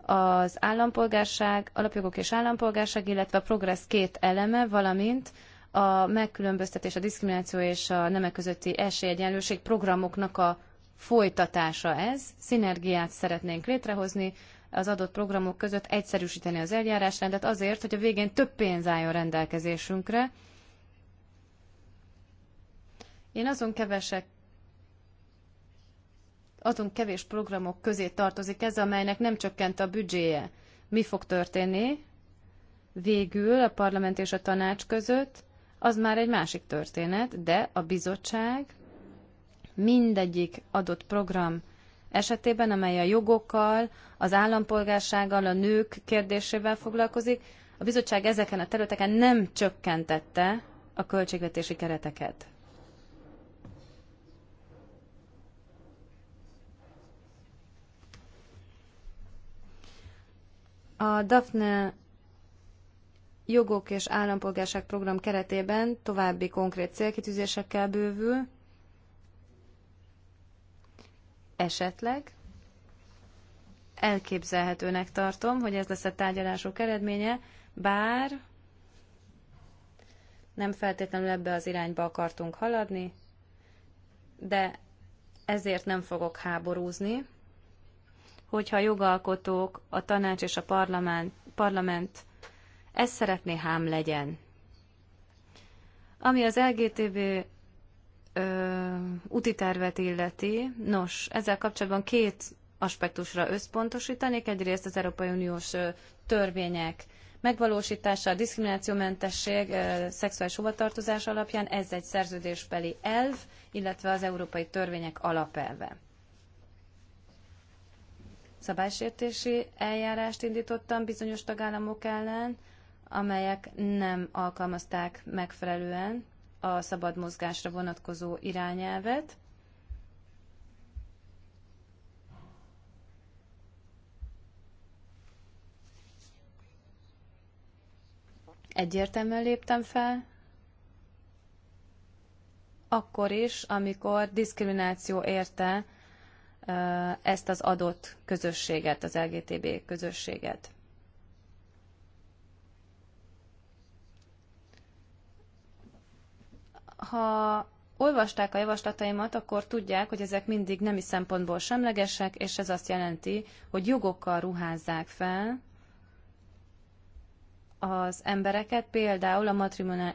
az állampolgárság, alapjogok és állampolgárság, illetve a progressz két eleme, valamint a megkülönböztetés, a diszkrimináció és a nemek közötti esélyegyenlőség programoknak a folytatása ez. Szinergiát szeretnénk létrehozni az adott programok között, egyszerűsíteni az eljárásrendet azért, hogy a végén több pénz álljon rendelkezésünkre, én azon kevesek azon kevés programok közé tartozik ez, amelynek nem csökkent a büdzséje. Mi fog történni végül a parlament és a tanács között? Az már egy másik történet, de a bizottság mindegyik adott program esetében, amely a jogokkal, az állampolgársággal, a nők kérdésével foglalkozik, a bizottság ezeken a területeken nem csökkentette a költségvetési kereteket. A DAFNE jogok és állampolgárság program keretében további konkrét célkitűzésekkel bővül, esetleg elképzelhetőnek tartom, hogy ez lesz a tárgyalások eredménye, bár nem feltétlenül ebbe az irányba akartunk haladni, de ezért nem fogok háborúzni, hogyha a jogalkotók, a tanács és a parlament, parlament ezt szeretné hám legyen. Ami az LGTB ö, úti tervet illeti, nos, ezzel kapcsolatban két aspektusra összpontosítanék. Egyrészt az Európai Uniós törvények megvalósítása, a diszkriminációmentesség, szexuális hovatartozás alapján, ez egy szerződésbeli elv, illetve az európai törvények alapelve szabálysértési eljárást indítottam bizonyos tagállamok ellen, amelyek nem alkalmazták megfelelően a szabad mozgásra vonatkozó irányelvet. Egyértelműen léptem fel, akkor is, amikor diszkrimináció érte ezt az adott közösséget, az LGTB közösséget. Ha olvasták a javaslataimat, akkor tudják, hogy ezek mindig nemi szempontból semlegesek, és ez azt jelenti, hogy jogokkal ruházzák fel az embereket, például a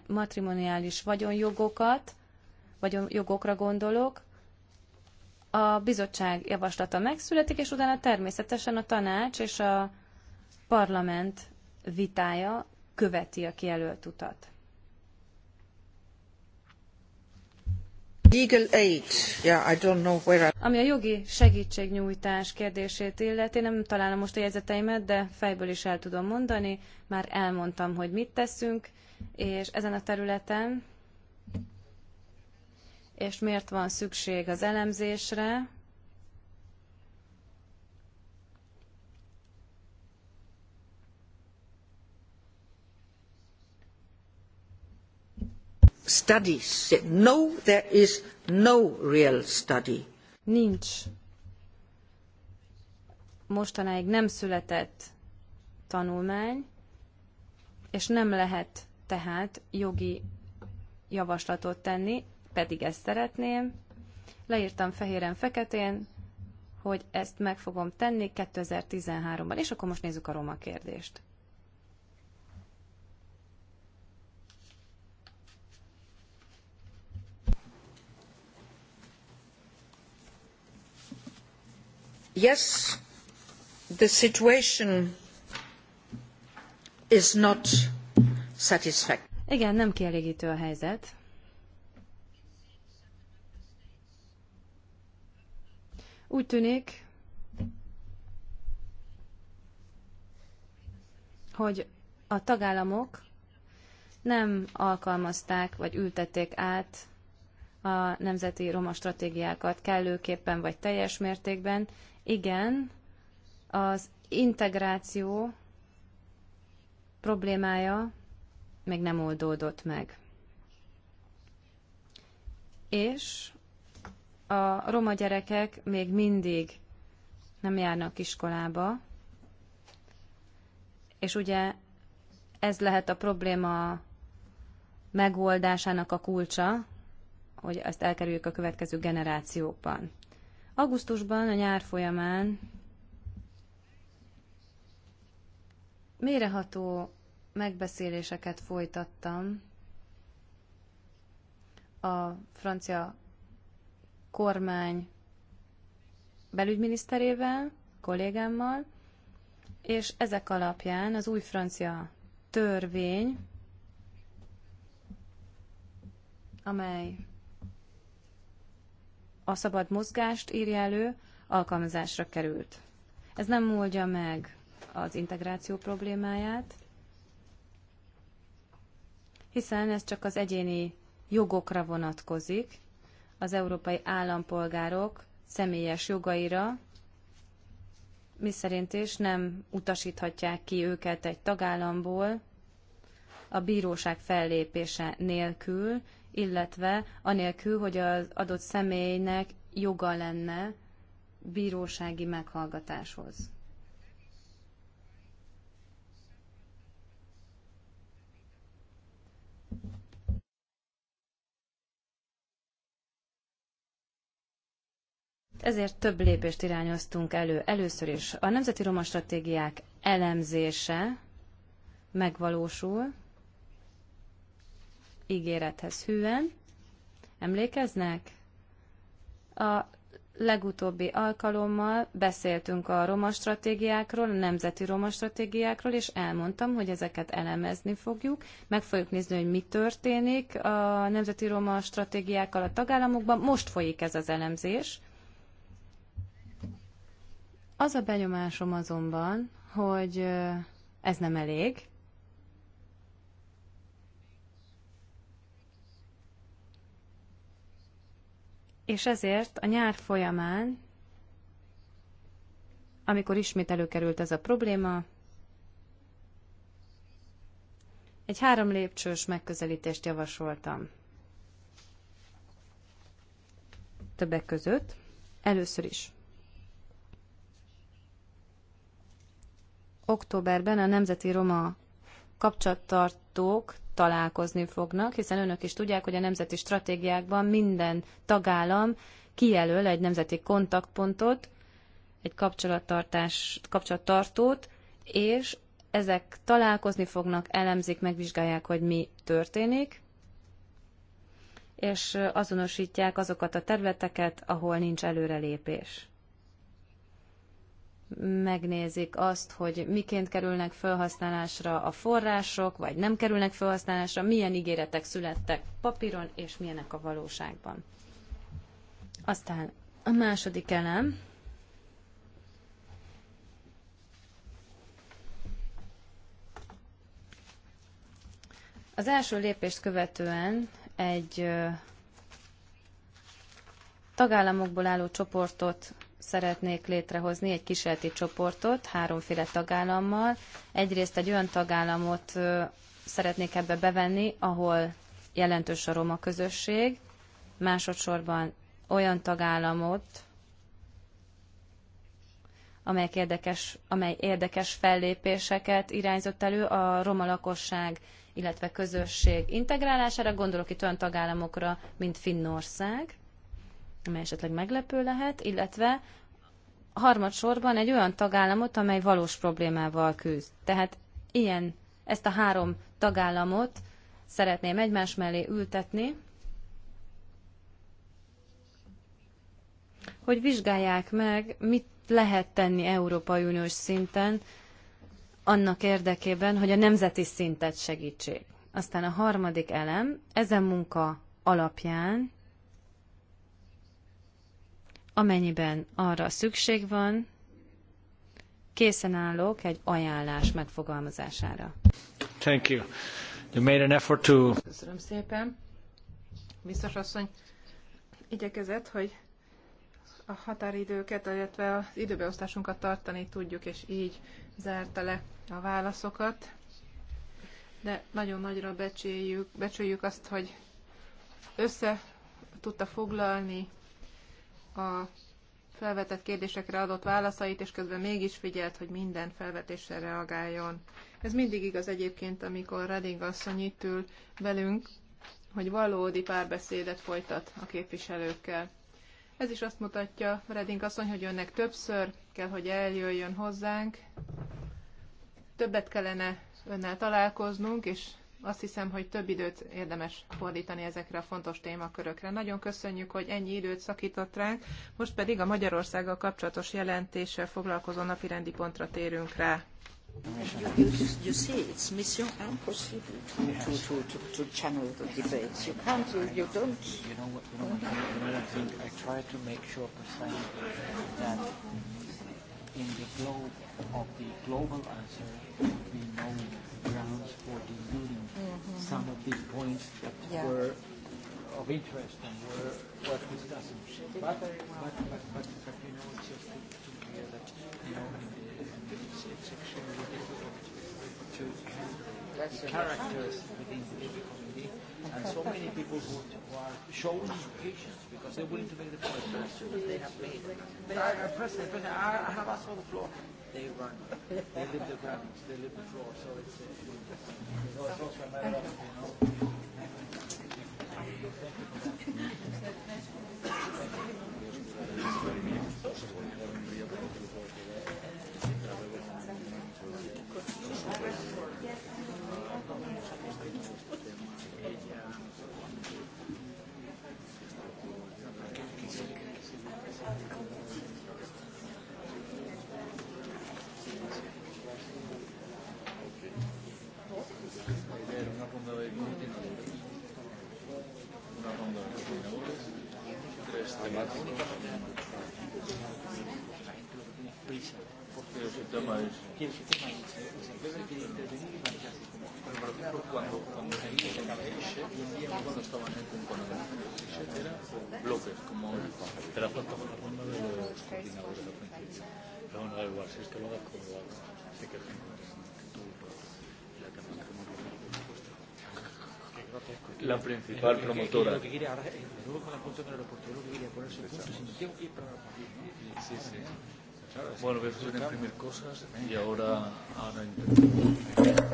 matrimoniális vagyonjogokat, vagyonjogokra gondolok, a bizottság javaslata megszületik, és utána természetesen a tanács és a parlament vitája követi a kijelölt utat. Legal aid. Yeah, I don't know where I... Ami a jogi segítségnyújtás kérdését illeti, nem találom most a jegyzeteimet, de fejből is el tudom mondani. Már elmondtam, hogy mit teszünk, és ezen a területen és miért van szükség az elemzésre. Studies. No, there is no real study. Nincs. Mostanáig nem született tanulmány, és nem lehet tehát jogi javaslatot tenni, pedig ezt szeretném. Leírtam fehéren-feketén, hogy ezt meg fogom tenni 2013-ban. És akkor most nézzük a roma kérdést. Yes, the situation is not satisfactory. Igen, nem kielégítő a helyzet. Úgy tűnik, hogy a tagállamok nem alkalmazták vagy ültették át a nemzeti roma stratégiákat kellőképpen vagy teljes mértékben. Igen, az integráció problémája még nem oldódott meg. És a roma gyerekek még mindig nem járnak iskolába, és ugye ez lehet a probléma megoldásának a kulcsa, hogy ezt elkerüljük a következő generációkban. Augusztusban, a nyár folyamán méreható megbeszéléseket folytattam a francia kormány belügyminiszterével, kollégámmal, és ezek alapján az új francia törvény, amely a szabad mozgást írja elő, alkalmazásra került. Ez nem oldja meg az integráció problémáját, hiszen ez csak az egyéni jogokra vonatkozik, az európai állampolgárok személyes jogaira, miszerint is nem utasíthatják ki őket egy tagállamból a bíróság fellépése nélkül, illetve anélkül, hogy az adott személynek joga lenne bírósági meghallgatáshoz. ezért több lépést irányoztunk elő. Először is a nemzeti roma stratégiák elemzése megvalósul, ígérethez hűen. Emlékeznek? A legutóbbi alkalommal beszéltünk a roma stratégiákról, a nemzeti roma stratégiákról, és elmondtam, hogy ezeket elemezni fogjuk. Meg fogjuk nézni, hogy mi történik a nemzeti roma stratégiákkal a tagállamokban. Most folyik ez az elemzés. Az a benyomásom azonban, hogy ez nem elég. És ezért a nyár folyamán, amikor ismét előkerült ez a probléma, egy három lépcsős megközelítést javasoltam. Többek között először is októberben a Nemzeti Roma kapcsolattartók találkozni fognak, hiszen önök is tudják, hogy a nemzeti stratégiákban minden tagállam kijelöl egy nemzeti kontaktpontot, egy kapcsolattartás, kapcsolattartót, és ezek találkozni fognak, elemzik, megvizsgálják, hogy mi történik, és azonosítják azokat a területeket, ahol nincs előrelépés megnézik azt, hogy miként kerülnek felhasználásra a források, vagy nem kerülnek felhasználásra, milyen ígéretek születtek papíron, és milyenek a valóságban. Aztán a második elem, Az első lépést követően egy tagállamokból álló csoportot szeretnék létrehozni egy kísérleti csoportot háromféle tagállammal. Egyrészt egy olyan tagállamot szeretnék ebbe bevenni, ahol jelentős a roma közösség, másodszorban olyan tagállamot, amely érdekes, amely érdekes fellépéseket irányzott elő a roma lakosság, illetve közösség integrálására, gondolok itt olyan tagállamokra, mint Finnország, amely esetleg meglepő lehet, illetve harmadsorban egy olyan tagállamot, amely valós problémával küzd. Tehát ilyen, ezt a három tagállamot szeretném egymás mellé ültetni, hogy vizsgálják meg, mit lehet tenni Európai Uniós szinten annak érdekében, hogy a nemzeti szintet segítsék. Aztán a harmadik elem, ezen munka alapján Amennyiben arra szükség van, készen állok egy ajánlás megfogalmazására. Thank you. You made an effort to... Köszönöm szépen. Biztos asszony igyekezett, hogy a határidőket, illetve az időbeosztásunkat tartani tudjuk, és így zárta le a válaszokat. De nagyon nagyra becsüljük, becsüljük azt, hogy össze tudta foglalni a felvetett kérdésekre adott válaszait, és közben mégis figyelt, hogy minden felvetésre reagáljon. Ez mindig igaz egyébként, amikor Reding asszony itt ül velünk, hogy valódi párbeszédet folytat a képviselőkkel. Ez is azt mutatja, Reding asszony, hogy önnek többször kell, hogy eljöjjön hozzánk, többet kellene önnel találkoznunk, és azt hiszem, hogy több időt érdemes fordítani ezekre a fontos témakörökre. Nagyon köszönjük, hogy ennyi időt szakított ránk, most pedig a Magyarországgal kapcsolatos jelentéssel foglalkozó napirendi pontra térünk rá. You, you, you see, it's mission impossible to, yes. to, to, to, to channel the debates. You can't, you, you don't. You know what, you know what, you know what I think? I try to make sure percent that in the globe of the global answer, we know grounds for deleting mm-hmm. some of these points that yeah. were of interest and were worth discussing. But, but, but, but, but you know, it's just to clear that you know, it's, it's extremely difficult to handle the characters within the Labour community and so many people who, who are showing patience because they're willing to make the point, as soon as they have made, I, uh, President, President, I have asked for the floor they run. They live the ground, They live the floor. So it's, uh, you know, it's also a matter of, you know. Thank you. Thank you. principal promotora. el punto Sí, sí. Bueno, voy a hacer imprimir cosas y ahora, ahora intento.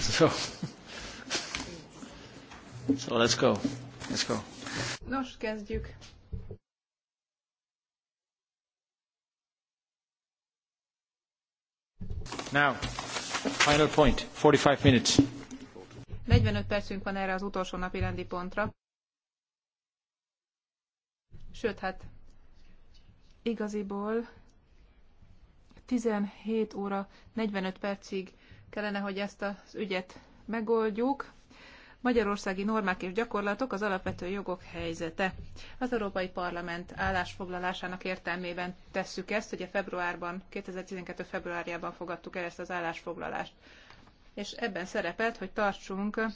So, so let's go. Let's go. Nos, kezdjük. Now, final point, 45 minutes. 45 percünk van erre az utolsó napi rendi pontra. Sőt, hát igaziból 17 óra 45 percig kellene, hogy ezt az ügyet megoldjuk. Magyarországi normák és gyakorlatok az alapvető jogok helyzete. Az Európai Parlament állásfoglalásának értelmében tesszük ezt, hogy a februárban, 2012. februárjában fogadtuk el ezt az állásfoglalást. És ebben szerepelt, hogy tartsunk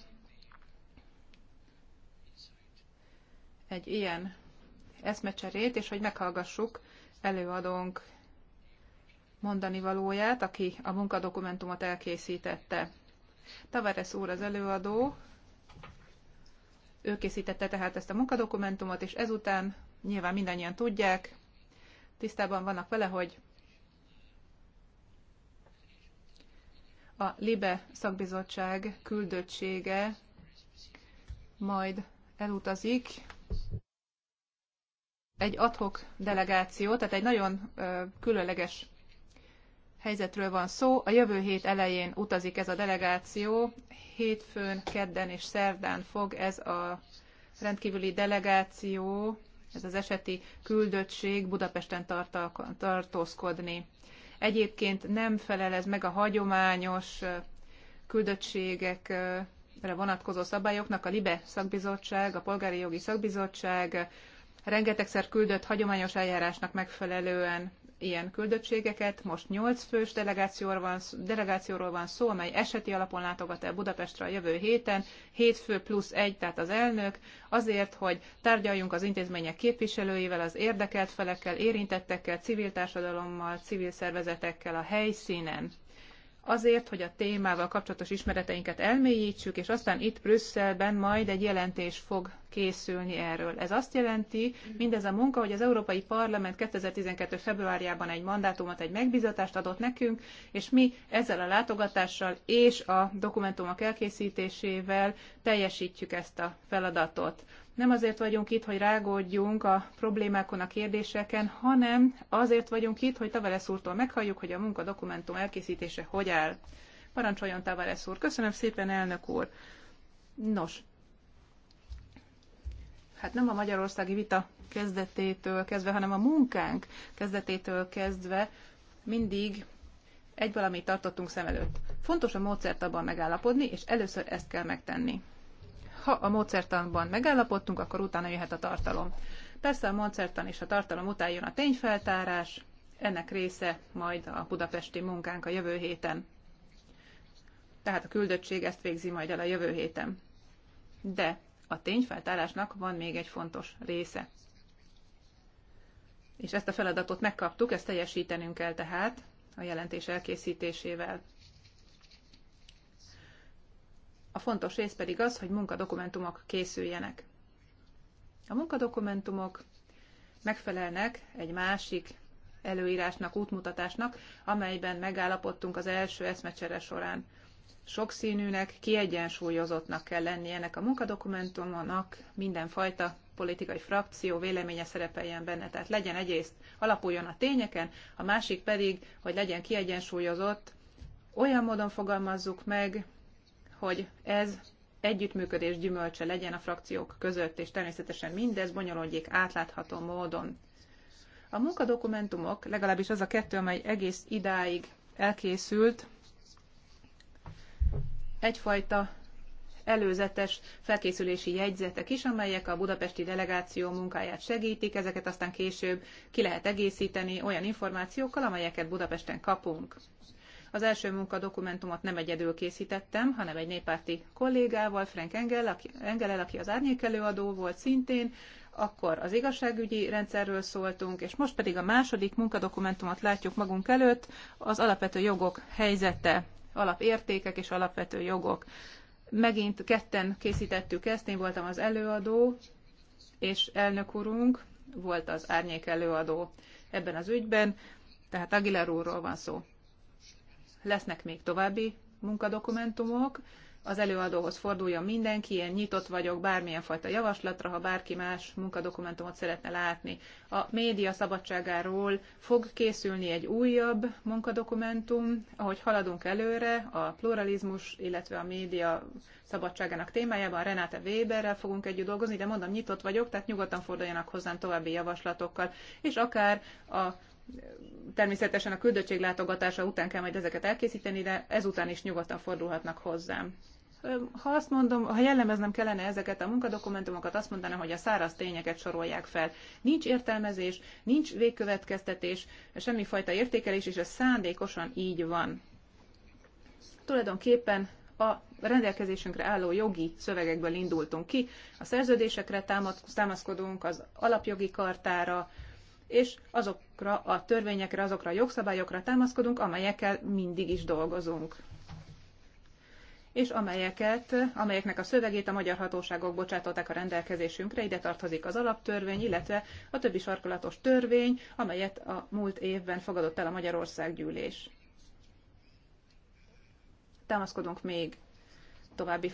egy ilyen eszmecserét, és hogy meghallgassuk előadónk mondani valóját, aki a munkadokumentumot elkészítette. Tavares úr az előadó, ő készítette tehát ezt a munkadokumentumot, és ezután nyilván mindannyian tudják, tisztában vannak vele, hogy a LIBE szakbizottság küldöttsége majd elutazik egy adhok delegáció, tehát egy nagyon különleges helyzetről van szó. A jövő hét elején utazik ez a delegáció, hétfőn, kedden és szerdán fog ez a rendkívüli delegáció, ez az eseti küldöttség Budapesten tartózkodni. Egyébként nem felel ez meg a hagyományos küldöttségekre vonatkozó szabályoknak. A LIBE szakbizottság, a Polgári Jogi Szakbizottság rengetegszer küldött hagyományos eljárásnak megfelelően ilyen küldöttségeket. Most 8 fős delegációról van, delegációról van szó, amely eseti alapon látogat el Budapestre a jövő héten, 7 fő plusz 1, tehát az elnök, azért, hogy tárgyaljunk az intézmények képviselőivel, az érdekelt felekkel, érintettekkel, civil társadalommal, civil szervezetekkel a helyszínen azért, hogy a témával kapcsolatos ismereteinket elmélyítsük, és aztán itt Brüsszelben majd egy jelentés fog készülni erről. Ez azt jelenti, mindez a munka, hogy az Európai Parlament 2012. februárjában egy mandátumot, egy megbizatást adott nekünk, és mi ezzel a látogatással és a dokumentumok elkészítésével teljesítjük ezt a feladatot. Nem azért vagyunk itt, hogy rágódjunk a problémákon, a kérdéseken, hanem azért vagyunk itt, hogy Tavares úrtól meghalljuk, hogy a munkadokumentum elkészítése hogy áll. Parancsoljon Tavares úr. Köszönöm szépen, elnök úr. Nos, hát nem a magyarországi vita kezdetétől kezdve, hanem a munkánk kezdetétől kezdve mindig egy valamit tartottunk szem előtt. Fontos a módszert abban megállapodni, és először ezt kell megtenni. Ha a módszertanban megállapodtunk, akkor utána jöhet a tartalom. Persze a módszertan és a tartalom után jön a tényfeltárás, ennek része majd a budapesti munkánk a jövő héten. Tehát a küldöttség ezt végzi majd el a jövő héten. De a tényfeltárásnak van még egy fontos része. És ezt a feladatot megkaptuk, ezt teljesítenünk kell tehát a jelentés elkészítésével. A fontos rész pedig az, hogy munkadokumentumok készüljenek. A munkadokumentumok megfelelnek egy másik előírásnak, útmutatásnak, amelyben megállapodtunk az első eszmecsere során. Sokszínűnek, kiegyensúlyozottnak kell lennie ennek a munkadokumentumnak, mindenfajta politikai frakció véleménye szerepeljen benne. Tehát legyen egyrészt alapuljon a tényeken, a másik pedig, hogy legyen kiegyensúlyozott, olyan módon fogalmazzuk meg, hogy ez együttműködés gyümölcse legyen a frakciók között, és természetesen mindez bonyolódjék átlátható módon. A munkadokumentumok, legalábbis az a kettő, amely egész idáig elkészült, egyfajta előzetes felkészülési jegyzetek is, amelyek a budapesti delegáció munkáját segítik, ezeket aztán később ki lehet egészíteni olyan információkkal, amelyeket Budapesten kapunk. Az első munkadokumentumot nem egyedül készítettem, hanem egy néppárti kollégával, Frank Engel, aki, Engelel, aki az árnyékelőadó volt szintén, akkor az igazságügyi rendszerről szóltunk, és most pedig a második munkadokumentumot látjuk magunk előtt, az alapvető jogok helyzete, alapértékek és alapvető jogok. Megint ketten készítettük ezt, én voltam az előadó, és elnök úrunk volt az árnyék előadó ebben az ügyben, tehát Aguilar úrról van szó lesznek még további munkadokumentumok, az előadóhoz forduljon mindenki, én nyitott vagyok bármilyen fajta javaslatra, ha bárki más munkadokumentumot szeretne látni. A média szabadságáról fog készülni egy újabb munkadokumentum, ahogy haladunk előre a pluralizmus, illetve a média szabadságának témájában Renáta Weberrel fogunk együtt dolgozni, de mondom, nyitott vagyok, tehát nyugodtan forduljanak hozzám további javaslatokkal, és akár a természetesen a küldöttség látogatása után kell majd ezeket elkészíteni, de ezután is nyugodtan fordulhatnak hozzám. Ha azt mondom, ha jellemeznem kellene ezeket a munkadokumentumokat, azt mondanám, hogy a száraz tényeket sorolják fel. Nincs értelmezés, nincs végkövetkeztetés, semmifajta értékelés, és ez szándékosan így van. Tulajdonképpen a rendelkezésünkre álló jogi szövegekből indultunk ki, a szerződésekre támaszkodunk, az alapjogi kartára, és azokra a törvényekre, azokra a jogszabályokra támaszkodunk, amelyekkel mindig is dolgozunk és amelyeket, amelyeknek a szövegét a magyar hatóságok bocsátották a rendelkezésünkre, ide tartozik az alaptörvény, illetve a többi sarkolatos törvény, amelyet a múlt évben fogadott el a Magyarország gyűlés. Támaszkodunk még további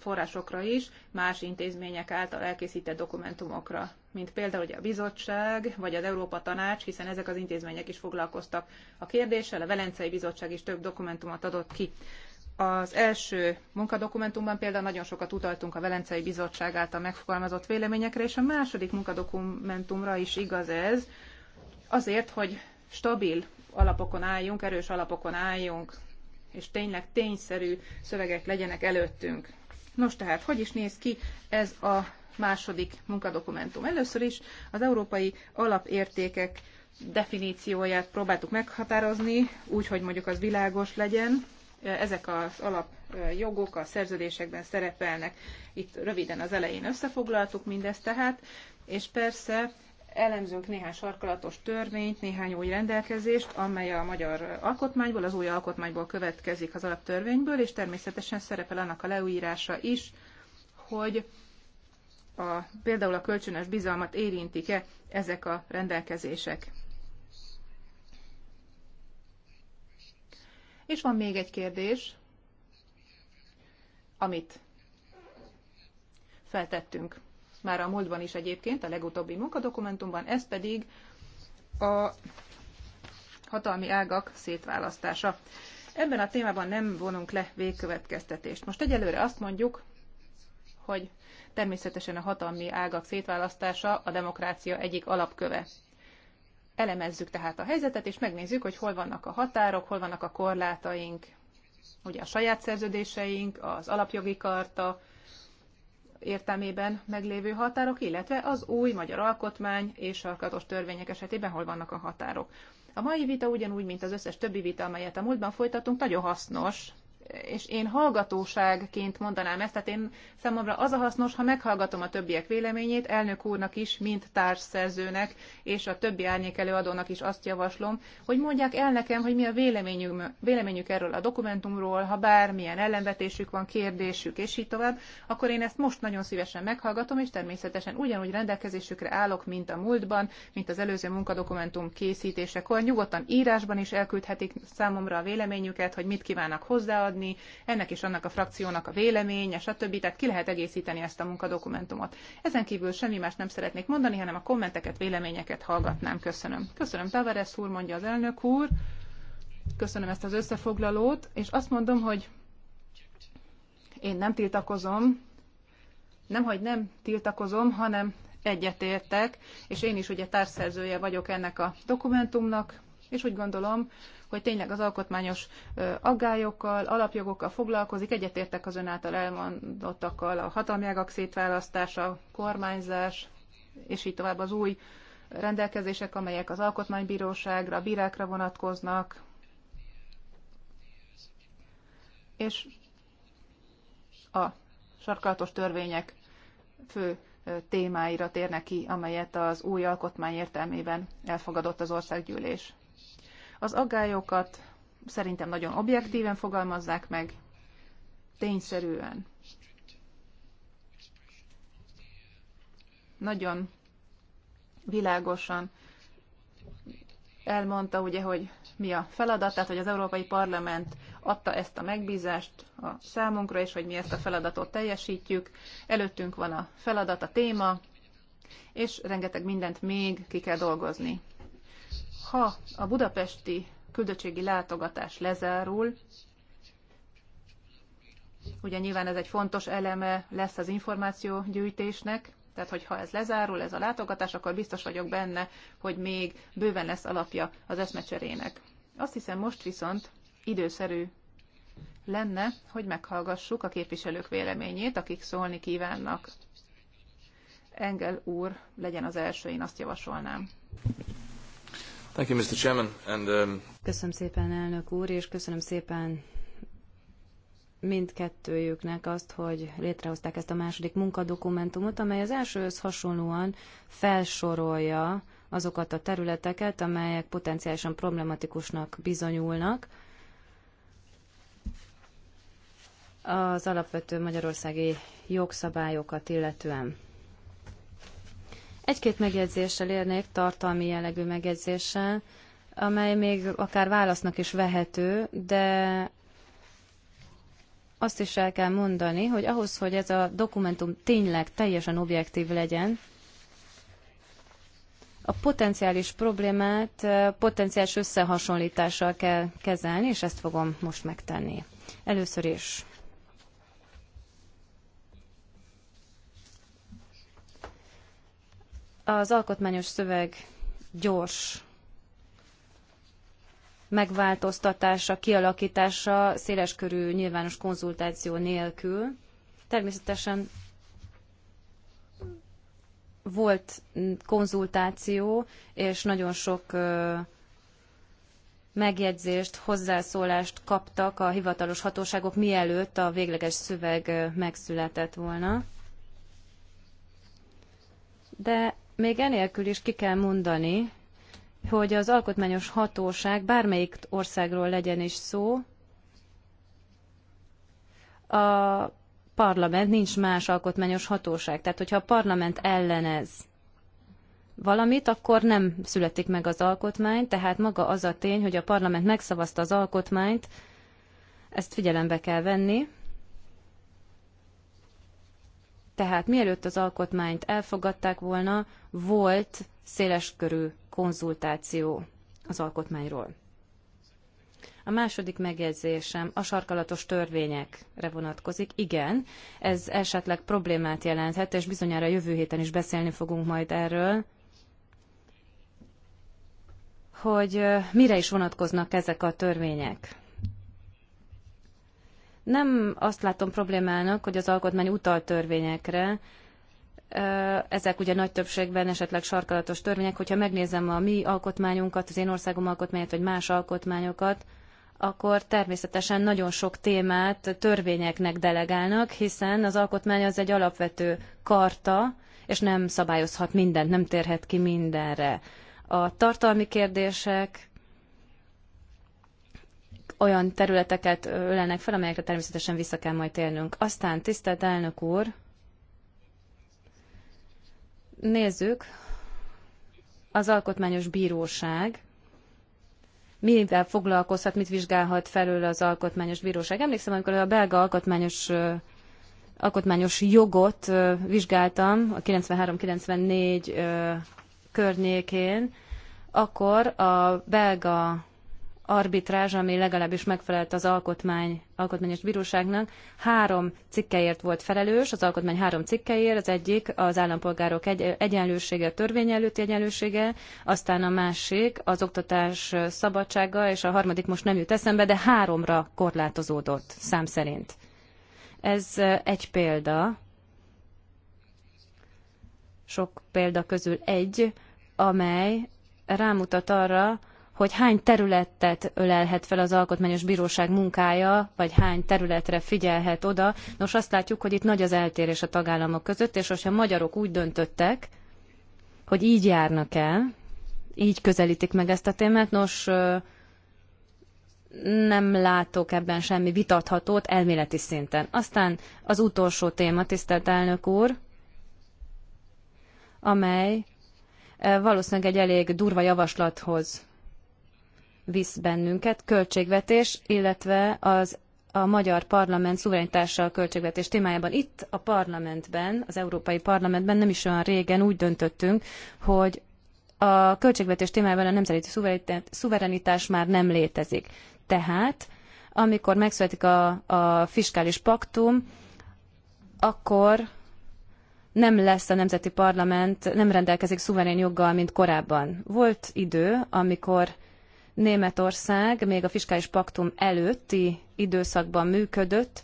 forrásokra is, más intézmények által elkészített dokumentumokra, mint például ugye a bizottság, vagy az Európa Tanács, hiszen ezek az intézmények is foglalkoztak a kérdéssel, a Velencei Bizottság is több dokumentumot adott ki. Az első munkadokumentumban például nagyon sokat utaltunk a Velencei Bizottság által megfogalmazott véleményekre, és a második munkadokumentumra is igaz ez, azért, hogy stabil alapokon álljunk, erős alapokon álljunk és tényleg tényszerű szövegek legyenek előttünk. Nos tehát, hogy is néz ki ez a második munkadokumentum? Először is az európai alapértékek definícióját próbáltuk meghatározni, úgy, hogy mondjuk az világos legyen. Ezek az alapjogok a szerződésekben szerepelnek. Itt röviden az elején összefoglaltuk mindezt tehát, és persze elemzünk néhány sarkalatos törvényt, néhány új rendelkezést, amely a magyar alkotmányból, az új alkotmányból következik az alaptörvényből, és természetesen szerepel annak a leújírása is, hogy a, például a kölcsönös bizalmat érintik-e ezek a rendelkezések. És van még egy kérdés, amit feltettünk már a múltban is egyébként, a legutóbbi munkadokumentumban, ez pedig a hatalmi ágak szétválasztása. Ebben a témában nem vonunk le végkövetkeztetést. Most egyelőre azt mondjuk, hogy természetesen a hatalmi ágak szétválasztása a demokrácia egyik alapköve. Elemezzük tehát a helyzetet, és megnézzük, hogy hol vannak a határok, hol vannak a korlátaink. Ugye a saját szerződéseink, az alapjogi karta, értelmében meglévő határok, illetve az új magyar alkotmány és alkotós törvények esetében hol vannak a határok. A mai vita ugyanúgy, mint az összes többi vita, amelyet a múltban folytatunk, nagyon hasznos és én hallgatóságként mondanám ezt, tehát én számomra az a hasznos, ha meghallgatom a többiek véleményét, elnök úrnak is, mint társszerzőnek, és a többi árnyék előadónak is azt javaslom, hogy mondják el nekem, hogy mi a véleményük, véleményük erről a dokumentumról, ha bármilyen ellenvetésük van, kérdésük, és így tovább, akkor én ezt most nagyon szívesen meghallgatom, és természetesen ugyanúgy rendelkezésükre állok, mint a múltban, mint az előző munkadokumentum készítésekor. Nyugodtan írásban is elküldhetik számomra a véleményüket, hogy mit kívánnak hozzáadni, adni, ennek és annak a frakciónak a véleménye, stb. Tehát ki lehet egészíteni ezt a munkadokumentumot. Ezen kívül semmi más nem szeretnék mondani, hanem a kommenteket, véleményeket hallgatnám. Köszönöm. Köszönöm, Tavares úr, mondja az elnök úr. Köszönöm ezt az összefoglalót, és azt mondom, hogy én nem tiltakozom, nem, hogy nem tiltakozom, hanem egyetértek, és én is ugye társszerzője vagyok ennek a dokumentumnak, és úgy gondolom, hogy tényleg az alkotmányos aggályokkal, alapjogokkal foglalkozik, egyetértek az ön által elmondottakkal, a hatalmi ágak szétválasztása, kormányzás, és így tovább az új rendelkezések, amelyek az alkotmánybíróságra, a bírákra vonatkoznak, és a sarkalatos törvények fő témáira térnek ki, amelyet az új alkotmány értelmében elfogadott az országgyűlés. Az aggályokat szerintem nagyon objektíven fogalmazzák meg, tényszerűen. Nagyon világosan elmondta ugye, hogy mi a feladat, tehát hogy az Európai Parlament adta ezt a megbízást a számunkra, és hogy mi ezt a feladatot teljesítjük. Előttünk van a feladat, a téma, és rengeteg mindent még ki kell dolgozni ha a budapesti küldöttségi látogatás lezárul, ugye nyilván ez egy fontos eleme lesz az információgyűjtésnek, tehát, hogy ha ez lezárul, ez a látogatás, akkor biztos vagyok benne, hogy még bőven lesz alapja az eszmecserének. Azt hiszem most viszont időszerű lenne, hogy meghallgassuk a képviselők véleményét, akik szólni kívánnak. Engel úr legyen az első, én azt javasolnám. Thank you, Mr. Chairman, and, um... Köszönöm szépen, elnök úr, és köszönöm szépen mindkettőjüknek azt, hogy létrehozták ezt a második munkadokumentumot, amely az elsőhöz hasonlóan felsorolja azokat a területeket, amelyek potenciálisan problematikusnak bizonyulnak. Az alapvető magyarországi jogszabályokat illetően. Egy-két megjegyzéssel érnék, tartalmi jellegű megjegyzéssel, amely még akár válasznak is vehető, de azt is el kell mondani, hogy ahhoz, hogy ez a dokumentum tényleg teljesen objektív legyen, a potenciális problémát eh, potenciális összehasonlítással kell kezelni, és ezt fogom most megtenni. Először is Az alkotmányos szöveg gyors megváltoztatása, kialakítása széleskörű nyilvános konzultáció nélkül. Természetesen volt konzultáció, és nagyon sok megjegyzést, hozzászólást kaptak a hivatalos hatóságok, mielőtt a végleges szöveg megszületett volna. De még enélkül is ki kell mondani, hogy az alkotmányos hatóság bármelyik országról legyen is szó, a parlament nincs más alkotmányos hatóság. Tehát, hogyha a parlament ellenez valamit, akkor nem születik meg az alkotmány, tehát maga az a tény, hogy a parlament megszavazta az alkotmányt, ezt figyelembe kell venni, tehát mielőtt az alkotmányt elfogadták volna, volt széleskörű konzultáció az alkotmányról. A második megjegyzésem a sarkalatos törvényekre vonatkozik. Igen, ez esetleg problémát jelenthet, és bizonyára jövő héten is beszélni fogunk majd erről, hogy mire is vonatkoznak ezek a törvények. Nem azt látom problémának, hogy az alkotmány utal törvényekre, ezek ugye nagy többségben esetleg sarkalatos törvények, hogyha megnézem a mi alkotmányunkat, az én országom alkotmányát, vagy más alkotmányokat, akkor természetesen nagyon sok témát törvényeknek delegálnak, hiszen az alkotmány az egy alapvető karta, és nem szabályozhat mindent, nem térhet ki mindenre. A tartalmi kérdések, olyan területeket ölelnek fel, amelyekre természetesen vissza kell majd térnünk. Aztán, tisztelt elnök úr, nézzük, az alkotmányos bíróság mivel foglalkozhat, mit vizsgálhat felül az alkotmányos bíróság. Emlékszem, amikor a belga alkotmányos alkotmányos jogot vizsgáltam a 93-94 környékén, akkor a belga arbitrázs, ami legalábbis megfelelt az alkotmány, alkotmányos bíróságnak, három cikkeért volt felelős, az alkotmány három cikkeért, az egyik az állampolgárok egy, egyenlősége, törvény előtti egyenlősége, aztán a másik az oktatás szabadsága, és a harmadik most nem jut eszembe, de háromra korlátozódott szám szerint. Ez egy példa, sok példa közül egy, amely rámutat arra, hogy hány területet ölelhet fel az Alkotmányos Bíróság munkája, vagy hány területre figyelhet oda. Nos, azt látjuk, hogy itt nagy az eltérés a tagállamok között, és most a magyarok úgy döntöttek, hogy így járnak el, így közelítik meg ezt a témát. Nos, nem látok ebben semmi vitathatót elméleti szinten. Aztán az utolsó téma, tisztelt elnök úr, amely valószínűleg egy elég durva javaslathoz visz bennünket, költségvetés, illetve az a magyar parlament szuverenitással költségvetés témájában. Itt a parlamentben, az Európai Parlamentben nem is olyan régen úgy döntöttünk, hogy a költségvetés témájában a nemzeti szuverenitás már nem létezik. Tehát, amikor megszületik a, a fiskális paktum, akkor nem lesz a nemzeti parlament, nem rendelkezik szuverén joggal, mint korábban. Volt idő, amikor Németország még a fiskális paktum előtti időszakban működött,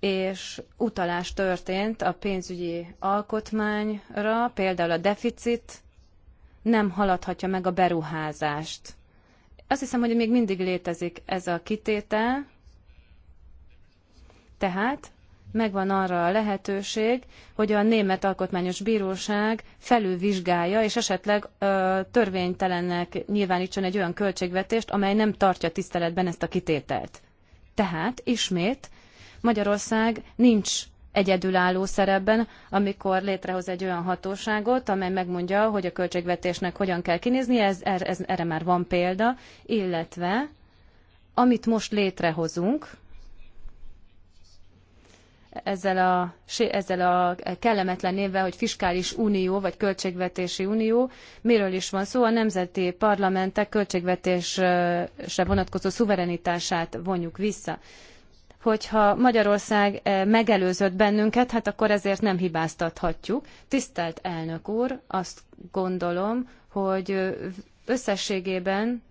és utalás történt a pénzügyi alkotmányra, például a deficit nem haladhatja meg a beruházást. Azt hiszem, hogy még mindig létezik ez a kitétel, tehát megvan arra a lehetőség, hogy a Német Alkotmányos Bíróság felülvizsgálja, és esetleg ö, törvénytelennek nyilvánítson egy olyan költségvetést, amely nem tartja tiszteletben ezt a kitételt. Tehát ismét Magyarország nincs egyedülálló szerepben, amikor létrehoz egy olyan hatóságot, amely megmondja, hogy a költségvetésnek hogyan kell kinéznie, ez, ez, erre már van példa, illetve amit most létrehozunk, ezzel a, ezzel a kellemetlen névvel, hogy fiskális unió vagy költségvetési unió. Miről is van szó? A nemzeti parlamentek költségvetésre vonatkozó szuverenitását vonjuk vissza. Hogyha Magyarország eh, megelőzött bennünket, hát akkor ezért nem hibáztathatjuk. Tisztelt elnök úr, azt gondolom, hogy összességében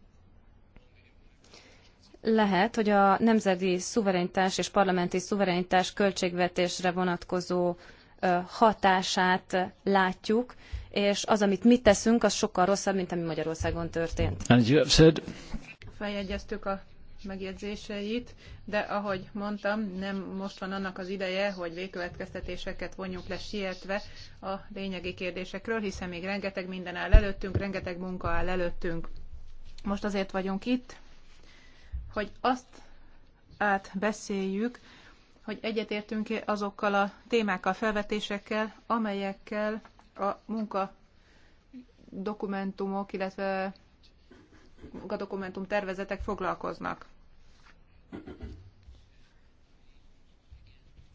lehet, hogy a nemzeti szuverenitás és parlamenti szuverenitás költségvetésre vonatkozó hatását látjuk, és az, amit mi teszünk, az sokkal rosszabb, mint ami Magyarországon történt. And you have said... Feljegyeztük a megjegyzéseit, de ahogy mondtam, nem most van annak az ideje, hogy végkövetkeztetéseket vonjunk le sietve a lényegi kérdésekről, hiszen még rengeteg minden áll előttünk, rengeteg munka áll előttünk. Most azért vagyunk itt, hogy azt átbeszéljük, hogy egyetértünk-e azokkal a témákkal, felvetésekkel, amelyekkel a munka dokumentumok, illetve a dokumentum tervezetek foglalkoznak.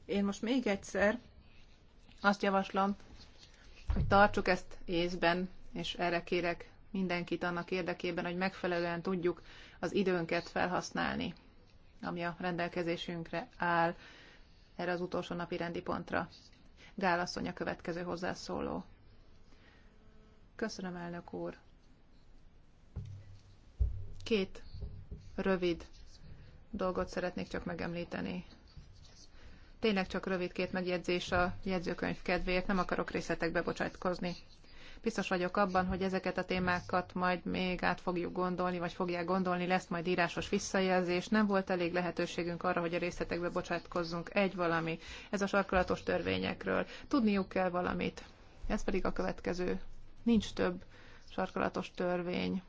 Én most még egyszer azt javaslom, hogy tartsuk ezt észben, és erre kérek mindenkit annak érdekében, hogy megfelelően tudjuk az időnket felhasználni, ami a rendelkezésünkre áll erre az utolsó napi rendi pontra. Gál asszony a következő hozzászóló. Köszönöm, elnök úr. Két rövid dolgot szeretnék csak megemlíteni. Tényleg csak rövid két megjegyzés a jegyzőkönyv kedvéért, nem akarok részletekbe bocsátkozni. Biztos vagyok abban, hogy ezeket a témákat majd még át fogjuk gondolni, vagy fogják gondolni, lesz majd írásos visszajelzés. Nem volt elég lehetőségünk arra, hogy a részletekbe bocsátkozzunk. Egy valami, ez a sarkalatos törvényekről. Tudniuk kell valamit. Ez pedig a következő. Nincs több sarkalatos törvény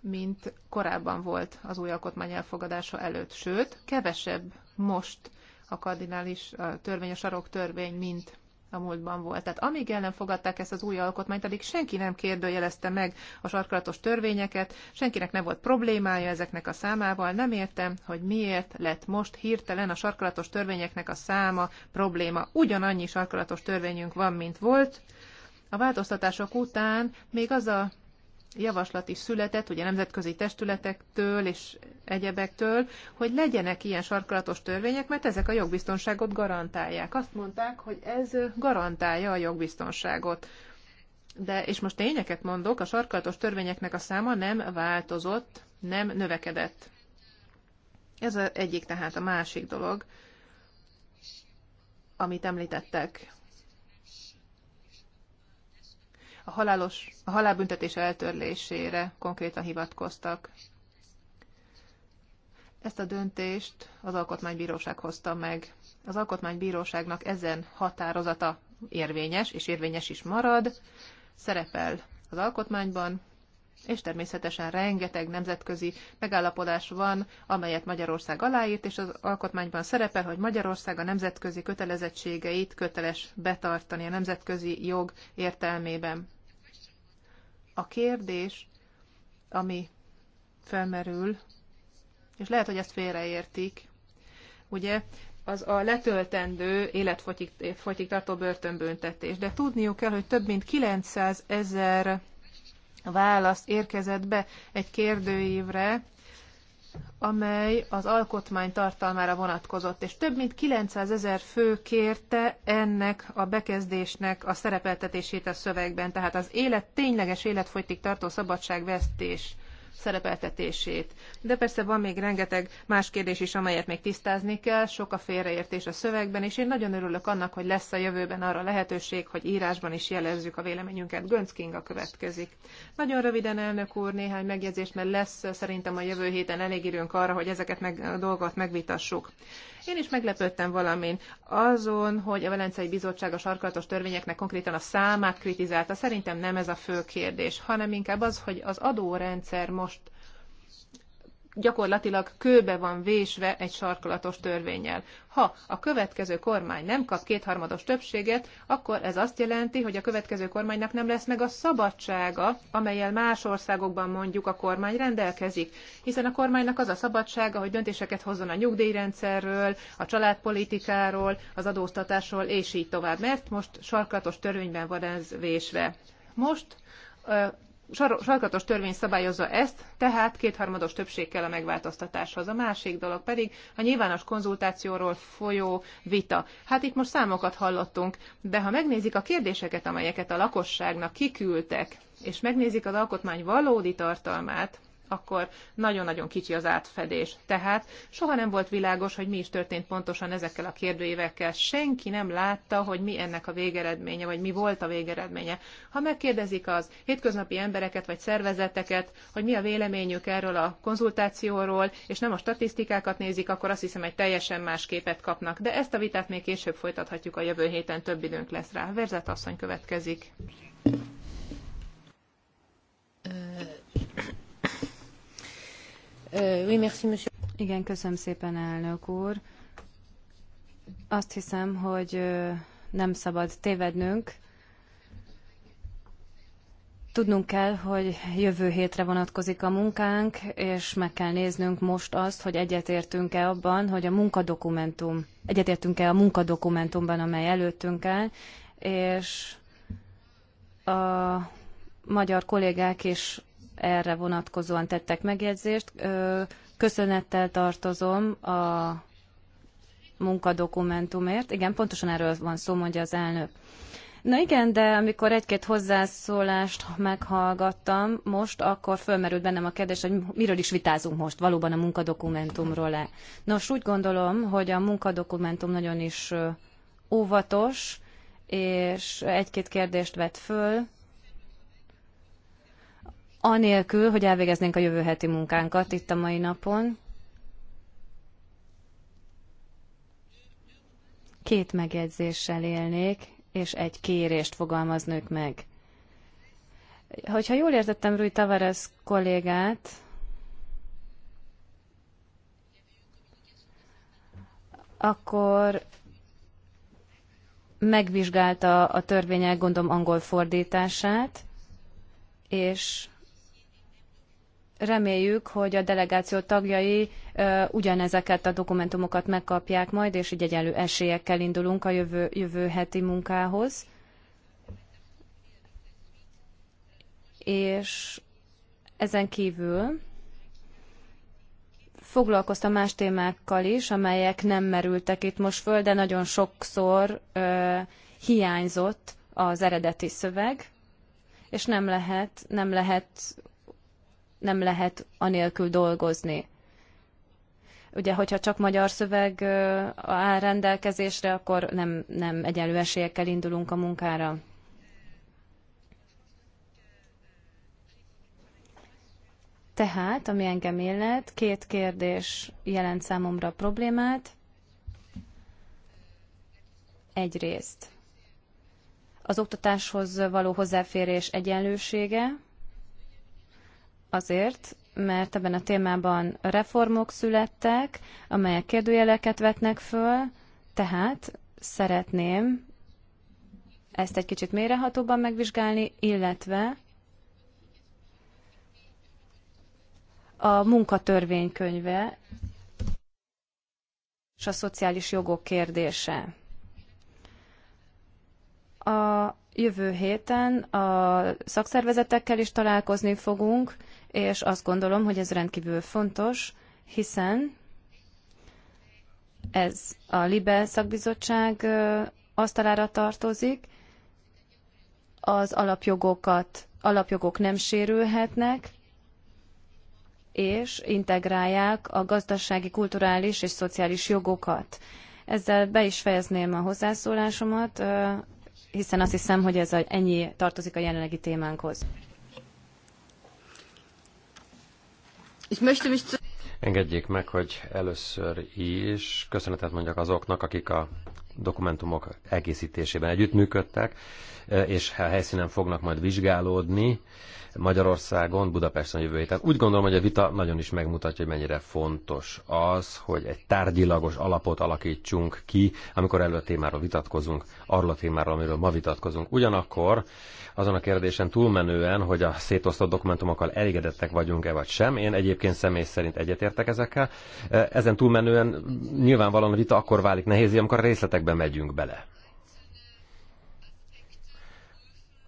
mint korábban volt az új alkotmány elfogadása előtt. Sőt, kevesebb most a kardinális a törvény, a sarok törvény, mint a múltban volt. Tehát amíg el nem fogadták ezt az új alkotmányt, addig senki nem kérdőjelezte meg a sarkalatos törvényeket, senkinek nem volt problémája ezeknek a számával, nem értem, hogy miért lett most hirtelen a sarkalatos törvényeknek a száma probléma. Ugyanannyi sarkalatos törvényünk van, mint volt. A változtatások után még az a javaslat is született, ugye nemzetközi testületektől és egyebektől, hogy legyenek ilyen sarkalatos törvények, mert ezek a jogbiztonságot garantálják. Azt mondták, hogy ez garantálja a jogbiztonságot. De, és most tényeket mondok, a sarkalatos törvényeknek a száma nem változott, nem növekedett. Ez az egyik, tehát a másik dolog, amit említettek. a, halálos, a halálbüntetés eltörlésére konkrétan hivatkoztak. Ezt a döntést az Alkotmánybíróság hozta meg. Az Alkotmánybíróságnak ezen határozata érvényes, és érvényes is marad, szerepel az alkotmányban, és természetesen rengeteg nemzetközi megállapodás van, amelyet Magyarország aláírt, és az alkotmányban szerepel, hogy Magyarország a nemzetközi kötelezettségeit köteles betartani a nemzetközi jog értelmében. A kérdés, ami felmerül, és lehet, hogy ezt félreértik, ugye, az a letöltendő életfogytig tartó börtönbüntetés. De tudniuk kell, hogy több mint 900 ezer válasz érkezett be egy kérdőívre, amely az alkotmány tartalmára vonatkozott, és több mint 900 ezer fő kérte ennek a bekezdésnek a szerepeltetését a szövegben, tehát az élet tényleges életfogytig tartó szabadságvesztés szerepeltetését. De persze van még rengeteg más kérdés is, amelyet még tisztázni kell, sok a félreértés a szövegben, és én nagyon örülök annak, hogy lesz a jövőben arra lehetőség, hogy írásban is jelezzük a véleményünket. Gönc Kinga következik. Nagyon röviden, elnök úr, néhány megjegyzést, mert lesz szerintem a jövő héten elég időnk arra, hogy ezeket meg, a dolgot megvitassuk. Én is meglepődtem valamin azon, hogy a Velencei Bizottság a sarkalatos törvényeknek konkrétan a számát kritizálta. Szerintem nem ez a fő kérdés, hanem inkább az, hogy az adórendszer most gyakorlatilag kőbe van vésve egy sarkalatos törvényel. Ha a következő kormány nem kap kétharmados többséget, akkor ez azt jelenti, hogy a következő kormánynak nem lesz meg a szabadsága, amelyel más országokban mondjuk a kormány rendelkezik. Hiszen a kormánynak az a szabadsága, hogy döntéseket hozzon a nyugdíjrendszerről, a családpolitikáról, az adóztatásról, és így tovább. Mert most sarkalatos törvényben van ez vésve. Most sarkatos törvény szabályozza ezt, tehát kétharmados többség kell a megváltoztatáshoz. A másik dolog pedig a nyilvános konzultációról folyó vita. Hát itt most számokat hallottunk, de ha megnézik a kérdéseket, amelyeket a lakosságnak kiküldtek, és megnézik az alkotmány valódi tartalmát, akkor nagyon-nagyon kicsi az átfedés. Tehát soha nem volt világos, hogy mi is történt pontosan ezekkel a kérdőívekkel. Senki nem látta, hogy mi ennek a végeredménye, vagy mi volt a végeredménye. Ha megkérdezik az hétköznapi embereket, vagy szervezeteket, hogy mi a véleményük erről a konzultációról, és nem a statisztikákat nézik, akkor azt hiszem egy teljesen más képet kapnak. De ezt a vitát még később folytathatjuk a jövő héten, több időnk lesz rá. Verzet asszony következik. Euh, Igen, köszönöm szépen, elnök úr. Azt hiszem, hogy nem szabad tévednünk. Tudnunk kell, hogy jövő hétre vonatkozik a munkánk, és meg kell néznünk most azt, hogy egyetértünk-e abban, hogy a munkadokumentum, egyetértünk-e a munkadokumentumban, amely előttünk áll, és a magyar kollégák is erre vonatkozóan tettek megjegyzést. Köszönettel tartozom a munkadokumentumért. Igen, pontosan erről van szó, mondja az elnök. Na igen, de amikor egy-két hozzászólást meghallgattam most, akkor fölmerült bennem a kérdés, hogy miről is vitázunk most, valóban a munkadokumentumról-e. Nos, úgy gondolom, hogy a munkadokumentum nagyon is óvatos, és egy-két kérdést vett föl, anélkül, hogy elvégeznénk a jövő heti munkánkat itt a mai napon. Két megjegyzéssel élnék, és egy kérést fogalmaznék meg. Hogyha jól értettem Rui Tavares kollégát, akkor megvizsgálta a törvények, gondom, angol fordítását, és Reméljük, hogy a delegáció tagjai ugyanezeket a dokumentumokat megkapják majd, és így egyenlő esélyekkel indulunk a jövő, jövő heti munkához. És ezen kívül foglalkoztam más témákkal is, amelyek nem merültek itt most föl, de nagyon sokszor ö, hiányzott az eredeti szöveg, és nem lehet, nem lehet nem lehet anélkül dolgozni. Ugye, hogyha csak magyar szöveg áll rendelkezésre, akkor nem, nem egyenlő esélyekkel indulunk a munkára. Tehát, ami engem illet, két kérdés jelent számomra problémát. Egyrészt az oktatáshoz való hozzáférés egyenlősége, Azért, mert ebben a témában reformok születtek, amelyek kérdőjeleket vetnek föl, tehát szeretném ezt egy kicsit mérehatóban megvizsgálni, illetve a munkatörvénykönyve és a szociális jogok kérdése. A jövő héten a szakszervezetekkel is találkozni fogunk, és azt gondolom, hogy ez rendkívül fontos, hiszen ez a LIBE szakbizottság asztalára tartozik, az alapjogokat, alapjogok nem sérülhetnek, és integrálják a gazdasági, kulturális és szociális jogokat. Ezzel be is fejezném a hozzászólásomat, hiszen azt hiszem, hogy ez a, ennyi tartozik a jelenlegi témánkhoz. Ich möchte mich Engedjék meg, hogy először is köszönetet mondjak azoknak, akik a dokumentumok egészítésében együttműködtek. Eh, és a helyszínen fognak majd vizsgálódni Magyarországon, Budapesten jövő héten. Úgy gondolom, hogy a vita nagyon is megmutatja, hogy mennyire fontos az, hogy egy tárgyilagos alapot alakítsunk ki, amikor a témáról vitatkozunk, arról a témáról, amiről ma vitatkozunk. Ugyanakkor azon a kérdésen túlmenően, hogy a szétosztott dokumentumokkal elégedettek vagyunk-e vagy sem, én egyébként személy szerint egyetértek ezekkel. Eh, ezen túlmenően nyilvánvalóan a vita akkor válik nehézé, amikor a részletekbe megyünk bele.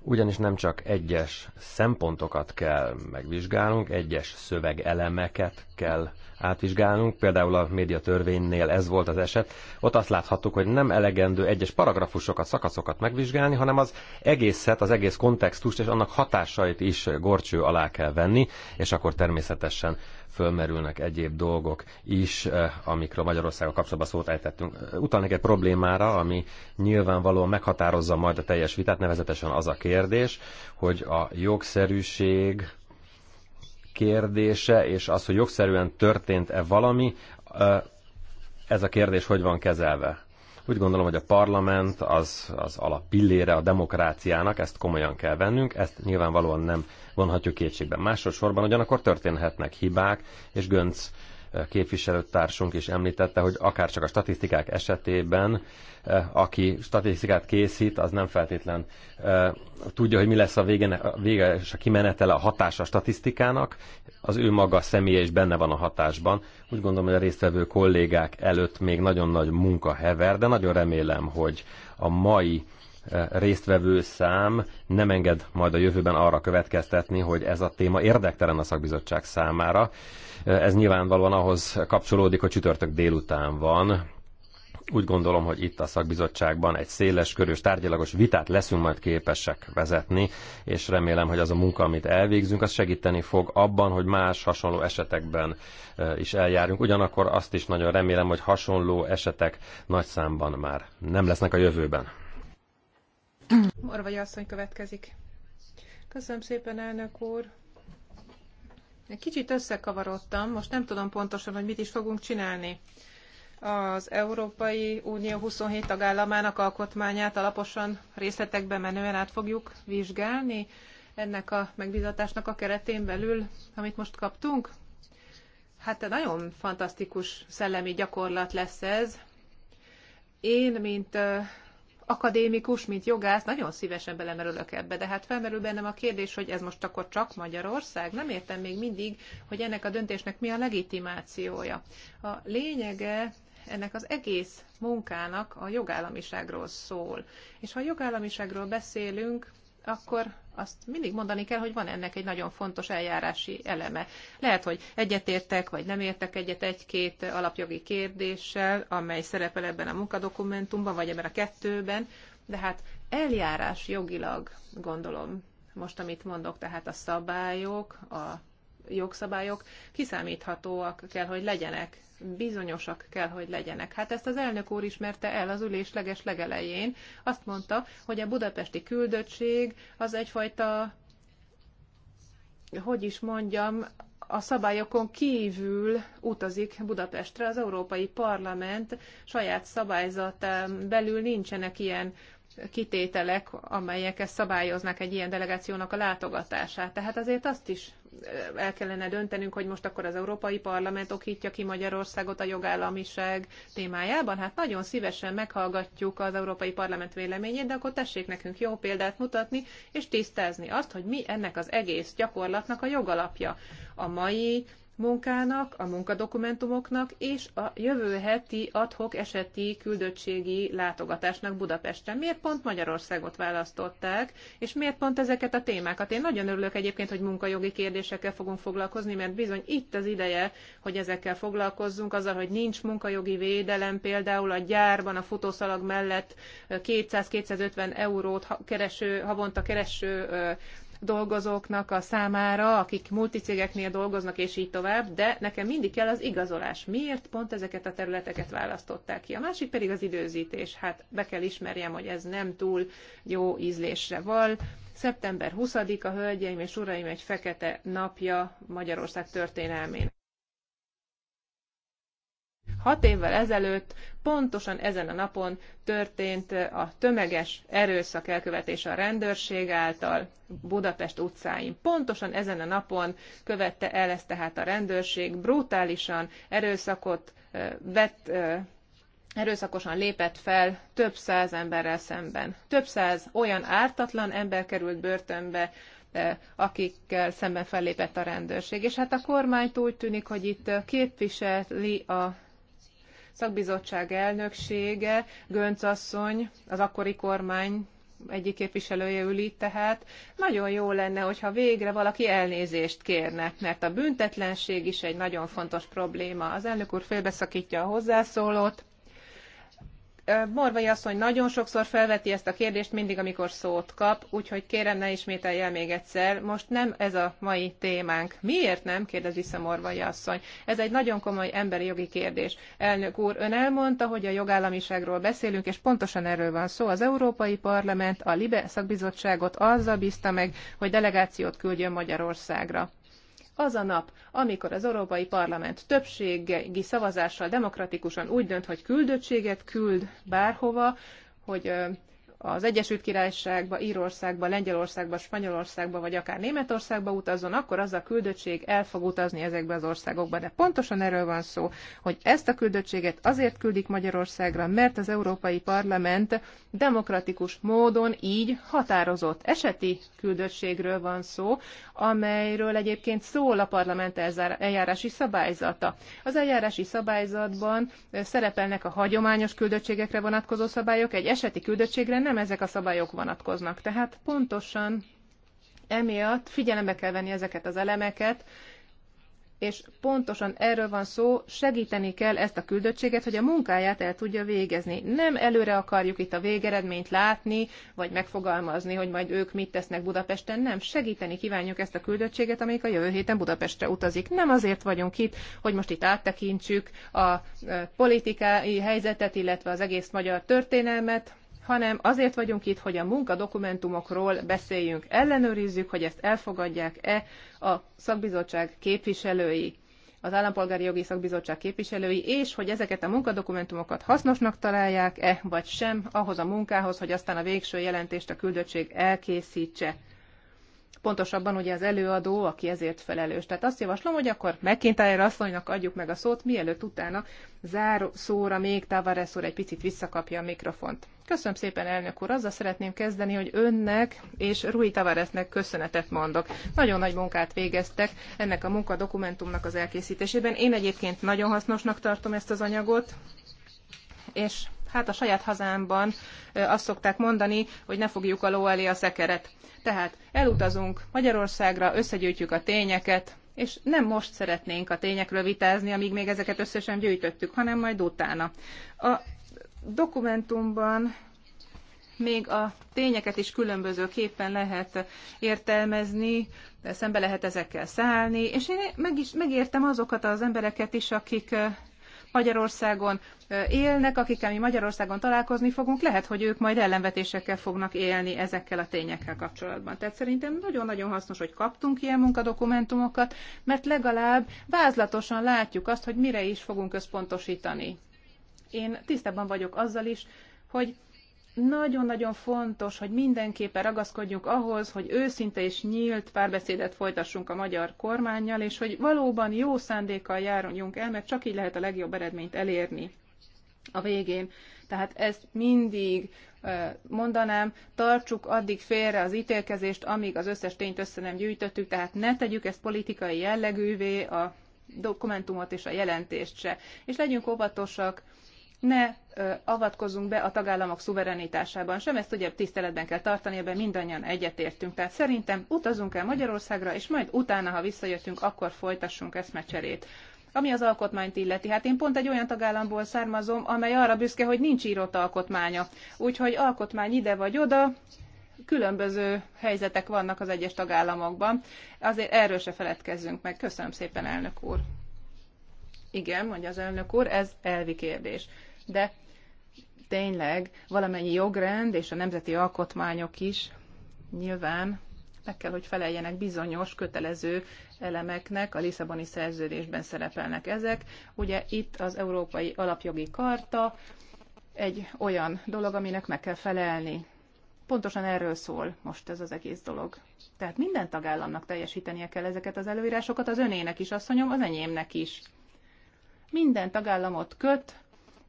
ugyanis nem csak egyes szempontokat kell megvizsgálnunk, egyes szövegelemeket kell átvizsgálnunk, például a médiatörvénynél ez volt az eset. Ott azt láthattuk, hogy nem elegendő egyes paragrafusokat, szakaszokat megvizsgálni, hanem az egészet, az egész kontextust és annak hatásait is gorcső alá kell venni, és akkor természetesen fölmerülnek egyéb dolgok is, eh, amikről Magyarországgal kapcsolatban szót ejtettünk. Eh, utalnék egy problémára, ami nyilvánvalóan meghatározza majd a teljes vitát, nevezetesen az a kérdés, hogy a jogszerűség kérdése, és az, hogy jogszerűen történt-e valami, eh, ez a kérdés hogy van kezelve? Úgy gondolom, hogy a parlament az, az alappillére a demokráciának, ezt komolyan kell vennünk, ezt nyilvánvalóan nem vonhatjuk kétségben. Másodszorban ugyanakkor történhetnek hibák, és Gönc képviselőtársunk is említette, hogy akár csak a statisztikák esetében, eh, aki statisztikát készít, az nem feltétlen eh, tudja, hogy mi lesz a vége, a vége és a kimenetele, a hatása a statisztikának. Az ő maga személye is benne van a hatásban. Úgy gondolom, hogy a résztvevő kollégák előtt még nagyon nagy munka hever, de nagyon remélem, hogy a mai eh, résztvevő szám nem enged majd a jövőben arra következtetni, hogy ez a téma érdektelen a szakbizottság számára. Eh, ez nyilvánvalóan ahhoz kapcsolódik, hogy csütörtök délután van. Úgy gondolom, hogy itt a szakbizottságban egy széles körös tárgyalagos vitát leszünk majd képesek vezetni, és remélem, hogy az a munka, amit elvégzünk, az segíteni fog abban, hogy más hasonló esetekben eh, is eljárjunk. Ugyanakkor azt is nagyon remélem, hogy hasonló esetek nagy számban már nem lesznek a jövőben. Morvai asszony következik. Köszönöm szépen, elnök úr! Kicsit összekavarodtam, most nem tudom pontosan, hogy mit is fogunk csinálni. Az Európai Unió 27 tagállamának alkotmányát alaposan részletekbe menően át fogjuk vizsgálni ennek a megbizatásnak a keretén belül, amit most kaptunk. Hát nagyon fantasztikus szellemi gyakorlat lesz ez. Én, mint akadémikus, mint jogász, nagyon szívesen belemerülök ebbe, de hát felmerül bennem a kérdés, hogy ez most akkor csak Magyarország? Nem értem még mindig, hogy ennek a döntésnek mi a legitimációja. A lényege ennek az egész munkának a jogállamiságról szól. És ha a jogállamiságról beszélünk, akkor azt mindig mondani kell, hogy van ennek egy nagyon fontos eljárási eleme. Lehet, hogy egyetértek, vagy nem értek egyet egy-két alapjogi kérdéssel, amely szerepel ebben a munkadokumentumban, vagy ebben a kettőben, de hát eljárás jogilag gondolom most, amit mondok, tehát a szabályok, a jogszabályok kiszámíthatóak kell, hogy legyenek, bizonyosak kell, hogy legyenek. Hát ezt az elnök úr ismerte el az ülés leges legelején. Azt mondta, hogy a budapesti küldöttség az egyfajta, hogy is mondjam, a szabályokon kívül utazik Budapestre. Az Európai Parlament saját szabályzatán belül nincsenek ilyen kitételek, amelyek ezt szabályoznak egy ilyen delegációnak a látogatását. Tehát azért azt is eh, el kellene döntenünk, hogy most akkor az Európai Parlament okítja ki Magyarországot a jogállamiság témájában. Hát nagyon szívesen meghallgatjuk az Európai Parlament véleményét, de akkor tessék nekünk jó példát mutatni, és tisztázni azt, hogy mi ennek az egész gyakorlatnak a jogalapja. A mai munkának, a munkadokumentumoknak és a jövő heti adhok eseti küldöttségi látogatásnak Budapesten. Miért pont Magyarországot választották, és miért pont ezeket a témákat? Én nagyon örülök egyébként, hogy munkajogi kérdésekkel fogunk foglalkozni, mert bizony itt az ideje, hogy ezekkel foglalkozzunk, azzal, hogy nincs munkajogi védelem, például a gyárban a futószalag mellett 200-250 eurót kereső, havonta kereső dolgozóknak a számára, akik multicégeknél dolgoznak, és így tovább, de nekem mindig kell az igazolás. Miért pont ezeket a területeket választották ki? A másik pedig az időzítés. Hát be kell ismerjem, hogy ez nem túl jó ízlésre val. Szeptember 20-a, hölgyeim és uraim, egy fekete napja Magyarország történelmének. Hat évvel ezelőtt pontosan ezen a napon történt eh, a tömeges erőszak elkövetése a rendőrség által Budapest utcáin. Pontosan ezen a napon követte el ezt tehát a rendőrség, brutálisan erőszakot eh, vett eh, erőszakosan lépett fel több száz emberrel szemben. Több száz olyan ártatlan ember került börtönbe, akikkel szemben fellépett a rendőrség. És hát a kormányt úgy tűnik, hogy itt képviseli a szakbizottság elnöksége, Gönc asszony, az akkori kormány egyik képviselője ül itt tehát, nagyon jó lenne, hogyha végre valaki elnézést kérne, mert a büntetlenség is egy nagyon fontos probléma. Az elnök úr félbeszakítja a hozzászólót, Morvai asszony nagyon sokszor felveti ezt a kérdést mindig, amikor szót kap, úgyhogy kérem ne ismételje el még egyszer. Most nem ez a mai témánk. Miért nem? kérdez vissza Morvai asszony. Ez egy nagyon komoly emberi jogi kérdés. Elnök úr, ön elmondta, hogy a jogállamiságról beszélünk, és pontosan erről van szó. Az Európai Parlament a Libe szakbizottságot azzal bízta meg, hogy delegációt küldjön Magyarországra az a nap, amikor az Európai Parlament többségi szavazással demokratikusan úgy dönt, hogy küldöttséget küld bárhova, hogy az Egyesült Királyságba, Írországba, Lengyelországba, Spanyolországba, vagy akár Németországba utazzon, akkor az a küldöttség el fog utazni ezekbe az országokba. De pontosan erről van szó, hogy ezt a küldöttséget azért küldik Magyarországra, mert az Európai Parlament demokratikus módon így határozott eseti küldöttségről van szó, amelyről egyébként szól a parlament eljárási szabályzata. Az eljárási szabályzatban szerepelnek a hagyományos küldöttségekre vonatkozó szabályok, egy eseti küldöttségre nem nem ezek a szabályok vonatkoznak. Tehát pontosan emiatt figyelembe kell venni ezeket az elemeket, és pontosan erről van szó, segíteni kell ezt a küldöttséget, hogy a munkáját el tudja végezni. Nem előre akarjuk itt a végeredményt látni, vagy megfogalmazni, hogy majd ők mit tesznek Budapesten, nem. Segíteni kívánjuk ezt a küldöttséget, amelyik a jövő héten Budapestre utazik. Nem azért vagyunk itt, hogy most itt áttekintsük a eh, politikai helyzetet, illetve az egész magyar történelmet, hanem azért vagyunk itt, hogy a munkadokumentumokról beszéljünk, ellenőrizzük, hogy ezt elfogadják-e a szakbizottság képviselői az Állampolgári Jogi Szakbizottság képviselői, és hogy ezeket a munkadokumentumokat hasznosnak találják-e, vagy sem, ahhoz a munkához, hogy aztán a végső jelentést a küldöttség elkészítse pontosabban ugye az előadó, aki ezért felelős. Tehát azt javaslom, hogy akkor McIntyre asszonynak adjuk meg a szót, mielőtt utána záró szóra még Tavares úr egy picit visszakapja a mikrofont. Köszönöm szépen, elnök úr. Azzal szeretném kezdeni, hogy önnek és Rui Tavaresnek köszönetet mondok. Nagyon nagy munkát végeztek ennek a munkadokumentumnak az elkészítésében. Én egyébként nagyon hasznosnak tartom ezt az anyagot, és Hát a saját hazámban azt szokták mondani, hogy ne fogjuk a ló elé a szekeret. Tehát elutazunk Magyarországra, összegyűjtjük a tényeket, és nem most szeretnénk a tényekről vitázni, amíg még ezeket összesen gyűjtöttük, hanem majd utána. A dokumentumban még a tényeket is különböző képen lehet értelmezni, szembe lehet ezekkel szállni, és én meg is, megértem azokat az embereket is, akik Magyarországon élnek, akikkel mi Magyarországon találkozni fogunk, lehet, hogy ők majd ellenvetésekkel fognak élni ezekkel a tényekkel kapcsolatban. Tehát szerintem nagyon-nagyon hasznos, hogy kaptunk ilyen munkadokumentumokat, mert legalább vázlatosan látjuk azt, hogy mire is fogunk központosítani. Én tisztában vagyok azzal is, hogy nagyon-nagyon fontos, hogy mindenképpen ragaszkodjunk ahhoz, hogy őszinte és nyílt párbeszédet folytassunk a magyar kormányjal, és hogy valóban jó szándékkal járjunk el, mert csak így lehet a legjobb eredményt elérni a végén. Tehát ezt mindig mondanám, tartsuk addig félre az ítélkezést, amíg az összes tényt össze nem gyűjtöttük, tehát ne tegyük ezt politikai jellegűvé, a dokumentumot és a jelentést se. És legyünk óvatosak ne avatkozunk be a tagállamok szuverenitásában sem, ezt ugye tiszteletben kell tartani, ebben mindannyian egyetértünk. Tehát szerintem utazunk el Magyarországra, és majd utána, ha visszajöttünk, akkor folytassunk eszmecserét. Ami az alkotmányt illeti, hát én pont egy olyan tagállamból származom, amely arra büszke, hogy nincs írott alkotmánya. Úgyhogy alkotmány ide vagy oda, különböző helyzetek vannak az egyes tagállamokban. Azért erről se feledkezzünk meg. Köszönöm szépen, elnök úr. Igen, mondja az elnök úr, ez elvi kérdés de tényleg valamennyi jogrend és a nemzeti alkotmányok is nyilván meg kell, hogy feleljenek bizonyos kötelező elemeknek, a Lisszaboni szerződésben szerepelnek ezek. Ugye itt az Európai Alapjogi Karta egy olyan dolog, aminek meg kell felelni. Pontosan erről szól most ez az egész dolog. Tehát minden tagállamnak teljesítenie kell ezeket az előírásokat, az önének is, asszonyom, az enyémnek is. Minden tagállamot köt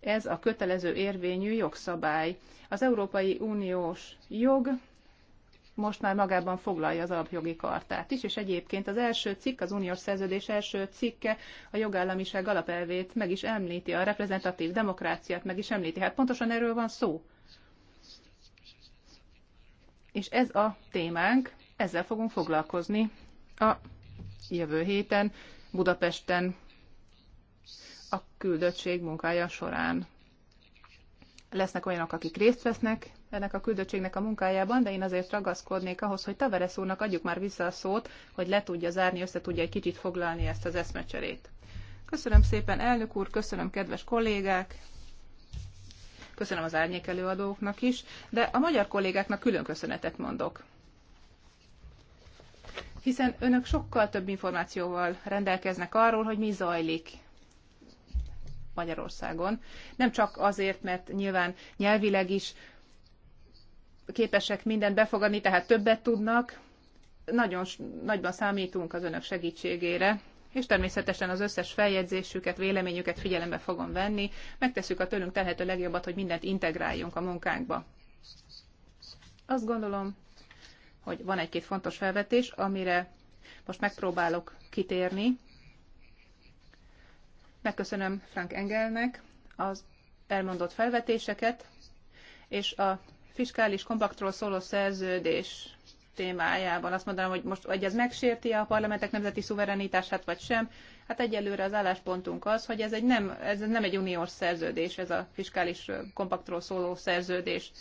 ez a kötelező érvényű jogszabály. Az Európai Uniós jog most már magában foglalja az alapjogi kartát is, és egyébként az első cikk, az uniós szerződés első cikke a jogállamiság alapelvét meg is említi, a reprezentatív demokráciát meg is említi. Hát pontosan erről van szó. És ez a témánk, ezzel fogunk foglalkozni a jövő héten Budapesten a küldöttség munkája során. Lesznek olyanok, akik részt vesznek ennek a küldöttségnek a munkájában, de én azért ragaszkodnék ahhoz, hogy Taveres úrnak adjuk már vissza a szót, hogy le tudja zárni, össze tudja egy kicsit foglalni ezt az eszmecserét. Köszönöm szépen, elnök úr, köszönöm, kedves kollégák! köszönöm az árnyék előadóknak is, de a magyar kollégáknak külön köszönetet mondok. Hiszen önök sokkal több információval rendelkeznek arról, hogy mi zajlik Magyarországon. Nem csak azért, mert nyilván nyelvileg is képesek mindent befogadni, tehát többet tudnak. Nagyon nagyban számítunk az önök segítségére, és természetesen az összes feljegyzésüket, véleményüket figyelembe fogom venni. Megtesszük a tőlünk telhető legjobbat, hogy mindent integráljunk a munkánkba. Azt gondolom, hogy van egy-két fontos felvetés, amire most megpróbálok kitérni. Megköszönöm Frank Engelnek az elmondott felvetéseket, és a fiskális kompaktról szóló szerződés témájában azt mondanám, hogy most hogy ez megsérti a parlamentek nemzeti szuverenitását, vagy sem. Hát egyelőre az álláspontunk az, hogy ez, egy nem, ez nem egy uniós szerződés, ez a fiskális kompaktról szóló szerződés.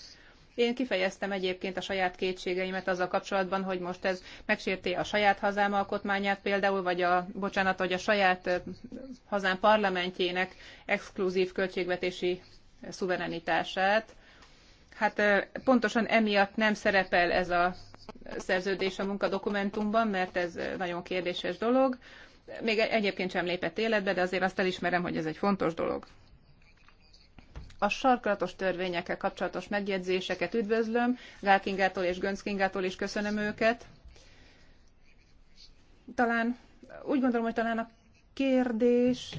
Én kifejeztem egyébként a saját kétségeimet azzal kapcsolatban, hogy most ez megsérti a saját hazám alkotmányát például, vagy a, bocsánat, hogy a saját hazám parlamentjének exkluzív költségvetési szuverenitását. Hát pontosan emiatt nem szerepel ez a szerződés a munkadokumentumban, mert ez nagyon kérdéses dolog. Még egyébként sem lépett életbe, de azért azt elismerem, hogy ez egy fontos dolog a sarkalatos törvényekkel kapcsolatos megjegyzéseket üdvözlöm, Gálkingától és Gönckingától is köszönöm őket. Talán úgy gondolom, hogy talán a kérdés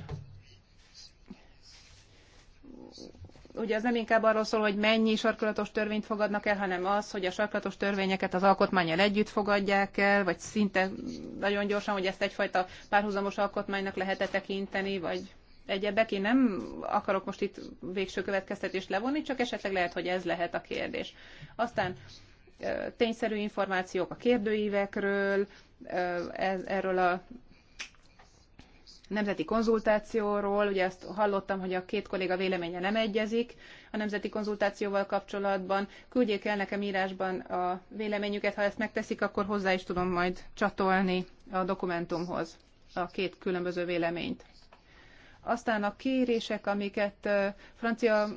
ugye ez nem inkább arról szól, hogy mennyi sarkalatos törvényt fogadnak el, hanem az, hogy a sarkalatos törvényeket az alkotmányjal együtt fogadják el, vagy szinte nagyon gyorsan, hogy ezt egyfajta párhuzamos alkotmánynak lehet -e tekinteni, vagy egyebek. Én nem akarok most itt végső következtetést levonni, csak esetleg lehet, hogy ez lehet a kérdés. Aztán tényszerű információk a kérdőívekről, erről a nemzeti konzultációról, ugye azt hallottam, hogy a két kolléga véleménye nem egyezik a nemzeti konzultációval kapcsolatban. Küldjék el nekem írásban a véleményüket, ha ezt megteszik, akkor hozzá is tudom majd csatolni a dokumentumhoz a két különböző véleményt. Aztán a kérések, amiket francia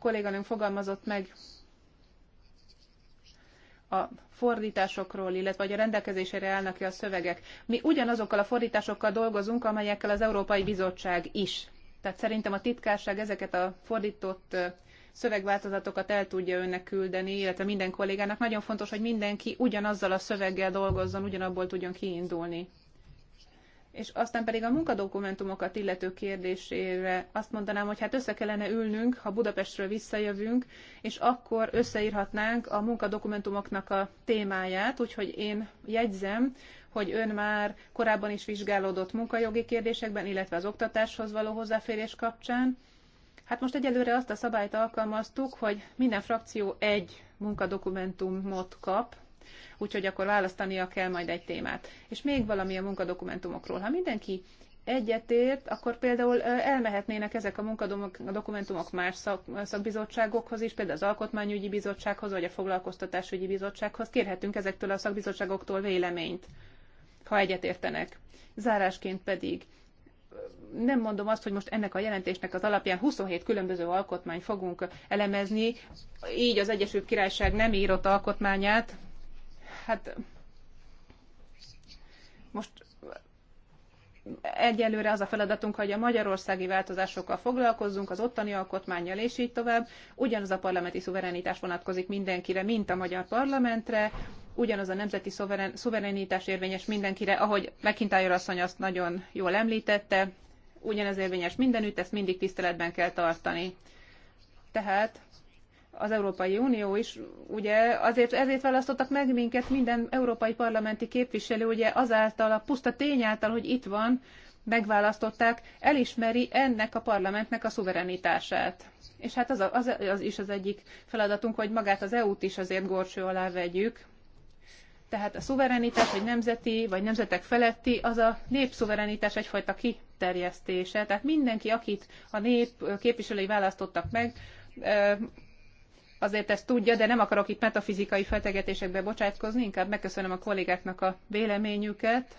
kolléganőm fogalmazott meg a fordításokról, illetve a rendelkezésére állnak ki a szövegek. Mi ugyanazokkal a fordításokkal dolgozunk, amelyekkel az Európai Bizottság is. Tehát szerintem a titkárság ezeket a fordított szövegváltozatokat el tudja önnek küldeni, illetve minden kollégának. Nagyon fontos, hogy mindenki ugyanazzal a szöveggel dolgozzon, ugyanabból tudjon kiindulni. És aztán pedig a munkadokumentumokat illető kérdésére azt mondanám, hogy hát össze kellene ülnünk, ha Budapestről visszajövünk, és akkor összeírhatnánk a munkadokumentumoknak a témáját, úgyhogy én jegyzem, hogy ön már korábban is vizsgálódott munkajogi kérdésekben, illetve az oktatáshoz való hozzáférés kapcsán. Hát most egyelőre azt a szabályt alkalmaztuk, hogy minden frakció egy munkadokumentumot kap, úgyhogy akkor választania kell majd egy témát. És még valami a munkadokumentumokról. Ha mindenki egyetért, akkor például elmehetnének ezek a munkadokumentumok más szak, szakbizottságokhoz is, például az Alkotmányügyi Bizottsághoz, vagy a Foglalkoztatásügyi Bizottsághoz. Kérhetünk ezektől a szakbizottságoktól véleményt, ha egyetértenek. Zárásként pedig nem mondom azt, hogy most ennek a jelentésnek az alapján 27 különböző alkotmány fogunk elemezni, így az Egyesült Királyság nem írott alkotmányát, hát most egyelőre az a feladatunk, hogy a magyarországi változásokkal foglalkozzunk, az ottani alkotmányjal és így tovább. Ugyanaz a parlamenti szuverenitás vonatkozik mindenkire, mint a magyar parlamentre, ugyanaz a nemzeti szuveren, szuverenitás érvényes mindenkire, ahogy McIntyre asszony azt nagyon jól említette, ugyanez érvényes mindenütt, ezt mindig tiszteletben kell tartani. Tehát az Európai Unió is, ugye azért, ezért választottak meg minket minden európai parlamenti képviselő, ugye azáltal, a puszta tény által, hogy itt van, megválasztották, elismeri ennek a parlamentnek a szuverenitását. És hát az, a, az, az is az egyik feladatunk, hogy magát az EU-t is azért gorcső alá vegyük. Tehát a szuverenitás, vagy nemzeti, vagy nemzetek feletti, az a népszuverenitás egyfajta kiterjesztése. Tehát mindenki, akit a nép képviselői választottak meg, azért ezt tudja, de nem akarok itt metafizikai fejtegetésekbe bocsátkozni, inkább megköszönöm a kollégáknak a véleményüket,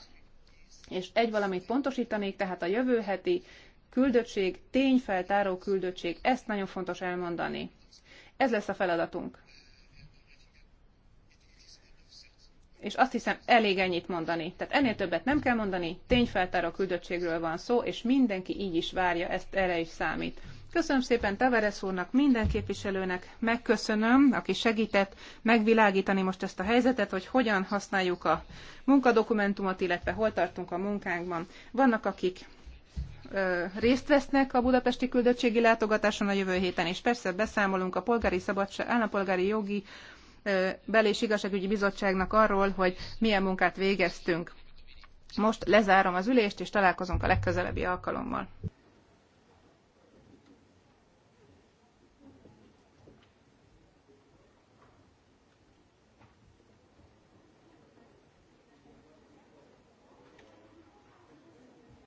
és egy valamit pontosítanék, tehát a jövő heti küldöttség, tényfeltáró küldöttség, ezt nagyon fontos elmondani. Ez lesz a feladatunk. és azt hiszem elég ennyit mondani. Tehát ennél többet nem kell mondani, tényfeltáró küldöttségről van szó, és mindenki így is várja, ezt erre is számít. Köszönöm szépen Tavares úrnak, minden képviselőnek, megköszönöm, aki segített megvilágítani most ezt a helyzetet, hogy hogyan használjuk a munkadokumentumot, illetve hol tartunk a munkánkban. Vannak, akik részt vesznek a budapesti küldöttségi látogatáson a jövő héten, és persze beszámolunk a polgári szabadság, állampolgári jogi bel- és igazságügyi bizottságnak arról, hogy milyen munkát végeztünk. Most lezárom az ülést, és találkozunk a legközelebbi alkalommal.